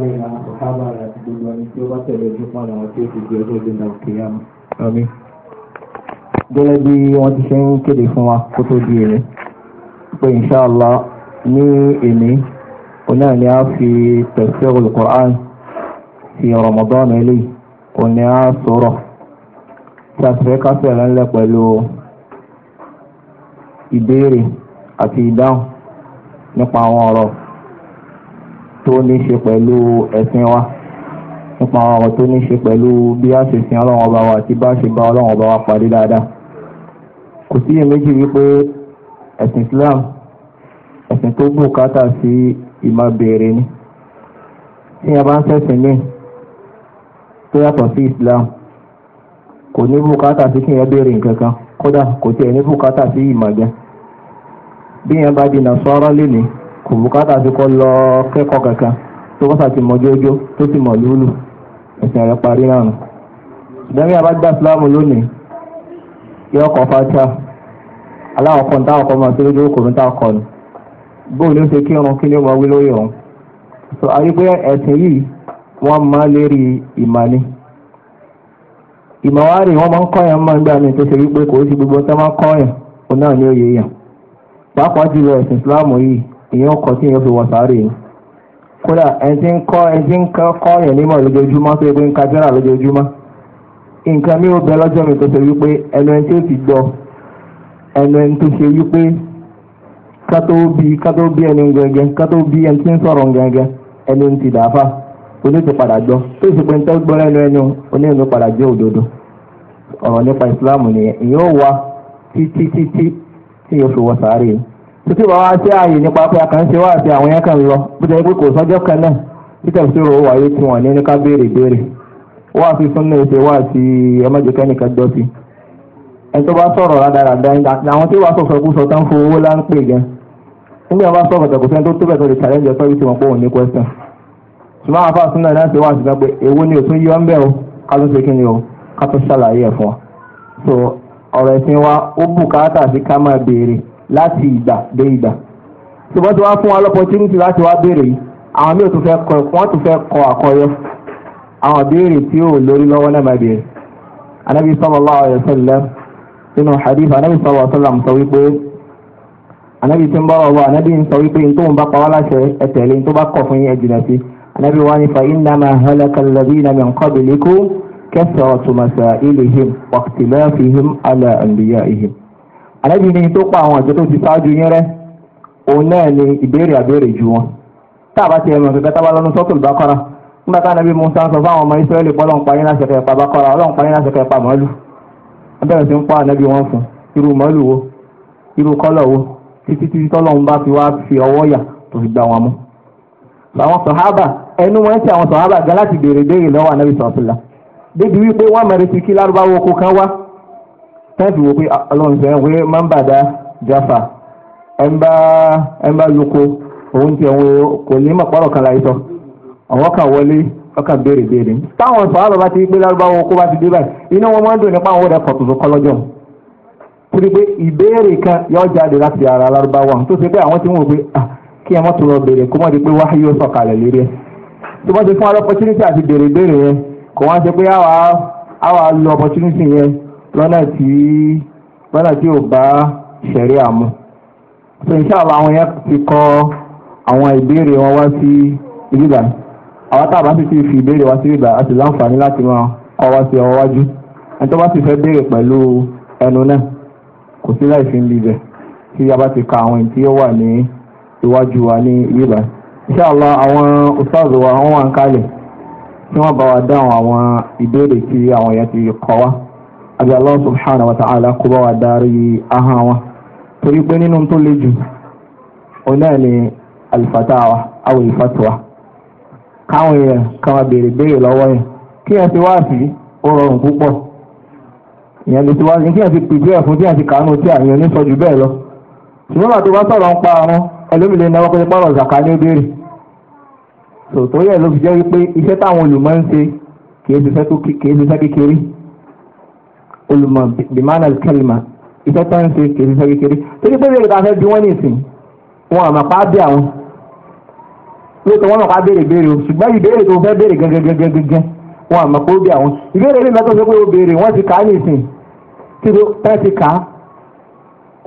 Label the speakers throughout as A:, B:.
A: lẹ́yìn àwọn ọ̀hábà gbogbo ẹni tí ó bá tẹ̀lé ojú fún àwọn ti di ọjọ́ ìgbìnà òkè yá mọ́.
B: gẹ́lẹ́ bí wọ́n ti ṣe ń kéde fún wa kó tó di èrè pé inṣáàlá ní èmi oní àní á fi
A: tafsirul Qur'an fi Ramadan eléyìí oní á sọ̀rọ̀ tí a sì fẹ́ kásẹ̀ lẹ́ńlẹ̀ pẹ̀lú ìbéèrè
B: àti ìdáhùn nípa àwọn ọ̀rọ̀ tó ní ṣe pẹ̀lú ẹ̀sìn wa nípa àwọn ọ̀rọ̀ tó ní ṣe pẹ̀lú bí a ṣe sin ọlọ́run ọba wa àti bá ṣe bá ọlọ́run ọba wa pàdé dáadáa kò sí iyèméjì wípé ẹ̀sìn Islam ẹ̀sìn tó bùkátà sí ìmọ̀ ni tí a bá ń ṣẹ̀sìn míì tó yàtọ̀ sí Islam kò ní bùkátà sí kí yẹn béèrè nǹkan kan kódà kò tiẹ̀ ní bùkátà sí ìmọ̀ bí yẹn bá di Nasara lénìí kò bùkátà sí kọ́ lọ kẹ́kọ̀ọ́ kankan tó
A: bọ́sà ti mọ jójó tó sì mọ̀ lúlù ẹ̀sìn rẹ̀ parí náà nù.
B: ìdánwò yàrá gba ìsìláàmù lónìí yọ ọkọ̀ fàtíà aláwọ̀kọ́ ní táwọn ọkọ̀ máa ṣe lójú kòrò ní táwọn ọkọ̀ nù. bóun ló ṣe kírun kí ni ó máa wí lórí òun. sọ àyè pé ẹ̀sìn yìí wọ́n máa lérí ìmàní. ìmọ̀wárì wọ́n máa ń kọ́ yẹn máa ń gbà mí tó ṣe wípé kò sí gbogbo tó máa ń kọ́ yẹn òun náà ní òye yẹn. pàápàá jùlọ ẹ̀sìn ìsìláàmù yìí èèyàn kọ tí èèyàn fi wọ sáré kódà ẹni tí ń kọ́ ẹni tí ń kọ́ yẹn nímọ̀ lójoojúmọ́ tó yẹ pé ń ka jẹ́rà lójoojúmọ́ nǹkan mi ò bẹ lọ́jọ́ mi tó ṣe wípé ẹnu ẹni tí ó ti gbọ́ ẹnu ẹni tó ṣe wípé kátó bí kátó bí ẹni gẹ́gẹ́ kátó bí ẹni tí ń sọ̀rọ̀ gẹ́gẹ́ ẹni ti dàáfà oníṣẹ́ padà gbọ́ tó ṣe pé ń tẹ́ gbọ́ lẹ́nu ẹni oníṣẹ́ padà jẹ́ òdodo ọ̀rọ̀ nípa ìsìláàmù nìyẹn ìyẹn ò wá títí títí tí yóò fi wọ sáré yìí títí wàá wá sí ààyè nípa pé àkànṣe wà àti àwọn yẹn kan lọ bó ti yẹ pé kò sọ́jọ́ kan náà títẹ̀ sí ro wáyé tí wọ́n ní ní ká béèrè béèrè wá sí súnmọ́ ètò wá sí ẹmọ́jẹ̀kẹ́ nìkan dọ́tí ẹni tó bá sọ̀rọ̀ rádaràda àwọn tí wàá sọ̀sọ̀ kú sọ tán fún owó láńpè gan nígbà bá sọ̀rọ̀ tẹ̀kọ̀ sẹ́ni tó tó bẹ̀tọ̀ lè challenge ọ̀tọ́ yìí tí wọ́n pọ̀ òní question ṣùgbọ́n àwọn afáàsùn náà láti wá síta pé èwo ni òtún yọ ń bẹ̀ o ká tó ṣe kí ni o ká tó ṣàlàyé ẹ̀ fún wa so ọ̀rọ̀ ẹ̀sìn wa ó bùkátà sí ká máa béèrè láti ìgbà dé ìgbà ṣùgbọ́n tí wọ́n fún wa lọ́pọ̀tunity láti wá béèrè yìí àwọn míì tún fẹ́ kọ wọ́n tún fẹ́ kọ àkọyọ àwọn béèrè tí ò lórí lọ́wọ́ náà máa béèrè anabi sallallahu alaihi wasallam nínú hadith anabi sallallahu alaihi wasallam sọ wípé anabi tí ń bá ọ̀rọ̀ anabi ń sọ wípé n tó ń bá pa wá láṣẹ ẹ tẹ̀lé n tó bá kọ̀ fún yín ẹ sí anabi wa ni fa innama halaka alladhina min qablikum kathratu masailihim wa ikhtilafihim ala anbiya'ihim ànábì ní tó pa àwọn àjọ tó ti ṣáájú yín rẹ́ òun náà ni ìbéèrè àbéèrè ju wọn tá a bá ti ẹ̀mọ̀ kẹ̀kẹ́ tá a bá lọ́nu sọ́tò ìbákọ́ra nígbà tá ànábì Musa sọ fáwọn ọmọ Ísírẹ́lì pọ́ lọ́n parí láṣẹ kẹpa bákọ́ra ọlọ́n parí láṣẹ kẹpa màálù abẹ́rẹ́ sí ń pa ànábì wọn fún irú màálù wo irú kọ́lọ̀ wo títí títí tọ́lọ́run bá fi wá fi ọwọ́ yà tó fi gbà wọn mú. àwọn sọ̀hábà ẹnu wọn ti àwọn sọ̀hábà gan láti béèrè béèrè lọ́wọ́ ànábì sọ̀tùlà débi wípé wọ́n mẹ́rin ti kí lárúbáwó oko kan wá tẹ́ẹ̀fì wò pé ah, ọlọ́run sẹ́yìn pé máa ń bàdá jáfà ẹnbá ẹnbá lóko òun ti ọ̀hún kò ní mọ̀ pọ́rọ̀ kan láyé sọ ọ̀wọ́ kan wọlé ọkàn béèrè béèrè táwọn ti gbé lárúbáwò kó bá ti dé báyìí iná wọn máa ń dùn nípa àwọn òde torí pé ìbéèrè kan jáde láti ara lárúbáwò tó ṣe pé àwọn ti ń wò pé ah, kí ẹ mọ́ tó lọ béèrè kó mọ́ di pé wáyé yóò sọ̀kalẹ̀ lérí tó bá lọ́nà tí lọ́nà tí ò bá ṣẹ̀rí àmú so inshallah àwọn yẹn ti kọ àwọn ìbéèrè wọn wá sí ibìbà àwọn tá a bá sì ti fi ìbéèrè wá sí ibìbà a sì láǹfààní láti máa kọ wá sí ọwọ́ wájú ẹni tó bá sì fẹ́ béèrè pẹ̀lú ẹnu náà kò sí láì fi ń libẹ̀ tí a bá ti ka àwọn tí ó wà ní iwájú wa ní ibìbà inshallah àwọn ustaz wa wọn wà ń kalẹ̀ tí wọ́n bá wa dáhùn àwọn ìbéèrè tí àwọn yẹn ti kọ wá àbí Allah subhanahu wa ta'ala kó bá wa darí ahọ́n wa torí pé nínú tó le jù òun náà ni alifatawa àwọn ìfatuwa káwọn èèyàn kan máa béèrè béèrè lọ́wọ́ yẹn kí ẹ ti wá sí ó rọrùn púpọ̀ ìyẹn lè ti wá sí kí ẹ ti pèjì ẹ̀ fún tí ẹ ti kàánú tí àyàn ní sọ jù bẹ́ẹ̀ lọ ṣùgbọ́n àti wá sọ̀rọ̀ ń pa àrùn ẹlòmílẹ̀ náà wọ́n kọ́ nípa ní ìbéèrè sòtò yẹ ló fi jẹ́ wípé iṣẹ́ táwọn olùmọ̀ ń ṣe kì í ṣiṣẹ́ kékeré olùmọ̀ bimana kẹlìmà iṣẹ́ tó ń ṣe kìí ṣe kékeré torí pé bèrè káfẹ́ bí wọ́n nìsín wọn àmọ̀ pa á bẹ̀ àwọn lóòótọ́ wọn àmọ̀ pa á béèrè béèrè o ṣùgbọ́n ìbéèrè tó fẹ́ béèrè gẹ́gẹ́gẹ́gẹ́gẹ́ wọn àmọ̀ pé ó bẹ̀ àwọn ìbéèrè lè lọ́tọ̀ sọ pé ó béèrè wọ́n ti kà á nìsín kí ló fẹ́ ti kà á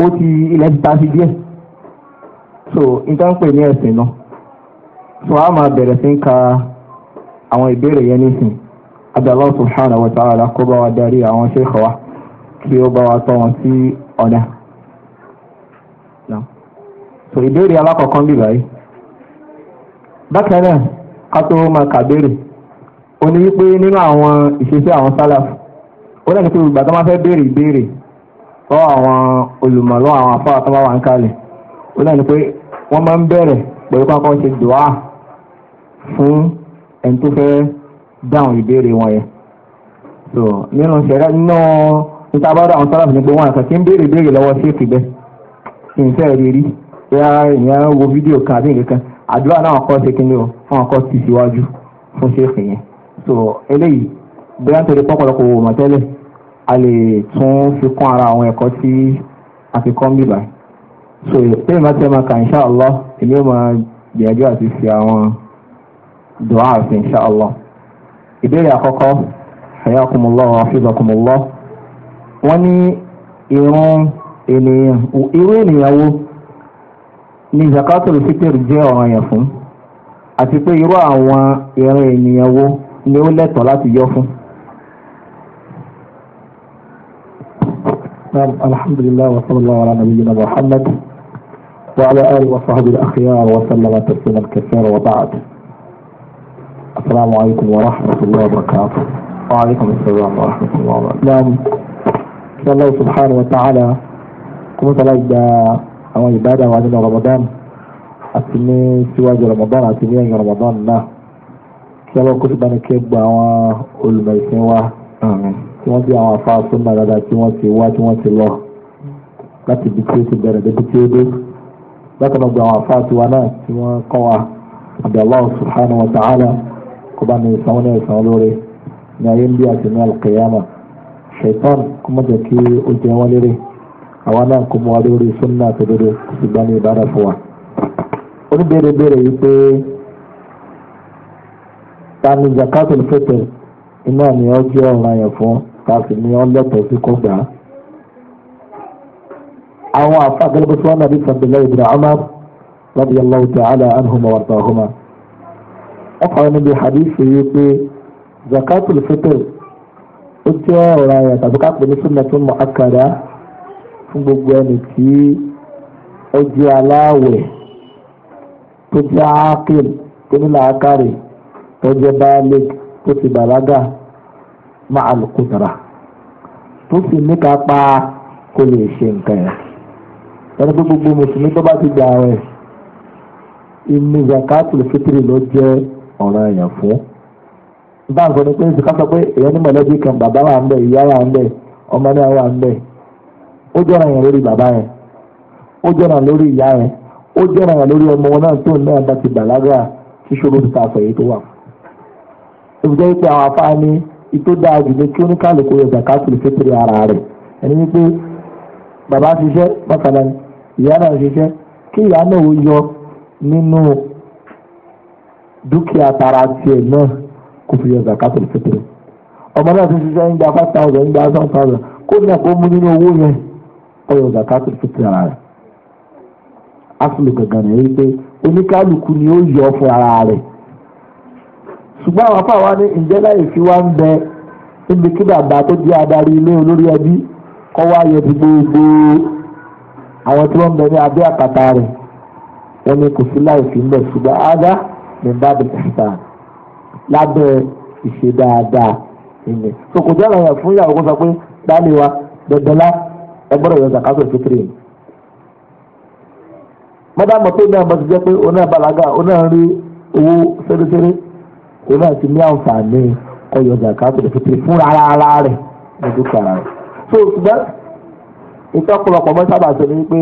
B: ó ti ilẹ̀ ti ta sí díẹ̀ so nǹkan pè ní ẹ̀sìn náà so a máa bẹ̀rẹ̀ sí ń ka àwọn ìbéèrè yẹn nìsín adàlọ́ subhanahu wa ta'ala kó bá wa darí àwọn ṣèkọ̀ wa kí ó bá wa tọ́ wọn sí ọ̀nà. so ìbéèrè alákọ̀ọ́kọ́ ń bì báyìí bákan náà a tó máa kàbéèrè ó ní wípé nínú àwọn ìṣesí àwọn sálàf ó lẹ́nu pé ìgbà tó máa fẹ́ béèrè ìbéèrè lọ́wọ́ àwọn olùmọ̀ àwọn afọ́ àtọ́wọ́ wa ń kalẹ̀ ó lẹ́nu pé wọ́n máa ń bẹ̀rẹ̀ pẹ̀lú kọ́kọ́ ṣe dùá fún ẹni tó fẹ́ dáhùn ìbéèrè wọn yẹn so nínú ìṣẹ̀rẹ́ nínú níta bá dá àwọn sáràfù ní pé wọn àkàkí ń béèrè béèrè lọ́wọ́ ṣéèkì bẹ́ẹ̀ kí n fẹ́ rí rí bóyá èèyàn wo fídíò kan àbí nǹkan kan àdúrà náà kọ́ ṣe kí ni o fún ọkọ̀ ti síwájú fún ṣéèkì yẹn so eléyìí bóyá nítorí pọ́pọ̀lọpọ̀ wò mọ̀ tẹ́lẹ̀ a lè tún fi kún ara àwọn ẹ̀kọ́ tí a fi kọ́ ń bìbà so pé ìmọ̀tẹ́ máa kà insha Allah èmi ò máa gbìyànjú àti fi àwọn dùn ààfin insha Allah ìbéèrè àkọ́kọ́ hayakumullah wa hafizakumullah wọ́n ní irun ènìyàn irú ènìyàn wo ni zakatul fitr jẹ́ ọ̀ranyàn fún àti pé irú àwọn irun ènìyàn wo ni ó lẹ́tọ̀ọ́ láti yọ fún. alhamdulillah wa sallallahu ala nabiyyina muhammad wa ala alihi wa sahbihi al-akhyar wa sallama السلام عليكم ورحمة الله وبركاته وعليكم السلام ورحمة الله وبركاته kí Allah subhanahu wa ta'ala kó mọ́tàlá gba àwọn ìbádà wa nínú Ramadan àti ní síwájú Ramadan àti ní ẹ̀yìn Ramadan náà kí Allah kó síbáni kí gba àwọn olùmọ̀ ìsìn wa tí wọ́n ti àwọn afá súnmọ́ dáadáa tí wọ́n ti wá tí wọ́n ti lọ láti ibi tí ó ti bẹ̀rẹ̀ débi tí ó dé bákan náà gba àwọn afá tiwa náà tí wọ́n kọ́ wa àbí Allah subhanahu wa ta'ala kó bá mi ìsanwó ní ìsanwó lórí ní ayé ń bí àti ní alqiyama ṣètọ́n kó má jẹ́ kí ó jẹ wọ́n lérè àwa náà kó mú wa lórí súnà tó dodo kó sì gbá ní ìbára fún wa. oníbèrè bèrè yìí pé ta ni zakatul fitr iná ni ó jẹ́ ọ̀ràn yẹn fún ta sì ni ó lẹ́tọ̀ọ́ sí kó gbà á àwọn àfàgẹ́lẹ́gbẹ́sọ́nà bí sàbẹ̀lẹ́ ibn radiyallahu ta'ala anhuma wa ardahuma ọkùnrin níbi hadith yìí pé zakatul fitr ó jẹ́ ọ̀rọ̀ ayà tàbí ká pè ní sunnatun mu'akkada fún gbogbo ẹni tí ó jẹ́ aláwẹ̀ tó jẹ́ ákìl tó ní làákàrè tó jẹ́ báálẹ̀ tó ti bàlágà ma'al qudrah tó sì ní ká pa kó lè ṣe nǹkan yẹn ẹni pé gbogbo mùsùlùmí tó bá ti gbà rẹ̀ ìmì zakatul fitr ló jẹ́
A: ọ̀ràn èèyàn fún.
B: bá a ni pé ṣe ká sọ pé èèyàn ní mọ̀lẹ́bí kan bàbá wà ń bẹ̀ ìyá ń bẹ̀ ọmọ náà wà ń bẹ̀ ó yẹn lórí bàbá yẹn ó lórí ìyá yẹn ó lórí ọmọ náà tó náà bá ti bàlágà ṣíṣòro ti ta tó wà. pé àwọn ìtó dáa jù ní kí oníkàlùkù ara rẹ̀ ẹni wípé bàbá ṣiṣẹ́ ìyá náà ṣiṣẹ́ kí ìyá náà ó yọ nínú dúkìá tara tiẹ̀ náà kò fi yọ zakato fitiri ọmọ náà ti ṣiṣẹ́ ń gba five thousand ń gba seven thousand kó ní àpò mú nínú owó yẹn ó yọ zakato fitiri ara rẹ̀ asùlù gangan rẹ̀ yìí pé oníkálukú ni ó yọ fún ara rẹ̀ ṣùgbọ́n àwọn afáwa ní ìjẹ́ láyè fi wá ń bẹ níbi kí bàbá tó jẹ́ adarí ilé olórí ẹbí kọ́ wá yẹ ti gbogbo àwọn tí wọ́n ń bẹ ní abẹ́ àkàtà rẹ̀ wọ́n ní kò sí láì fi ń bẹ ṣùgbọ́n ága mimbabi ihsan lábẹ́ ìṣe dáadáa ìní. sòkòtò ọ̀rọ̀ yẹn fún ìyàwó kan sọ pé dálé wa dandanlá ẹ gbọ́dọ̀ yọ zakato fitiri ni. mọ́dàmọ́ tó náà bá ti jẹ́ pé oná balaga oná rí owó sẹ́rẹ́sẹ́rẹ́ oná ti ní àǹfààní ọyọ zakato fitiri fún rárá rẹ̀ ní so ṣùgbọ́n ìtọ́kùnrin ọkọ̀ mọ́ sábà sọ ni pé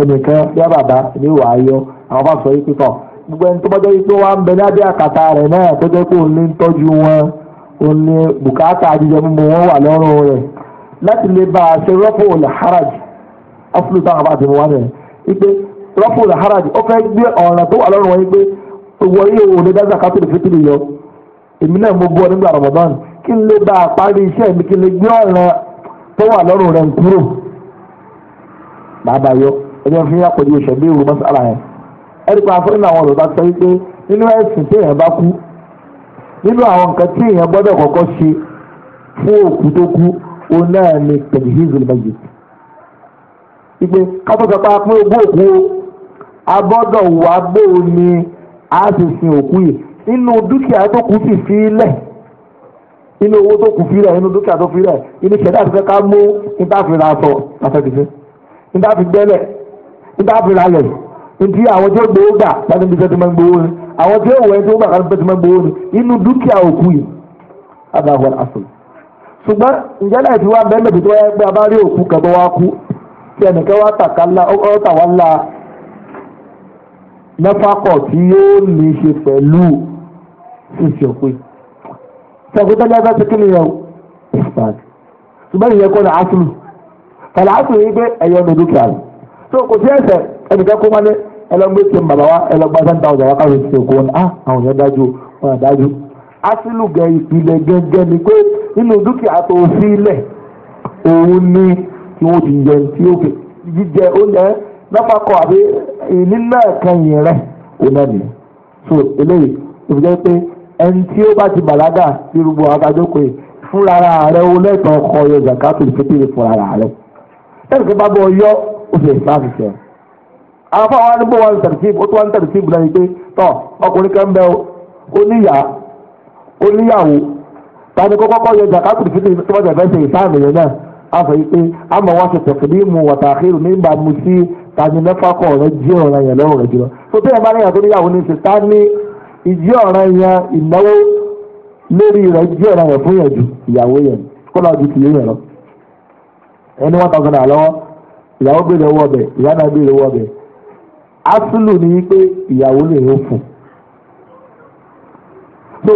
B: ẹnìkan bí a bàbá ní ìwà ayọ̀ àwọn bá sọ yìí pípọ̀. gbogbo ẹni tó bá jẹ́ pé wọ́n á ń bẹ lábẹ́ àkàtà rẹ̀ náà tó jẹ́ pé òun ní ń tọ́jú wọn òun ní bùkátà jíjẹ mímu wọn wà lọ́rùn rẹ̀ láti lè bá a ṣe rọ́pò làháràjì táwọn wọn wípé rọ́pò ó fẹ́ gbé ọ̀ràn tó wà lọ́rùn wọn wípé yìí ní dáza kátó yọ èmi náà mo nígbà Ramadan kí n lè bá a parí iṣẹ́ mi kí n lè gbé ọ̀ràn tó wà lọ́rùn rẹ̀ ẹ̀rí pa fún àwọn olùbá sọ wípé nínú ẹ̀sìn tí èèyàn bá kú nínú àwọn nǹkan tí èèyàn gbọ́dọ̀ kọ́kọ́ ṣe fún òkú tó kú òun náà ni tẹ̀lifíṣìn méjì. ìpè kápẹ́kápá pé ogún òkú a gbọ́dọ̀ wá bóun ni a sì sin òkú yìí nínú dúkìá tó sì fi lẹ̀ owó tó kù dúkìá tó ìṣẹ̀dá àti mú fi ra aṣọ fi gbẹ́lẹ̀ fi ra lẹ̀. nti àwọn tí ó gbowó gbà láti ibi tẹ́tí máa ń gbowó ni àwọn tí ó wọ̀ tí gbà láti máa ń gbowó ni inú dúkìá òkú yìí ada wọn ṣùgbọ́n ǹjẹ́ láì fi wá a bá òkú kan tó wá kú tí ẹnìkan wá tàkà ó tà wá ńlá mẹ́fà tí yóò ní í ṣe pẹ̀lú ṣíṣe òpin ẹgbẹ́ ti yẹn o ṣùgbọ́n ìyẹn kọ́ ni aṣọ tàlà aṣọ yìí ẹ̀yọ́ ní ẹ lọ gbé kéwọn bàbá wa ẹ lọ gba wa káwé ti òkú wọn ah àwọn yẹn dájú wọn dájú asílù gẹ ìpìlẹ̀ gẹ́gẹ́ ni pé nínú dúkìá tó fi lẹ̀ òun ni kí wọ́n ti yẹ tí ó fi jíjẹ oúnjẹ lápapọ̀ àbí ìnílò ẹ̀kẹyìn rẹ̀ òun náà nìyẹn so eléyìí ó fi jẹ́ pé ẹni tí ó bá ti bàlágà sí gbogbo àgbàjókòó yìí fúnra rẹ̀ o lẹ́tọ̀ọ́ kọ yọ zakato ìfẹ́tẹ̀rẹ̀ fúnra rẹ̀ lẹ́yìn tó bá bọ̀ yọ ó fi àwọn fáwọn arúgbó wa ń tẹ̀síìbù ó tún wá ń tẹ̀síìbù náà yìí pé tọ́ ọkùnrin kan bẹ́ẹ̀ ó níyà ó níyàwó tani kó kọ́kọ́ yẹ jàkátù fìdí tó bá jàfẹ́ ṣe ìsáàmì yẹn náà àfọ̀ yìí pé àmọ̀ wọn ṣe tẹ̀kìlímù wàtàkìrù nígbà mu sí tani mẹ́fà kọ̀ ọ̀rẹ́ jí ọ̀rẹ́ yẹn lọ́wọ́ rẹ̀ jùlọ. tó bẹ́ẹ̀ bá níyàwó níyàwó ní ṣe tá ìjí ọ̀rẹ́ yẹn ìnáwó lórí rẹ̀ jí ọ̀rẹ́ yẹn fún yẹn ju ìyàwó yẹn kó lọ́ọ́ ju tìyẹ́ yẹn lọ. ẹni one thousand naira lọ́wọ́ ìyàwó asúlù ni wípé ìyàwó lè yóò fún so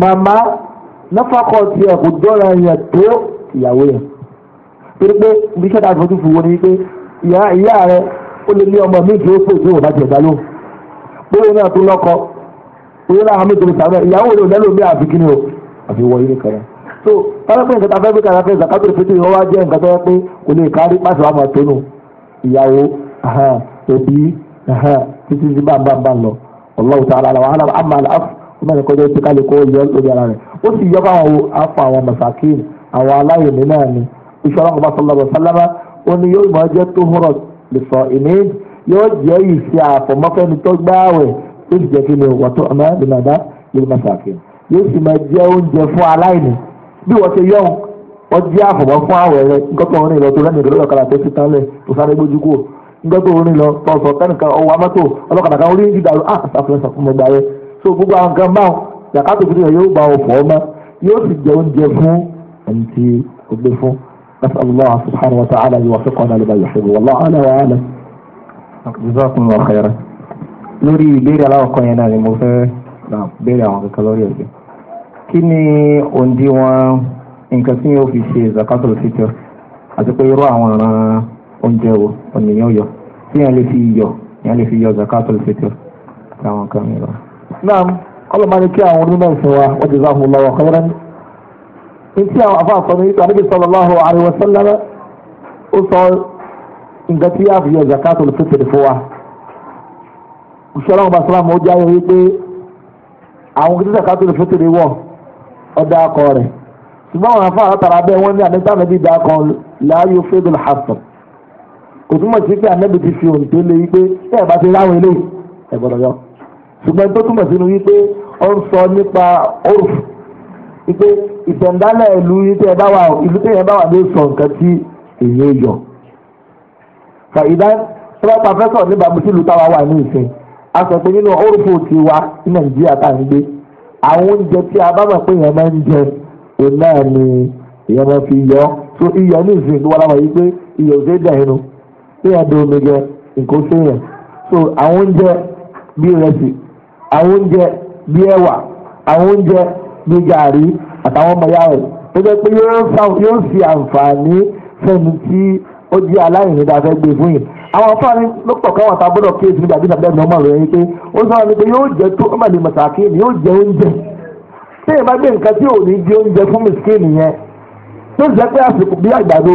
B: màmá náfàkọ tí ẹ kò dọ́ra yẹn tó ìyàwó yẹn torí pé ibi sẹ́ta àti fojúfù wo ni wípé ìyá ìyá rẹ ó lè ní ọmọ mi tó fò tó bá jẹ̀dá ló pé òun náà tó lọ́kọ òun náà àmì ìtòlù sàmẹ́ ìyàwó rẹ ò lẹ́nu mi àfi kíni o àfi wọ ilé kan so tọ́lá pé nǹkan tá a fẹ́ bí kàrà fẹ́ zakato fitiri wọ́n wá jẹ́ nǹkan tó yẹ pé kò lè kárí pàṣẹ wàá máa tónú ìyàwó ẹbí títí sí bàbá bá lọ Allahu ta'ala àwọn àlọ́ àmà àfọ ọmọ ẹ̀kọ́ jẹ́ pé kálukọ́ yọ lórí ara rẹ̀ ó sì yọ fáwọn afọ àwọn masakin àwọn aláìní náà ni ìṣọ́ra ọba sallallahu alaihi wasallam ó ní yóò máa jẹ́ tó húrọ̀ lè sọ ìní yóò jẹ́ ìṣe àfọ̀mọ́fẹ́ni tó gbáwẹ̀ tó sì jẹ́ kí ni wàtó ọmọ ìnàdá lè masakin yóò sì máa jẹ́ oúnjẹ fún aláìní bí wọ́n ti yọ̀ wọ́n jẹ́ àfọ̀mọ́ fún àwẹ̀ rẹ̀ nǹkan tó ń rìn lọ tó rẹ́ni ìdọ́lọ́kàlà tó ti tán lẹ̀ tó sáré gbójú kúrò gbẹ́gbẹ́ orin lọ tọ̀sọ̀ kẹ́nìkan ọwọ́ amọ́tò ọlọ́kadà kan orí dídàrú ah ṣàfihàn fún ọgbà rẹ so gbogbo àwọn kan báwọn yàkátò fún yẹn yóò gba ọ̀fọ̀ ọmọ yóò sì jẹ oúnjẹ fún ẹni tí ó gbé fún نسأل الله سبحانه وتعالى أن يوفقنا لما يحب والله أعلى وأعلم جزاكم الله خيرا lórí ìbéèrè aláwọ̀kan yẹn náà ni mo fẹ́ béèrè àwọn kankan lórí ẹ̀gbẹ́ kí ni òǹdíwọ̀n nǹkan tí yóò fi ṣe zakatul fitr àti pé irú àwọn ọ̀ràn oúnjẹ wo ọ̀nìyàn yọ tí yẹn lè fi yọ yẹn lè fi yọ zakatul fitr táwọn kan mi lọ. náà kọ́lọ̀ máa ní kí àwọn onímọ̀ ìsìn wa wọ́n ti záhùn lọ́wọ́ kọ́lọ́rẹ́ ní. ní tí àwọn afọ àkọ́ni yìí tàbí sallallahu alaihi wa sallam ó sọ nǹkan tí yàá fi yọ zakatul fitr fún wa. òṣèlú àwọn basalam ó jáde wípé àwọn kìtì zakatul fitr wọ̀ ọ̀dà akọ rẹ̀ ṣùgbọ́n àwọn afọ àtàrà bẹ́ẹ̀ wọ́n ní àdéhùn tàbí dákọ̀ láàyò fẹ́dùn hassan kò túmọ̀ sí pé anábì ti fi òrì tó lé wípé tí ẹ̀ bá ti ráwọn eléyìí ẹ̀ gbọ́dọ̀ yọ ṣùgbọ́n tó túmọ̀ sínú wípé ó ń sọ nípa orf wípé ìtẹ̀ndálẹ̀ ìlú tí ẹ bá wà ìlú tí ẹ bá wà ló sọ nǹkan tí èyí yọ. fàyídá tí wọ́n pa fẹ́sọ̀ ní bàbúsílù táwa wà ní ìsìn a sọ pé nínú orúfò tiwa ní nàìjíríà tá à ń gbé àwọn oúnjẹ tí a bá mọ̀ pé èèyàn máa ń jẹ òun náà ni èèyàn máa fi yọ so iyọ̀ ní ìsìn tó wà láwọn yìí pé iyọ̀ ò ṣe é dà tí yà dé omi jẹ so àwọn bii bíi ìrẹsì bii ewa bíi ẹwà àwọn bíi gàrí àtàwọn ọmọ yàrá tó jẹ́ pé yóò fi àǹfààní fẹ́mi tí ó jẹ́ aláìní dáa fẹ́ gbé fún yìí àwọn afáàní ló pọ̀ káwọn ta gbọ́dọ̀ kí èsì nígbàgbé tàbí ẹ̀dùn ọmọ rẹ̀ yìí pé ó sọ wọn pé yóò jẹ tó ọmọ ìlú mọ̀sáàkì ni yóò jẹ oúnjẹ tí èèyàn bá gbé nǹkan tí fún tó pé àsìkò bí àgbàdo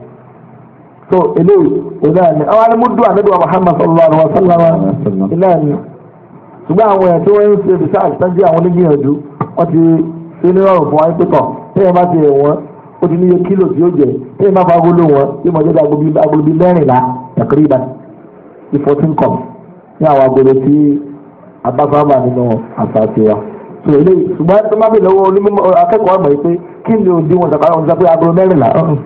B: so eléyìí ìlànà àwọn alimudu anabiwa muhammad sallallahu alaihi wa sallam ìlànà ṣùgbọ́n àwọn èèyàn tí wọ́n ń ṣe research tán jẹ́ àwọn onígbìyànjú wọ́n ti ṣe ní rọrùn fún wáyé pípọ̀ téèyàn bá ti rẹ̀ wọ́n ó ti níye kílò jẹ téèyàn bá fa agolo wọn agolo fourteen ní àwọn agolo abáfáàmà nínú wa. so yìí pé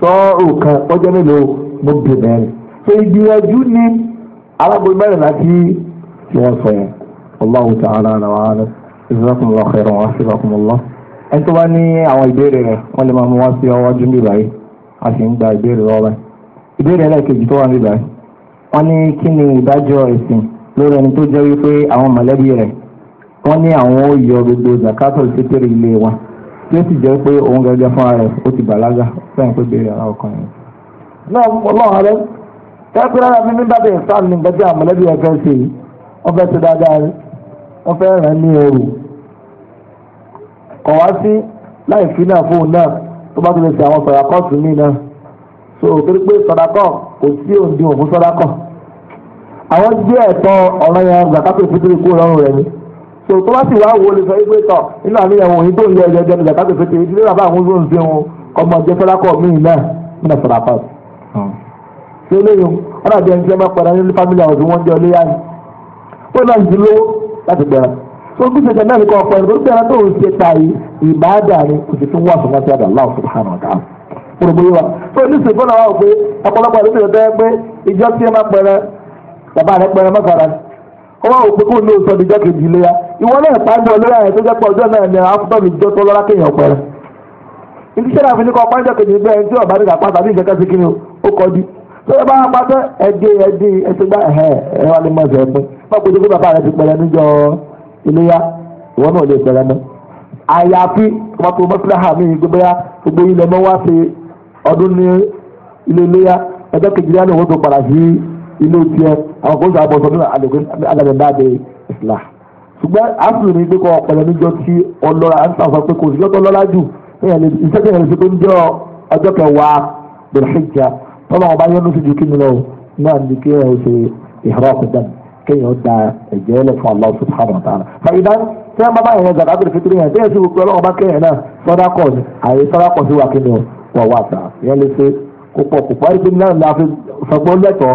B: sọ́ọ̀rù kan ọjọ́ mélòó mo bè mẹ́rin ṣe ìgbìyànjú ni alábòye mẹ́rin láti
A: tí wọ́n sọ yẹn Allahu ta'ala náà wà á jazakumullahu khairan wa afilakumullah ẹni tó bá ní àwọn ìbéèrè rẹ̀ wọ́n lè máa mú wá sí ọwọ́jú ní ìbáyé a sì ń gba ìbéèrè
B: lọ́wọ́ ìbéèrè ẹlẹ́ẹ̀kejì tó wà ní ìbáyé wọ́n ní kí ni ìdájọ́ ẹ̀sìn lórí ẹni tó jẹ́ wípé àwọn mọ̀lẹ́bí rẹ̀ wọ́n ní àwọn ó yọ gbogbo zakatul fitr ilé
A: wa tí ó sì jẹ́ pé òun gẹ́gẹ́ fúnra rẹ̀ ó ti bàlágà fẹ́yìn pé béèrè ara ọkàn yẹn.
B: náà ọlọ́run rẹ kẹ́kọ̀ọ́ rárá mi nígbà tí ìsàn ní nǹkan tí àmọ̀lẹ́bí ẹ̀ fẹ́ wọ́n fẹ́ ṣe dáadáa rẹ̀ wọ́n fẹ́ rẹ̀ ní ẹrù. kọ̀ wá sí láì fi náà fóun náà tó bá lè ṣe àwọn náà so torí pé sọ̀ràkọ́ kò sí òǹdíwọ̀n fún sọ̀ràkọ́ àwọn jẹ́ ẹ̀tọ́ ọ̀rọ̀ yẹn gbàkápẹ́ fúdúrú kó rẹ̀ ni. tòótọ́ bá sì wá wo lè sọ wípé tọ̀ nínú àmì ẹ̀wọ̀n yìí tó ń yọ ẹ̀jẹ̀ jẹ́ nígbà tó fẹ́ẹ́ ìdílé bàbá àwọn olóhùn sí wọn ọmọ ọjọ́ sọ́dákọ̀ míì náà nínú sọ̀ràpá. Hmm. ṣé lóyún wọn àti ẹni tí wọn bá padà nínú fámìlì àwọn tí wọn jẹ ọléyà ni wọn náà ti lówó láti gbẹ̀rẹ̀. tó bí ṣẹṣẹ náà nìkan ọ̀pọ̀ ẹ̀rọ tó tó ń ṣe ta yìí ìbáàdà ni kò sì tún wà fún wọn sí àdà Allah subhanahu wa ta'ala. olùgbòye wa tó ní sèpọ́nà wa wò pé ọ̀pọ̀lọpọ̀ àdúgbò kọ́mọ́ wò pé kó ní oṣù ọdún jọ́kejì ilé ya ìwọ náà pàjọ lórí àyẹ̀ tó jẹ́ pé ọjọ́ náà ni àfúntọ́ mi jọ tó lọ́lá kéèyàn pẹ̀rẹ̀ ibi sẹ́dá fi ní kọ́ pàjọ kejì bí ẹni tí ọ̀bá ní kápá tàbí ìjẹ́kẹ́ sí kíni ó kọjú tó yẹ bá wọn pàṣẹ ẹdí ẹdí ẹtí gbá na ẹ wá ní mọ̀ọ́sẹ̀ bàbá rẹ ti níjọ ìwọ náà lè mọ́ àyàfi ya ilé tiẹ̀ àwọn kò sábà bọ̀sọ̀ nínú alẹ́gbẹ̀dáde ìsìlá ṣùgbọ́n àfihàn ní pípọ̀ ọ̀pẹ̀lẹ̀ níjọ́ tí ọlọ́ra ansa sọ pé kò sí ọtọ́ lọ́lá jù iṣẹ́ tẹ̀yẹ̀ lè ṣe tó ń jẹ́ ọjọ́ kẹwàá bẹ̀rẹ̀ ṣèjà tọ́lá ọba yẹnu sí ju kí ni lọ náà ní kí ẹ ṣe ìhọ́rọ́ ọ̀kọ̀dà kéèyàn da ẹ̀jẹ̀ ẹlẹ́ fún Allah subhanahu wa ta'ala. fàyídá tí wọ́n bá bá yẹn zàdá bẹ̀rẹ̀ fitiri yẹn bẹ́ẹ̀ sì wò pé bá kéèyàn náà sọ́dá kọ̀ ní àyè sọ́dá kọ̀ sí wa kí ni wọ́n wà sá yẹn lè ṣe kó pọ̀ kó parí pé náà la fi lẹ́tọ̀ọ́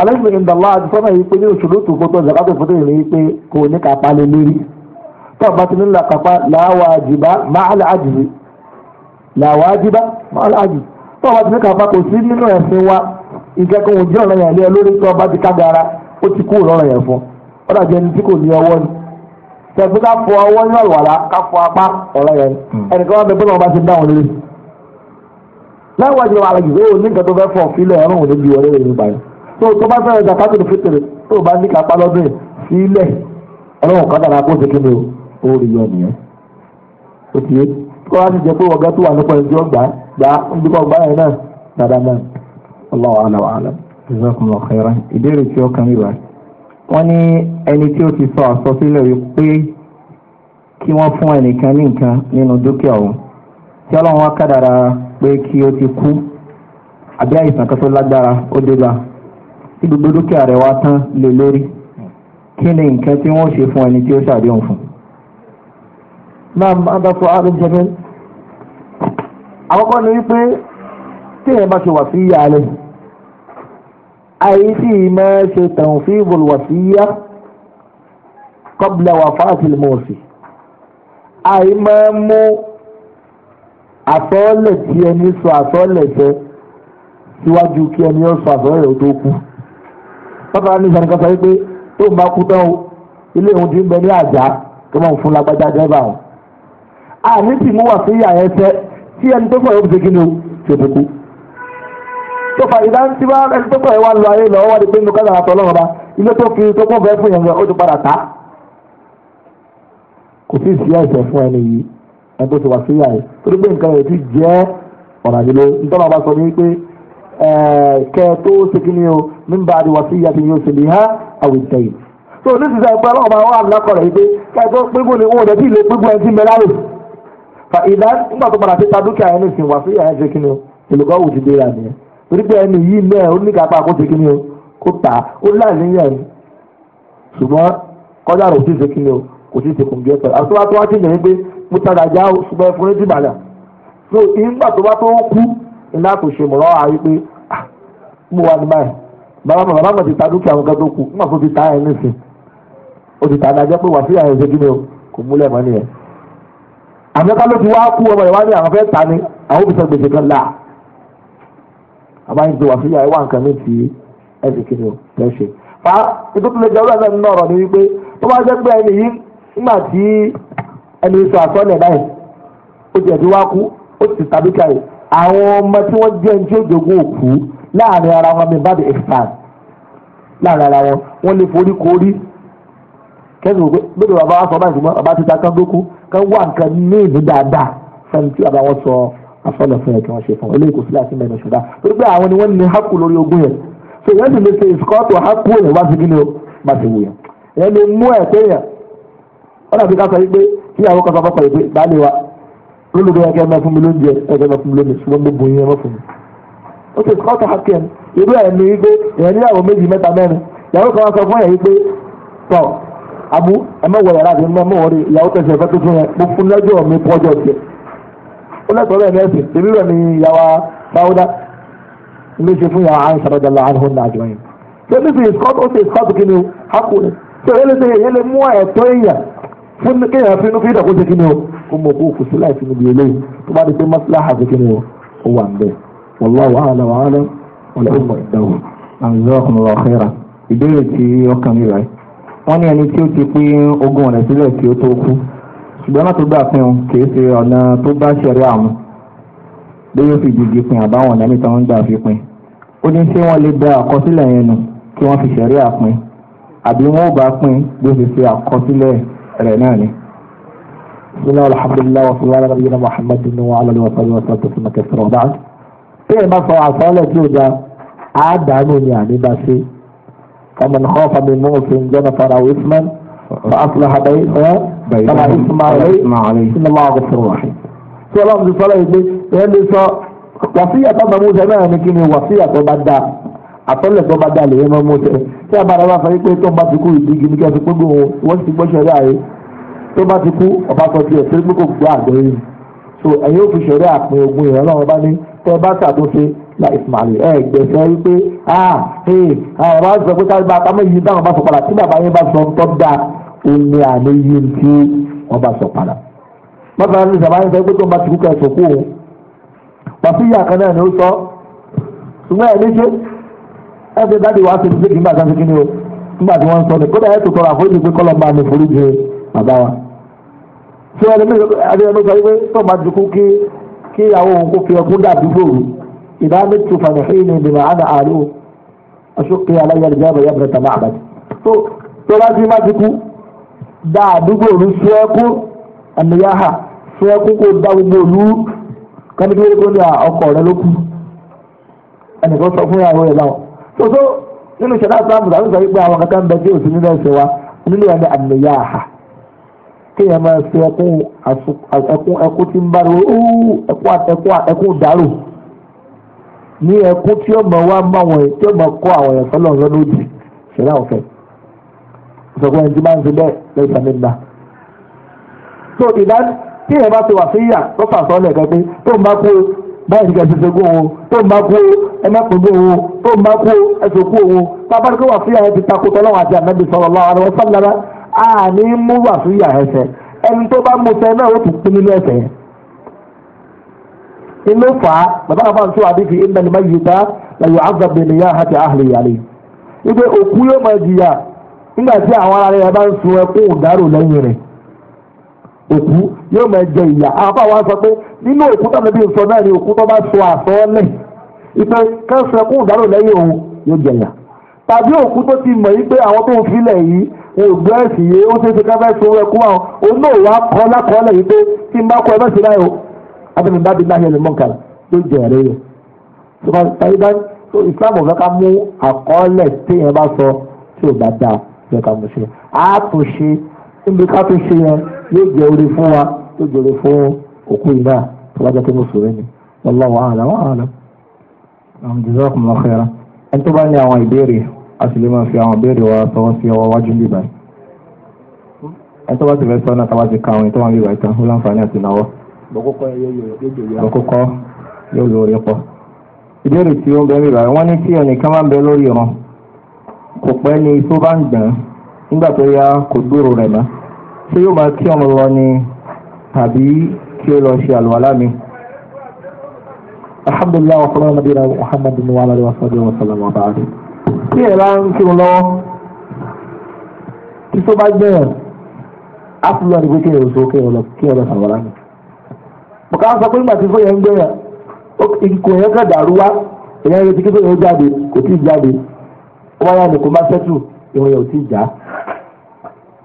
B: alẹ́sìn ìdàlá àdìsọ́nà yìí pé ní oṣù lótú kó tó zakato fún tèmi yìí pé kò ní kápá lé lórí tó bá ti ní la kápá làwọn àjìbá máa lè àjìbí làwọn àjìbá máa lè àjìbí tó bá ti ní kápá kò sí nínú ẹ̀sìn wa ìkẹ́kọ̀ọ́ òjì ọ̀rọ̀ yẹn lé ẹ lórí tó bá ti kágara ó ti kú ọ̀rọ̀ yẹn fún ó dàbí ẹni tí kò ní ọwọ́ ni tẹ̀sí ká fọ ọwọ́ ní ọ̀lùwàlà ká fọ apá ọ̀rọ̀ yẹn hmm. ẹnìkan tó tó bá fẹ́ràn zakato fitiri tó bá ní kápá lọ́dún yìí sílẹ̀ ọlọ́run kan dára kó ṣe kí ni o rí yọ nìyẹn o ti jẹ pé ọ̀gá tó wà nípa ẹjọ́ gbà gbà ń bí kò yẹn náà dáadáa náà wa
A: ìbéèrè tí ó kàn
B: ní ẹni tí ó ti sọ àsọsílẹ̀ kí wọ́n fún tí gbogbo dúkìá rẹ̀ wá tán lé lórí kí ni nǹkan tí wọ́n ṣe fún ẹni tí ó ṣàdéhùn fún. náà adàpọ̀ àrùjẹmẹ́ àkọ́kọ́ ni wípé tí èèyàn bá ṣe wà sí ìyá rẹ̀ àyè tí ìmọ̀ ṣe tàn fí ìbòlùwà sí yá kọ́bùlà wà fáàtì mọ̀ọ́sì àyè máa mú àsọ́ọ́lẹ̀ tí ẹni sọ àsọ́ọ́lẹ̀ jẹ́ síwájú kí ẹni ó àsọ́ọ́lẹ̀ tó kú bàbá mi sàn kan sọ wípé tó ń bá kú tán o ilé òun ti ń bẹ ní àjà tó máa ń fún lágbájá dẹ́bà o. àní tí mo wà sí ìyá ẹ tí ẹni tó fọyọ́ ṣe kíni o ṣe tó kú. tó fa ìdá tí wá ẹni tó fọyọ́ wá lọ ayé lọ wá di pé inú kádà àtọ́ lọ́wọ́ bá ilé tó fi tó kún fẹ́ fún yẹn ó ti padà ta. kò sí ìsí ẹ̀sẹ̀ fún ẹni yìí ẹni tó ti wà sí ìyá torí pé nǹkan rẹ̀ ti jẹ́ ọ̀ràn Eh, kẹ́ẹ̀tó sikini o min ba'di wasiyyatin yusi biha aw ad-dayn. so ní sísè ẹgbẹ́ ọlọ́run bá wà lákọ̀ọ́rọ̀ yìí pé kẹ́ẹ̀tó ni òun rẹ̀ sì lè pínpín ẹni tí mẹ́lá fa ìdá nígbà tó padà sí ta dúkìá ẹni sìn wà síyà ẹni sikini o ìlúkọ́ wù ti dé ra nìyẹn torí pé ẹni yìí náà ó ní kápá kó sikini o kó tà ó láìníyàn ṣùgbọ́n kọ́dà rò sí sikini o kò sí sekùngẹ́ pẹ̀lú àtúwátúwá yẹn pé mo tàdájà ṣùgbọ́n ẹ̀fọn so ìgbà tó bá tó iná kò ṣe mọ̀rọ́ wa wípé ah, mo wà ní báyìí bàbá mi bàbá mi ti ta dúkìá nǹkan tó kù nígbà tó ti ta ẹ̀ nísìn ó ti ta ní ajẹ́ pé wàásù yàrá ìṣe kíni o kò múlẹ̀ mọ́ nìyẹn. àmọ́ká ló ti wá kú ọmọ ìwá ní àwọn fẹ́ ta ni àwọn òbí gbèsè kan là àbáyé ti wàásù yàrá ìwà nǹkan mi ti ẹ̀sìn kíni o fẹ́ ṣe. fa ìtútù jẹ́ ọlọ́ọ̀sẹ̀ nínú ọ̀rọ̀ ni wípé tó bá jẹ́ pé ẹni yìí nígbà tí ẹni sọ àsọ́lẹ̀ báyìí àwọn ọmọ tí wọ́n jẹ́ ní tí ó jogún òkú láàrin ara wọn mi bàbá ìfàn láàrin ara wọn wọ́n lè forí korí kẹ́sìn pé bébè bàbá wa sọ báyìí ṣùgbọ́n bàbá ti ta kán dókú kán wà nǹkan ní ìlú dáadáa fẹ́ni tí bàbá wọn sọ àsọlẹ̀ fún yẹn kí wọ́n ṣe fún eléyìí kò sí láti mẹ́rin ṣùgbọ́n torí pé àwọn ni wọ́n ní hákù lórí ogún yẹn so ìyẹn sì lè ṣe ìsìkọ́tò hákù yẹn wá sí kíni o má ti wù yẹn ìyẹn lè mú ẹ̀ pé yẹn wọ́n dàbí ká sọ yìí pé kíyàwó kan sọ fọ́pọ̀ yìí pé báyìí wa lórí bí akẹ́ máa fún mi lóúnjẹ ẹ̀kẹ́ máa fún mi lóúnjẹ ṣùgbọ́n gbogbo yín ẹ má fún mi. ó ti kọ́ ká kẹ́ irú ẹ̀ ní wípé èèyàn ní àwọn méjì mẹ́ta mẹ́rin ìyàwó kan sọ fún ẹ̀ wípé tọ̀ àbú ẹ yàrá àti mọ̀ mọ̀ ìyàwó tẹ̀sẹ̀ fẹ́ tuntun yẹn mo fún lẹ́jọ́ mi pọ́jọ́ tiẹ̀. ó lẹ́tọ̀ọ́ bẹ́ẹ̀ mẹ́sìn ìbí rẹ̀ ni ìyàwó sáwúdà ló ṣe fún ìyàwó àìsàn rẹ̀dọ̀lá àhùn náà àjọyìn. ṣé ní ti ìsọ́tò ó ti ìsọ́tò kí ni ó hákùnrin ṣé fún kéèyàn fínú kí ìdàkó jẹ́kí ni o kó mọ̀ kó kò sí láì
A: fínú bí eléyìí tó bá di pé maslaha jẹ́kí ni o ó wà nbẹ wallahu a'lam wa a'lam wọlé ó mọ ìdáwó. jazakumullahu khairan ìbéèrè tí ọkàn mi rà wọ́n ní ẹni tí ó ti pín ogún ọ̀nà sílẹ̀ kí ó tó kú ṣùgbọ́n láti gbà pín un kì í ṣe
B: ọ̀nà tó bá ṣẹ̀rí àmú lórí ó fi gègé pin àbáwọn ọ̀nà níta wọ́n gbà fi pin ó ní ṣé wọ́n lè da àkọsílẹ̀ yẹn nù kí wọ́n fi ṣẹ̀rí àpín àbí wọ́n ò bá pín bí ó ṣe ṣe àkọsílẹ̀ yẹn رعناني بسم الله والحمد لله وصلى على نبينا محمد وعلى اله وصحبه وسلم تسليما كثيرا وبعد تي ما فوا صلاه جودة عاد عنون يعني بس فمن خاف من موت جنفا او اثما فاصلح بينهما فلا اثم عليه ان الله غفور رحيم سي الله صلاه يقول إيه، وصيه تبقى مو زمان وصيه تبقى àtọ́lẹ̀ tó bá dalẹ̀ yẹn máa mú tẹ tí abára bá fẹ́ pé tó bá ti kú ìdígi ní kẹsàn-án gbogbo wọn wọ́n ti gbọ́ sẹ́rí ààrẹ tó bá ti kú ọba sọ tiẹ̀ pé pé kò gbọ́ àgbẹ̀ yìí so ẹ̀yin ò fi sẹ́rí àpín ogun ìran náà bá ní tẹ́ bá ṣàtúnṣe la ìsìmàlì ẹ gbèsè wípé ah ee àwọn bá sọ pé káyọ̀ bá pamọ́ yìí táwọn bá sọ padà tí bàbá yẹn bá sọ tọ́ da omi àmì yìí tí wọ́n bá sọ padà. bàbá yẹn sábà yẹn sọ pé tó ń bá ti kú kẹsàn-án kú òun wàá fi yà kan náà ni ó sọ ṣùgbọ́n ẹ̀ ní ṣe ẹ ṣe dáàdi wàá ṣe mistake nígbà kan ṣe kíni o nígbà tí wọ́n ń sọ ni kódà ẹ tó tọrọ àforíjì pé kọ́lọ́ máa ní foríjì bàbá wa. ṣé ẹni adéyẹmí sọ wípé tó máa dùkú kí kí ìyàwó òun kó fi ẹkún dàbí fòrò ìdáàmì tó fàmì hí ni ìdìbò àná àlò aṣókè aláyẹlẹ jábọ̀ yàbẹ̀rẹ̀ tàmá àbàdì. tó tó bá ti má ti kú dá àdúgbò òru sẹ́kù àníyáhà sẹ́kù kó dá gbogbo òlu kánibí ẹ̀kọ́ ni ọkọ̀ rẹ ló kú ẹnìkan sọ fún ìyàwó ẹ̀ náà soso nínú ìṣẹ̀dá ìsìlámù tàbí sọ wípé àwọn kankan bẹ tí òsì nínú ẹ̀sẹ̀ wa nínú ẹ̀ ní àmìyá àhà kéèyàn máa fi ẹkún ẹkún ẹkún tí ń bá rò ó ẹkún ẹkún ẹkún dàrú ní ẹkún tí ó mọ wá mọ àwọn tí ó mọ kọ àwọn ẹ̀fọ́ lọ́rọ́ lódì ṣẹlá ọ̀fẹ́ ìṣọ̀kan ẹni tí máa ń fi bẹ́ẹ̀ lẹ́sàn mi nà. so ìdá tí bá ti wà sí lọ́sàn-án sọ́ọ́lẹ̀ báyìí ga ṣe ṣogún òun tó ń bá kú ẹ má pògbó òun tó ń bá kú ẹ ṣòkú òun bàbá ní kó wà fúyà yẹn ti takò tọ́lọ́wọ́n àti ànábì efe. alaihi a àní mú wà fúyà ẹsẹ̀ ẹni tó bá mú sẹ́ náà ó ti pín nínú ẹsẹ̀ yẹn. inú fà á bàbá àbá ń sọ àdìsí innal mayyita òkú yóò máa jìyà nígbà tí àwọn ará bá ń sun ẹkún lẹ́yìn rẹ̀ òkú yóò máa jẹ ìyà àwọn àwọn sọ pé nínú òkú tó nàbí náà ni òkú tó bá so àsọ́ọ́lẹ̀ ìpè kẹsàn kún ìdárò lẹ́yìn òun yóò jẹ̀yà tàbí òkú tó ti mọ̀ yí pé àwọn tó ń filẹ̀ yìí wọn ò gbọ́ ẹ̀sìn yìí ó ṣeé ṣe ká fẹ́ so ẹkú àwọn òun náà wàá kọ́ lákọ́ọ́lẹ̀ yìí pé kí n bá kọ́ ẹ bẹ́ẹ̀ sí láyò abẹ́mi bá bí láyé lè mọ̀kà ló jẹ́ ẹ̀rẹ́ yẹn ṣùgbọ́n ṣáyidá tó islam ọ̀fẹ́ ká mú àkọọ́lẹ̀ téèyàn bá sọ tí ò bá dáa yẹ ká mú ṣe àtúnṣe níbi ká tún ṣe yẹn yóò jẹ́ orí fún wa yóò jẹ́ orí fún òkú yìí tó bá jẹ́ pé mùsùlùmí ni wallahu a'lam wa a'lam àwọn jazakumullahu khairan ẹni tó bá ní àwọn ìbéèrè a sì lè máa fi àwọn ìbéèrè wa sọwọ́ sí ọwọ́ wájú bí báyìí
A: ẹni tó bá ti fẹ́ sọ náà tá a bá ti ka àwọn ìtọ́wọ́n bí báyìí tán ó láǹfààní àti náwó àkókò yóò lóore pọ̀ ìbéèrè tí ó ń bẹ níbàá
B: wọ́n ní tí ẹnìkan máa ń bẹ lórí wọn kò pẹ́ ni tó bá ń gbọ̀n nígbà tó yá kò gbòòrò rẹ̀ mọ́ ṣé yóò máa kí ọmọ lọ ni tàbí kí ó lọ ṣe àlùwàlá mi. alhamdulilayi wa sallallahu alayhi wa muhammadu wa alayhi wa sallallahu wa sallam wa baari. tí ẹ bá ń kírun lọ́wọ́ tí tó bá gbẹ̀yàn á ti lọ nígbè kéèyàn oṣù kéèyàn lọ kéèyàn lọ ṣàlùwàlá mi. mo ká sọ pé nígbà tí fóyà ń gbẹ̀yàn ìkò yẹn kàn dàrú wá ìyẹn retí kí fóyà jáde kò tí ì jáde wọ́n yà kò má ṣẹ́tù ìwọ̀n yẹn ò tí ì já.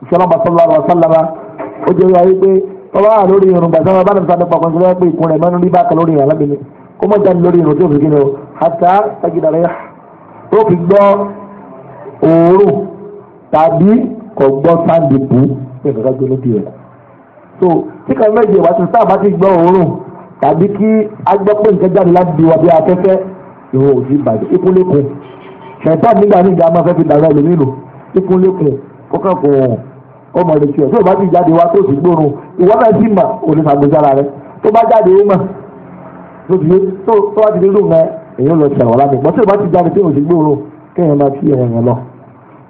B: ìṣọ́nà tọ́wọ́ wà lórí irun gbàtà wọn bá nàbí sàdé pàpọ̀ nígbà pé ìkun rẹ̀ mẹ́nu rí bákan lórí irun alábìnrin kó mọ̀ jáde lórí irun tó fi kíni o àtà tagidàrẹ́ ó fi gbọ́ òórùn tàbí kò gbọ́ sáǹdì bù ní ìkàkà gbé lójú rẹ̀ so tí kan méje wá ti sáà bá ti gbọ́ òórùn tàbí kí agbọ́ pé nǹkan jáde láti di wa bí afẹ́fẹ́ ìwọ òsì ìbàdàn ìkúnlẹ̀kùn ṣẹ̀ńtà nígbà nígbà máa fẹ́ fi dàgbà ẹlòmíràn ọmọ rẹ tiẹ̀ tó o bá ti jáde wá tó o sì gbóòórùn ìwọ náà sì mà ò lè sàgbésára rẹ tó bá jáde ó mà tó ti tó tó bá ti dé lóun náà èyí ó lọ sẹ̀wọ̀n láti gbọ́ tó o bá ti jáde tó o sì gbóòórùn kéèyàn máa fi ẹ̀wọ̀n yẹn lọ.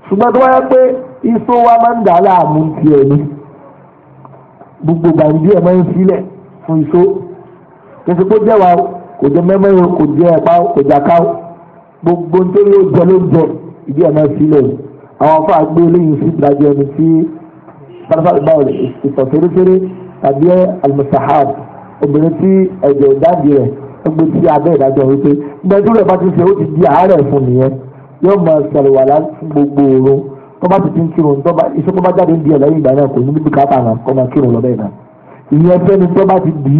B: ṣùgbọ́n tó wáyé pé iṣó wa máa ń dà láàmú tiẹ̀ ni gbogbo gbàǹdí ẹ̀ máa ń sílẹ̀ fún iṣó kẹsì kó jẹ́ wa kò jẹ mẹ́mẹ́ kò jẹ ẹ̀pá kò jàká o gbogbo nítorí ó jẹ ló jẹ ìdí ẹ̀ máa sílẹ̀ àwọn afọ àgbé eléyìí sí ìdájọ́ ẹni tí pátápátá báwo ni ìtọ̀ kérékéré tàbí almusahab obìnrin tí ẹ̀jẹ̀ ìdádi rẹ̀ ó gbé sí abẹ́ ìdájọ́ wípé gbẹdú rẹ̀ bá ti ṣe ó ti di àárẹ̀ fún nìyẹn yóò máa ṣàlùwàlá gbogbo oorun tó bá ti ti ń kírun iṣẹ́ tó bá jáde ń di ẹ̀ lẹ́yìn ìgbà náà kò ní níbi káàtà náà kọ́ máa kírun lọ́bẹ̀ náà ìyẹn fẹ́ni tó bá ti di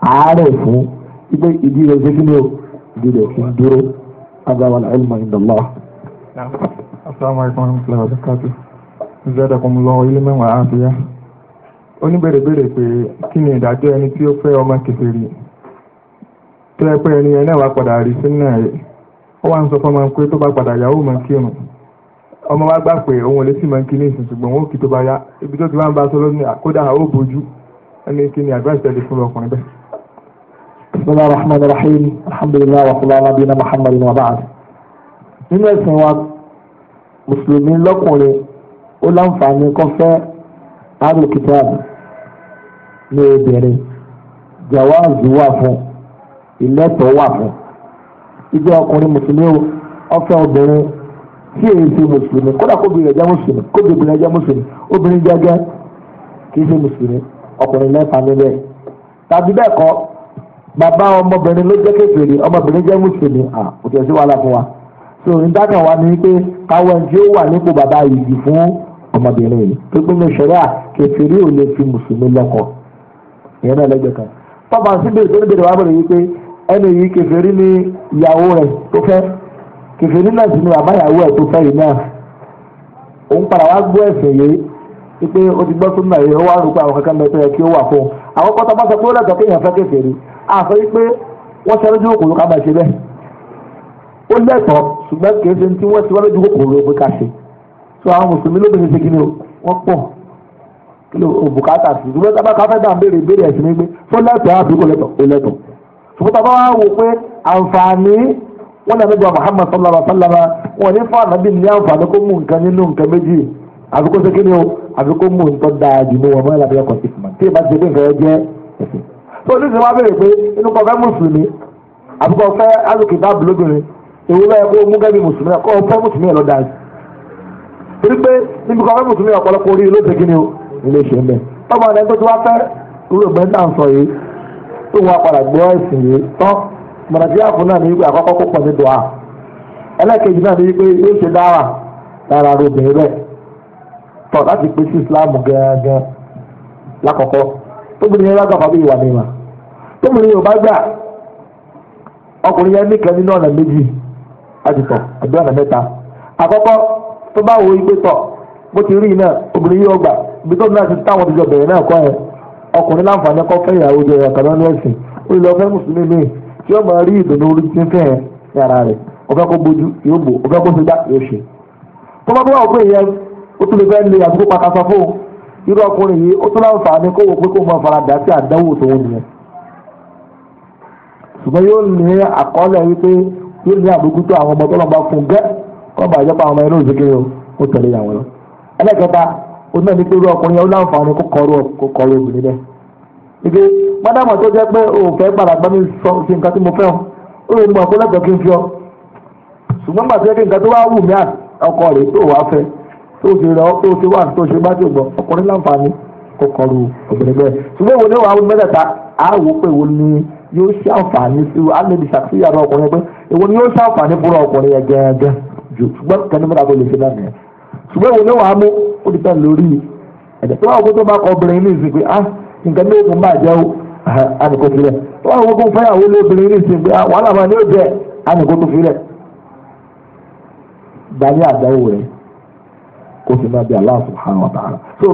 A: àárẹ̀ fún ipe ìdí rẹ̀ ṣe ni o ìdí rẹ̀ fi dúró agbára ilmu indallah. asalaamualeykum wa rahmatulahi wa barakatuh. zadakum Allahu ilman wa afiyah oníbèrèbèrè pé kí ni ìdájọ́ ẹni tí ó fẹ́ ọmọ kèfèrí tó ẹ pé ẹni ẹ náà wá padà rí sí náà rẹ̀ ó wá ń sọ fọmọ pé tó bá padà yàwó mọ kí òun ọmọ wa gbà pé òun ò lè sì mọ kí ní ìsìn ṣùgbọ́n òun tó bá yá ibi tó ti wá ń bá sọ́lọ́ ní àkódà ó bójú ẹni kí ni àdúrà rahim alhamdulilayi wa muhammadu wa baad
B: ó láǹfààní kọ́ fẹ́ alùkìtàb ní obìnrin jàwáàzù wà fún ìlẹ́tọ̀ wà fún ìjọ ọkùnrin mùsùlùmí ọfẹ́ obìnrin tí èyí ṣe mùsùlùmí kódà kóbìnrin ẹ̀jẹ̀ mùsùlùmí kóbìnrin ẹ̀jẹ̀ mùsùlùmí obìnrin jẹ́gẹ́ kì í ṣe mùsùlùmí ọkùnrin lẹ́fà níbẹ̀ tàbí bẹ́ẹ̀ kọ́ bàbá ọmọbìnrin ló jẹ́ kékeré ọmọbìnrin jẹ́ mùsùlùmí à kò sí wàhálà fún wa so ìdákan wa ni pé káwọn tí ó wà nípò bàbá yìí fún ọmọbìnrin yìí gbogbo ní ṣẹ̀ríà kẹfìrí ò lè fi mùsùlùmí lọ́kọ ìyẹn náà lẹ́gbẹ̀ẹ́ kan tọ́ba síbẹ̀ tó ń bèrè wá yìí pé ẹni yìí kẹfìrí ni ìyàwó rẹ̀ tó fẹ́ kẹfìrí náà sì ni àbáyàwó ẹ̀ tó fẹ́ yìí náà òun padà wá gbọ́ ẹ̀sìn yìí wípé ó ti gbọ́ tó náà yìí ó wá rúkọ àwọn kankan mẹ́tọ́ yẹ kí ó wà fún un àwọn kọ́tà bá sọ pé ó lẹ́tọ̀ọ́ kéèyàn fẹ́ kẹfìrí àfẹ́ wípé wọ́n ṣe lójú òkòló ká máa ṣe bẹ́ẹ̀ ó lẹ́tọ̀ọ́ ṣùgbọ́n kì í ṣe tí wọ́n ti wá lójú òkòló pé ká ṣe so àwọn mùsùlùmí lóbìnrin ṣe kíni o wọ́n pọ̀ kí ló o bùkátà sí i ṣùgbọ́n tábà káfẹ́ dà ń béèrè ìbéèrè ẹ̀sìn mi pé fún lẹ́tọ̀ àfikún lẹ́tọ̀ ó ṣùgbọ́n tábà wá wò pé àǹfààní wọn náà nígbà Muhammad sallama alaihi wa sallam wọn ní fún ànábì ní àǹfààní kó mú nǹkan nínú nǹkan méjì àfikún ṣe kíni o àfikún mú nǹkan dáa jù ní wọn mọ́lá bíyà kọ̀ọ̀tì fún mi tí ìbá ti ṣe pé nǹkan jẹ́ ẹ̀sìn tó oníṣẹ́ wá béèrè pé inú kọ́ fẹ́ mùsùlùmí torí pé níbi kan mẹ́mùtún ní ọ̀pọ̀lọpọ̀ orí ló ṣe kíni o ilé ṣe ń bẹ̀. tọ́gbà ní ẹgbẹ́ tó wá fẹ́ irú ìgbẹ́ náà sọ yìí tó wọn padà gbọ́ ẹ̀sìn yìí tán mọ̀nà tí náà ní wípé àkọ́kọ́ kó pọ̀ ní dùá ẹlẹ́ẹ̀kejì náà ní wípé yóò ṣe dára lára tọ̀ láti pè sí Islam gẹ́gẹ́ ìwà tó bá wo ipe tọ bó ti rí iná obìnrin yóò gbà ibi tó náà ti táwọn ti jọ bẹ̀rẹ̀ náà kọ́ yẹn ọkùnrin láǹfààní kọ́ fẹ́ ìyàwó jẹ ìyàkàlá ní ẹ̀sìn ó lọ fẹ́ mùsùlùmí mi tí ó máa rí ìdùnnú orí ti ń fẹ́ yẹn rẹ̀ ọ̀fẹ́ kó bójú yóò bò ọ̀fẹ́ kó ṣe gbá yóò ṣe. tó bá yẹn ó tún lè fún irú ọkùnrin yìí ó tún láǹfààní kó wò pé kó máa fara sí àdánwò kọ́ba àjọpọ̀ àwọn ọmọ inú ìsìnkiri ó tẹ̀lé ìyàwó lọ. ẹlẹ́kẹta ó náà ní pé irú ọkùnrin yẹn ó láǹfààní kó kọrú kó kọrú obìnrin bẹ́ẹ̀. ike mádàmọ̀ tó jẹ́ pé òfẹ́ gbàlagbà mi sọ fi nǹkan tí mo fẹ́ ó lè mú ọkọ lẹ́tọ̀ọ́ kí n fi ọ. ṣùgbọ́n gbàtí ẹ kí nǹkan tó wá wù mí ọkọ rẹ̀ tó wàá fẹ́ tó ṣe rọ tó ṣe wà tó ṣe bá ti gbọ́ ọkùnrin láǹfààní kó kọrú obìnrin bẹ́ẹ̀. ṣùgbọ́n wo ni wàá wù mẹ́tẹ̀ẹ̀ta á wò pé wo ni yóò ṣàǹfààní sí alẹ́ ìṣàkóso ìyàrá ọkùnrin pé èwo ni yóò ṣàǹfààní fúnra ọkùnrin yẹn gẹ́gẹ́ jù ṣùgbọ́n kẹ́ni mọ́ra kò lè ṣe náà nìyẹn ṣùgbọ́n ìwé náà wàá mú ó ti tẹ̀ lórí ẹ̀jẹ̀ tó wà wọ́n tó bá kọ obìnrin ní ìsìn pé ah nǹkan ní oògùn máa jẹ́ o ànìkó fi rẹ̀ tó wà wọ́n kó fẹ́yàwó lé obìnrin ní ìsìn pé ah wàhálà máa ní ó jẹ́ tó fi rẹ̀ dání àdáwò rẹ̀ kó fi máa bí Allah subhanahu wa ta'ala so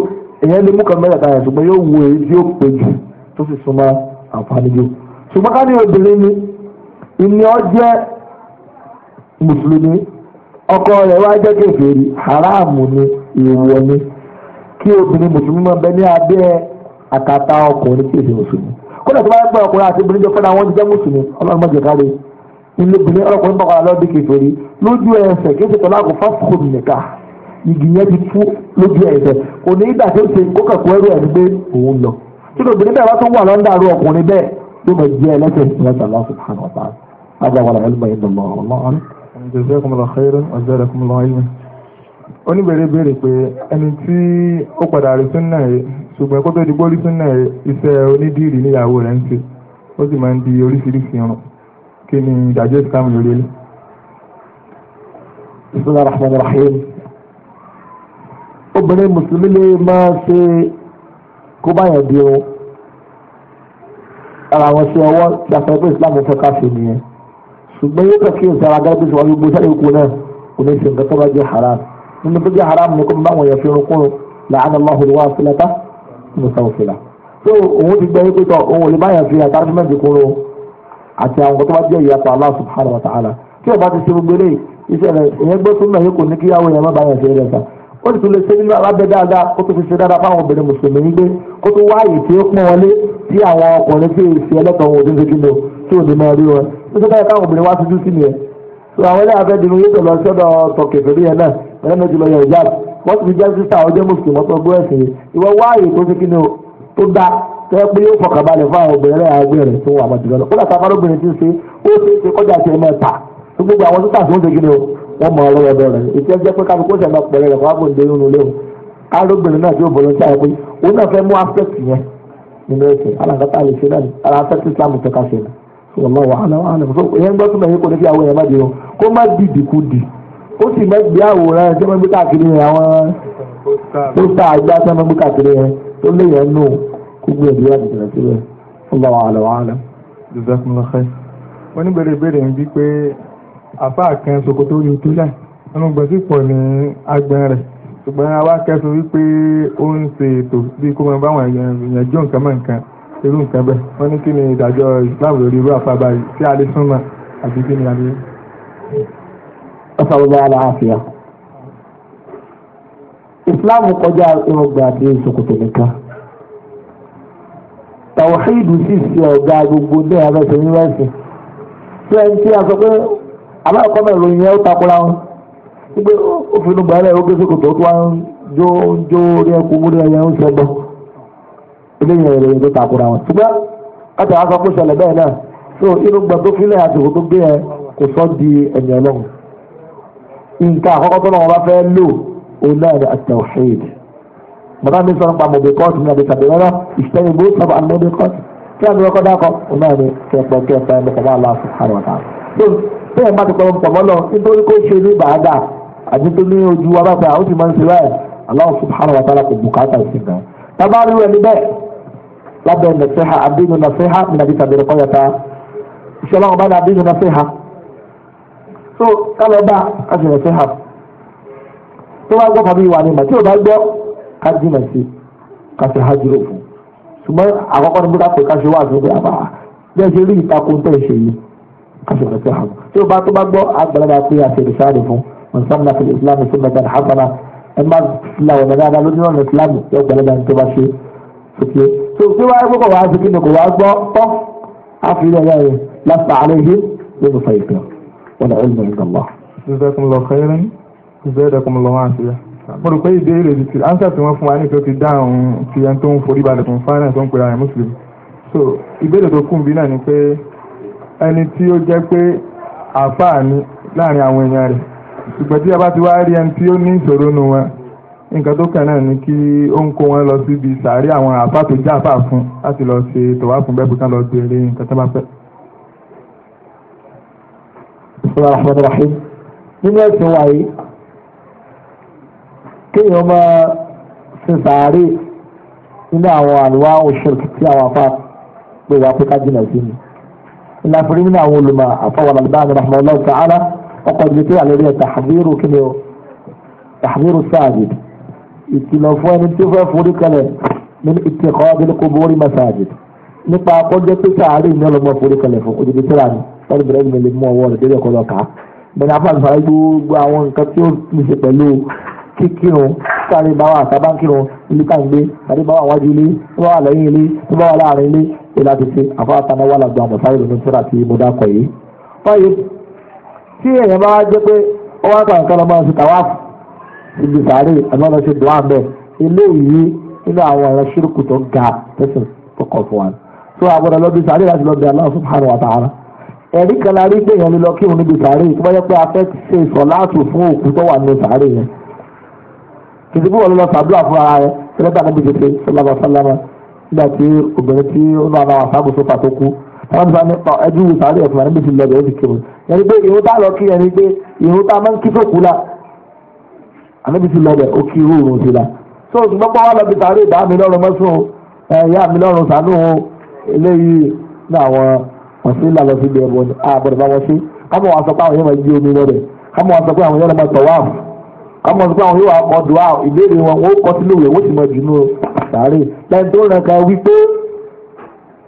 B: ìyẹn lè mú kan mẹ́ta tààrà ṣùgbọ́n yóò wo èyí tí ó pè jù tó sì súnmọ́ àǹfààní jù ṣùgbọ́n ká ní obìnrin ni ìní ọ jẹ́ mùsùlùmí ọkọ rẹ̀ wá jẹ́ kékeré haramu ni èèwọ̀ ni kí obìnrin mùsùlùmí máa bẹ ní abẹ́ àkàtà ọkùnrin tí èsì mùsùlùmí kódà tó bá pẹ́ ọkùnrin àti obìnrin jọ fẹ́ra wọn jẹ́ mùsùlùmí ọlọ́run máa jẹ káre ilé obìnrin ọlọ́kùnrin bá wà lọ́ọ́ di kékeré lójú ẹsẹ̀ kí èsì tọ́lá kò fásitì nìka igi yẹn ti tú lójú ẹsẹ̀ kò ní ìgbà tó ṣe kó kẹ̀kọ́ ẹrú ẹ̀rí gbé òun lọ tí obìnrin bẹ́ẹ̀ bá tún wà lọ́ndà àrò ọkùnrin bẹ́ẹ̀ yóò máa jẹ́ ẹlẹ́sẹ̀ ìṣẹ̀lẹ̀
A: jazakum Allah khairan wa zadakum Allah ilma oníbèrè béèrè pé ẹni tí ó padà rí súnà rẹ̀ ṣùgbọ́n kó tó di gbórí súnà rẹ̀ iṣẹ́ onídìrí níyàwó rẹ̀ ń ṣe ó sì máa ń di oríṣiríṣi ọ̀ràn kí ni ìdájọ́ ìsìlámù lórí ẹ̀. bisimilah rahman rahim obìnrin
B: mùsùlùmí lè máa ṣe kó báyọ̀ di o ara wọn ṣe ọwọ́ tí a sọ pé ìsìlámù fẹ́ ká ṣe nìyẹn ṣùgbọ́n yóò kà kí o sara gẹ́gẹ́ bí sọ wáyé gbó sáré kó náà kò ní ṣe nǹkan tó bá jẹ́ haram nínú tó jẹ́ haram ni kò ń bá wọn yẹn fi irun kúrò làánà allahu wa filata mo sọ òfìlà so òun ti gbẹ́ pé tọ́ òun ò lè bá yẹn fi àtàrẹ́mẹ́ntì kúrò àti àwọn tó bá jẹ́ ìyàtọ̀ allah subhanahu wa ta'ala tí o bá ti ṣe gbogbo iṣẹ́ rẹ̀ ìyẹn gbé súnmọ́ yìí kò ní kíyàwó yẹn má bá yẹn ṣe rẹ̀ ó sì tún lè ṣe tó tó báyìí káwọn obìnrin wá síjú sí nìyẹn tó àwọn ilé afẹ́ dìrún yóò lọ sọ́dọ̀ tọ̀kẹ̀ pẹ̀lú yẹn náà ẹ̀rẹ́ méjì lọ yẹ ìjà wọ́n ti fi jẹ́ sísá ọjọ́ mùsùlùmí wọ́n sọ bó ẹ̀sìn ìwọ wá ààyè tó ṣe kí ni o tó da tẹ́ pé yóò fọkànbalẹ̀ fún àwọn obìnrin rẹ̀ àgbẹ̀ rẹ̀ tó wà àbájọ lọ kódà sáfárò obìnrin ti ṣe ó ṣe é ṣe kọjá ṣe mẹ́ta tó gbogbo àwọn tó tàṣí ó ṣe kí ni o wọ́n mọ ọlọ́yọ̀ bẹ̀rẹ̀ ìṣe jẹ́ pé kálukú ṣẹ̀ máa pẹ̀lẹ́ rẹ̀ fún àbòǹde inú ilé o kálóbìnrin náà tí ó bọ̀lọ́ sáà pé òun náà fẹ́ mú aspect yẹn nínú ẹ̀sìn aláǹkátà lè ṣe náà ara aspect Islam tó ká ṣe náà wọ́n wà hánà wà hánà fún ìyẹn gbọ́ súnmọ́ yín kò ní kí àwọn èèyàn má dìrò kó má dìdì kú dì ó sì má gbé àwòrán ẹ̀ sẹ́mọ́ gbé káàkiri yẹn àwọn pósítà àgbà sẹ́mọ́ gbé káàkiri yẹn tó lé yẹn nù kó gbé ìdílé àti ìtẹ̀lẹ̀ síbẹ̀ fún bá wà
A: hánà wà hánà. jazakumullahu wọ́n ní bèrè ìbéèrè ń bí pé àfáà kan ṣòkòtò yìí tó láì ẹnu gbèsè pọ̀ ní agbẹ̀n rẹ̀ ṣùgbọ́n àwa kẹsàn wípé ó ń ṣe ètò bí kó máa bá àwọn èèyàn jọ nǹkan mọ́ nǹkan irú nǹkan bẹ́ẹ̀ wọ́n ní kí ni ìdájọ́ Islam lórí irú àfàbà yìí tí a lè súnmọ́ àbí kí ni a lè.
B: ọ̀sán bá ara àfíà
A: Islam kọjá
B: irúgbà àti ìṣòkòtò nìkan tàwọ̀hídù sì ṣe ọ̀gá gbogbo ní ẹ̀rọ ìṣòyìn rẹ̀sì tí ẹni tí a sọ pé aláàkọ́ náà ìròyìn yẹn ó takora wọn wípé ó fi ó gbé sókòtò ó tún wá ń jó ń jó orí ẹkùn múlẹ̀ ẹ̀yẹ ń ṣẹbọ eléyìí ìròyìn tó takora wọn. ṣùgbọ́n láti àwọn akọ́kọ́ ṣẹlẹ̀ bẹ́ẹ̀ náà tó inú gbọ́n tó kílẹ̀ àti òkú tó gbé yẹn kò sọ di ẹ̀mí ọlọ́run. nǹkan àkọ́kọ́ tó náà wọ́n bá fẹ́ lò òun náà ni at-tawhid. bàbá mi sọ nípa mọ̀bí kọ́ọ̀tù ní àdìsàbí rárá ìṣẹ́yìn gbó sábà mọ̀bí kọ́ọ̀tù kí àmì ọkọ̀ dákọ̀ òun náà ni kẹ̀pọ̀ kẹ̀pọ̀ ẹni kọ̀ máa lọ subhanahu wa ta'ala.
A: bẹ́ẹ̀
B: má Allah subhanahu wa bàbá rí ẹni bẹ́ẹ̀ lábẹ́ nàṣẹ́hà àbínú nàṣẹ́hà nàbí sàbẹ̀rẹ̀ kọ́ yàtá ìṣọ́lá wọn bá ní àbínú so kálọ̀ bá kásì nàṣẹ́hà tó bá gbọ́ fàmí ìwà ni mà tí ò bá gbọ́ kájí nà sí kásì hajúrò fún ṣùgbọ́n àkọ́kọ́ ni bí ká pè kásì wà sí ọgbẹ́ àbá bẹ́ẹ̀ ṣe rí ìtakùn tẹ̀ ṣe yìí kásì nàṣẹ́hà tí ò bá tó bá gbọ́ àgbàlagbà pé àṣẹ ìṣáàdì fún mọ̀nsánná fi islam sunnatan hasana ẹ má la ọ̀nà dáadáa lójú ọ̀nà ìsìlámù yóò gbà lọ́dà tó bá ṣe òkè tó tí wàá gbọ́ kọ̀ wá sí kí ni kò wá gbọ́ tọ́
A: àfihàn ẹ̀yà rẹ̀ lásìkò àárẹ̀ yìí ló ń fa ìgbà wọn àwọn ènìyàn ìgbà wà. jazakumullahu khairan jazakumullahu àṣìyà mo rò pé ìbéèrè ti ánsà tí wọ́n fún wa ní tó ti dáhùn ti ẹni tó ń forí balẹ̀ fún fáánà tó ń pera ẹ̀ mùsùlùmí so ìbéèrè tó kùn bí náà ni pé ẹni tí ó jẹ́ pé àfáà ni láàrin àwọn èèyàn rẹ̀ ṣùgbọ́n tí a bá ti wá rí ẹni tí ó ní ìṣòro nù wọn nǹkan tó kàn náà ni kí ó ń kó wọn lọ síbi sàárè àwọn àfáà tó já àfáà fún láti lọ ṣe tọ̀wá fún bẹ́ẹ̀ bí kán lọ béèrè nǹkan tó bá fẹ́. bismillahir rahmanir rahim
B: nínú ẹ̀sìn wa yìí kéèyàn máa ṣe sàárè nínú àwọn àlùwá òṣèlú tí àwọn àfáà pé wàá pé ká jìnnà sí ni. ìlànà fún mi nínú àwọn olùmọ̀ àfọwọ́n àlùbáàmì rahmanir rahim ta'ala ọkọ̀ ìgbé tí wà lórí ẹ̀ tàhàbírù kíni o tàhàbírù sáàjìd ìkìlọ̀ fún ẹni tí ó fẹ́ forí kalẹ̀ ní ìtẹ̀kọ́ abẹ́lẹ́kọ́ borí masajid nípa akọ́jọ́ pé sàárè ní ọlọ́mọ forí kalẹ̀ fún òjòjì tí wà ní wọ́n bẹ̀rẹ̀ ní ilé mú ọwọ́ rẹ̀ débẹ̀ kọ́ lọ́ka bẹ́ẹ̀ni afáàlùfáà gbogbo àwọn nǹkan tí ó ní ṣe pẹ̀lú kíkírun sáré bá wà sábà kírun ilé tá ń bá wà wájú ilé tó bá wà lẹ́yìn ilé tó bá wà láàrin ilé ìlà tètè àfọwọ́ta náà wà lágbo àmọ̀ lónìí tó rà sí ibùdó akọ̀ yìí tí èèyàn bá jẹ́ pé ó wá kàn kán lọ́mọ sí tàwáàfù ibi sàárè ẹ̀mọ́ lọ sí dùn àbẹ̀ ilé yìí nínú àwọn ẹ̀rọ ṣírùkù tó ga tẹ̀sán tó kọ̀ fún wa ni. tó àbọ̀dọ̀ lọ bí sàárè láti lọ bí Allah subhanahu wa ta'ala. ẹ̀rí kan la rí pé èèyàn lè lọ kírun níbi sàárè tó bá jẹ́ pé a fẹ́ ṣe ìsọ̀ láàtò fún òkú tó wà nínú sàárè yẹn. kìtìkú wọn lọ sàdúrà fún ara rẹ̀ tẹ́lẹ̀ tàbí gbèsè sọlá wọ́n bá nípa ẹjú sàárẹ̀ ẹ̀fọ́ níbi ti lọ́dọ̀ ẹ̀fọ́ kírun yẹn pé ìhun tá lọ kí yẹn ni pé ìhun tá máa ń kí fòkú la àníbi ti lọ́dọ̀ ó kí irú òun sí la so ṣùgbọ́n pé wọ́n lọ bí sàárẹ̀ ìdá mi lọ́rùn mọ́sùn ẹ̀yà mi lọ́rùn sànú eléyìí ní àwọn ọ̀sìnlá lọ sí ibi ẹ̀bọ ni àbọ̀dọ̀ bá wọn sí kámọ̀ wọn sọ pé àwọn yẹn máa yí omi lọ́dẹ̀ kámọ̀ wọn sọ pé àwọn yẹn máa tọ̀ wáàfù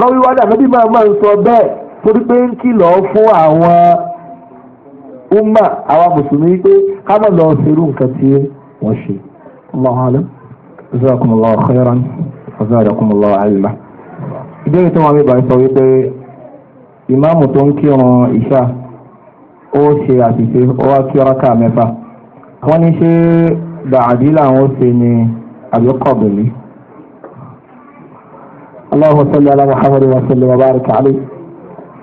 B: lọ́wọ́ iwájú ànábì máa máa ń sọ bẹ́ẹ̀ torí pé ń kìlọ̀ fún àwọn umma àwọn mùsùlùmí pé ká má lọ ṣerú nǹkan tí wọ́n ṣe. Allahu alam.
A: Jazakumullahu khairan. Jazakumullahu ilma. Ìbéèrè tí wọ́n mi bá sọ wípé ìmáàmù tó ń kírun ìṣá ó ṣe àṣìṣe
B: ó wá kí ọ́ráká mẹ́fà. Wọ́n ní ṣé bàádì làwọn ó ṣe ni àbí اللهم صل ala محمد وسلم وبارك عليه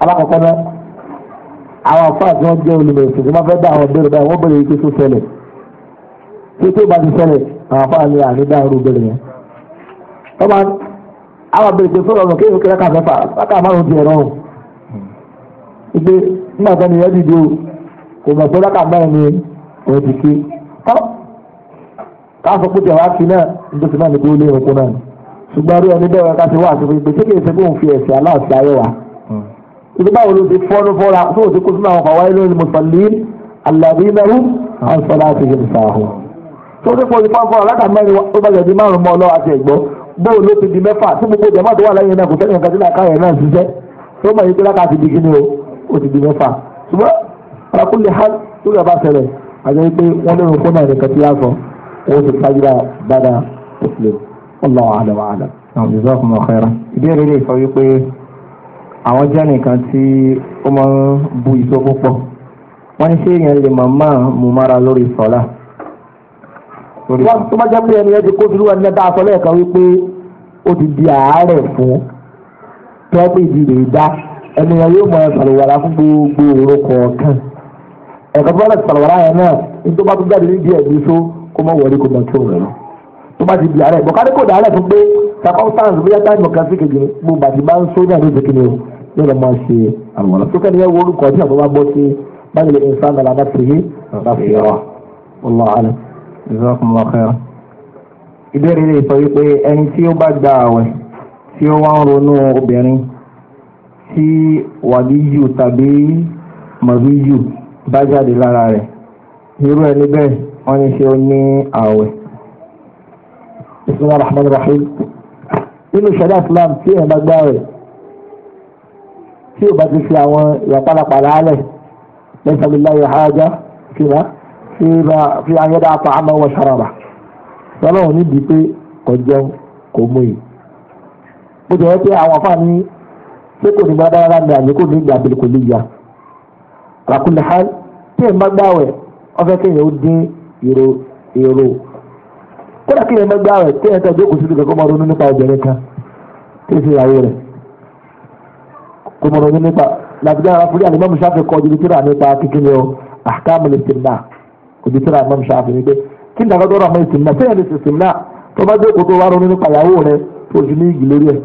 B: alákọ̀ọ́kọ́ náà àwọn afáà tí wọ́n jẹ́ olùmọ̀ èsì tí wọ́n fẹ́ dá àwọn béèrè báyìí wọ́n béèrè yìí tó ṣẹlẹ̀ tí tó bá ti ṣẹlẹ̀ àwọn afáà ní àní dá irú béèrè yẹn. tọ́ba àwọn abèrè pé sọ̀rọ̀ ọ̀nà kéèyàn ka o ni ṣùgbọ́n rí ẹni bẹ́ẹ̀ ká ti wá àti gbogbo tí kì í ṣe kó ń fi ẹ̀sìn aláàfin ayé wa. Hmm. ibi báwo ló ti fọ́nú fọ́ra tó ti kó sínú àwọn ọkọ̀ wáyé lórí mùsùlùmí alábí mẹ́rú àǹsọ̀lá àti ìṣàhùn. tó ti pọ̀ ní fọ́nfọ́ alága mẹ́rin ó bá lẹ̀ di márùn-ún mọ́ ọlọ́wà àti ẹ̀gbọ́ bóò ló ti di mẹ́fà tí gbogbo jẹ̀mọ́ tó wà lẹ́yìn náà kò sẹ́yìn nǹkan tí làákàyè náà ṣiṣẹ́ tó mọ̀ yìí pé lákàá ti di o ó ti di mẹ́fà ṣùgbọ́n alákùnrin hàn tó yà bá ṣẹlẹ̀ àjẹ́ pé wọ́n lérò fún náà nìkan tí yà sọ wọ́n Allahu a'lam wa a'lam. àwọn
A: jazakumullahu khairan.
B: ìbéèrè lè sọ wípé àwọn jẹ́ nìkan tí ó máa ń bu ìṣó púpọ̀ wọ́n ní ṣé èèyàn lè máa máa mú mára lórí sọ́lá. wọ́n tó bá jẹ́ pé ẹni yẹn ti kó sùúrù ẹni náà dáa sọ lẹ́ẹ̀kan wípé ó ti di àárẹ̀ fún tọ́pù ìdílé dá ẹni yẹn yóò máa ṣàlùwàlá fún gbogbo òru kọ̀ọ̀kan ẹ̀kọ́ tó bá lọ ṣàlùwàlá yẹn náà ní tó bá tó jáde nídìí ẹ̀ tó bá ti di àárẹ̀ bọ̀ kárí kò dàárẹ̀ fún pé circumstance bóyá táìmù kan sí kejì mo bá ti bá ń sódà ní ìdíkì ni o yóò lọ máa ṣe àwọn ọ̀la sókè nìyẹn wo orúkọ tí àbúrò bá bọ́ sí báyìí lè nsán nàlá bá ti yé bá fi yọ ọlọ àlẹ. ìbéèrè lè sọ wípé ẹni tí ó bá gba àwẹ̀ tí ó wá ń ronú obìnrin tí wàlíyù tàbí mọ̀líyù bá jáde lára rẹ̀ irú ẹni bẹ́ẹ̀ wọ́n ní ṣe ó ní àwẹ̀. بسم الله الرحمن الرحيم nínú ìṣẹ̀dá Islam tí èèyàn bá gbá rẹ̀ tí ò bá ti fi àwọn ìyàpálapàlà alẹ̀ lẹ́sàbí láyé hájá fìmá fi àyẹ̀dá apá àmọ́ wọ ṣàràbà lọ́lọ́run níbi pé kò jẹun kò mú yìí bó ti rẹ́ pé àwọn afá ní ṣé kò ní gbádá rárá ní àyè kò ní ìgbà àbẹ̀lẹ̀ kò lè yá àkùnlé hàn tí èèyàn bá gbá rẹ̀ wọ́n fẹ́ kéèyàn ó dín èrò èrò kódà kí ẹ̀mọ́ gbá rẹ̀ tí ẹ̀ tẹ̀ jókòó sínú kẹ́kọ́ mọ́rọ́ nípa obìnrin kan tí ì fi ìyàwó rẹ̀ kó mọ́rọ́ nípa làbíjà ara fúlẹ̀ àlùmọ́ musáfẹ́ kọ́ ojú tíra nípa kíkiri o àkàmù lè sìn náà ojú tíra àlùmọ́ musáfẹ́ ni pé kí nìkan tó rà mọ́ ìsìn náà sẹ́yìn lè sì sìn náà tó bá jókòó tó wá ronú nípa ìyàwó rẹ̀ tó ojú ní ìgì lórí ẹ̀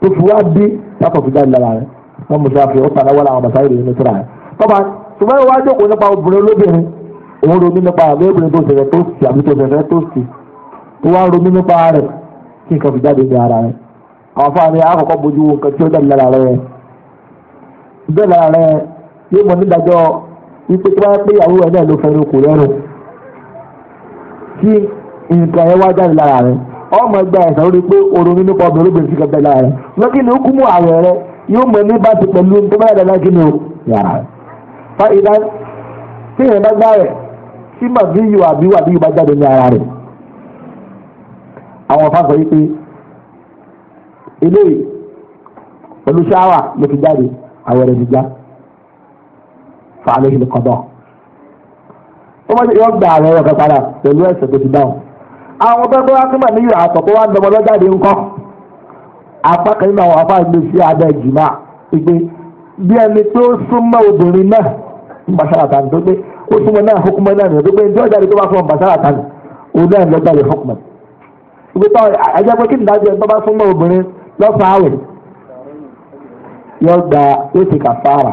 B: tó fi wá dé sápọ̀ fi jáde lára rẹ̀ mọ́ musáfẹ́ ó tàn òun ronú nípa àbẹ́bìnrin tó ṣẹ̀fẹ̀ tó sì àbí tó ṣẹ̀fẹ̀ tó sì tó wá ronú nípa rẹ̀ kí nǹkan fi jáde ní ara rẹ̀ àwọn afáàní àkọ́kọ́ bójú wo nǹkan tí ó jáde lára rẹ̀ bẹ́ẹ̀ lára rẹ̀ yóò mọ̀ nídàjọ́ wípé tí wọ́n pé ìyàwó rẹ̀ náà ló fẹ́ràn kò lẹ́rùn kí nǹkan ẹ̀ wá jáde lára rẹ̀ ọmọ ẹgbẹ́ ẹ̀sán lórí pé oronú nípa obìnrin obìnrin ti pẹ̀lú tí màbí yìí wà bí wà bí yìí bá jáde ní ara rẹ̀ àwọn fáfọ yìí pé eléyìí pẹ̀lú ṣáwà ló fi jáde àwọn ẹ̀rẹ̀ níjà fàálẹ́ ìlú kọ̀dọ̀ ó má yọ gba àwọn ọ̀rọ̀ kan padà pẹ̀lú ẹ̀sẹ̀ tó ti dáhùn àwọn ọbẹ̀ bá wá sí màmí yìí àtọ̀ tó wá ń dọmọ lọ́jáde ńkọ́ apá kan nínú àwọn afá gbé sí abẹ́ ìjìmá ìgbé bí ẹni tó súnmọ́ obìnrin náà ń gbàṣàlàtà tó gbé ó túmọ̀ náà hukumọ̀ náà nìyẹn gbogbo ẹjọ́ ìjáde tó bá fún ọmọ bàtà àtàlù òun náà lọ́gbà lè hukumọ̀. ìgbésọ̀ ẹjẹ́ pé kí ni dájú ẹni tó bá súnmọ́ obìnrin lọ́sàn-án àwẹ̀ yóò gba yóò ti kàfàrà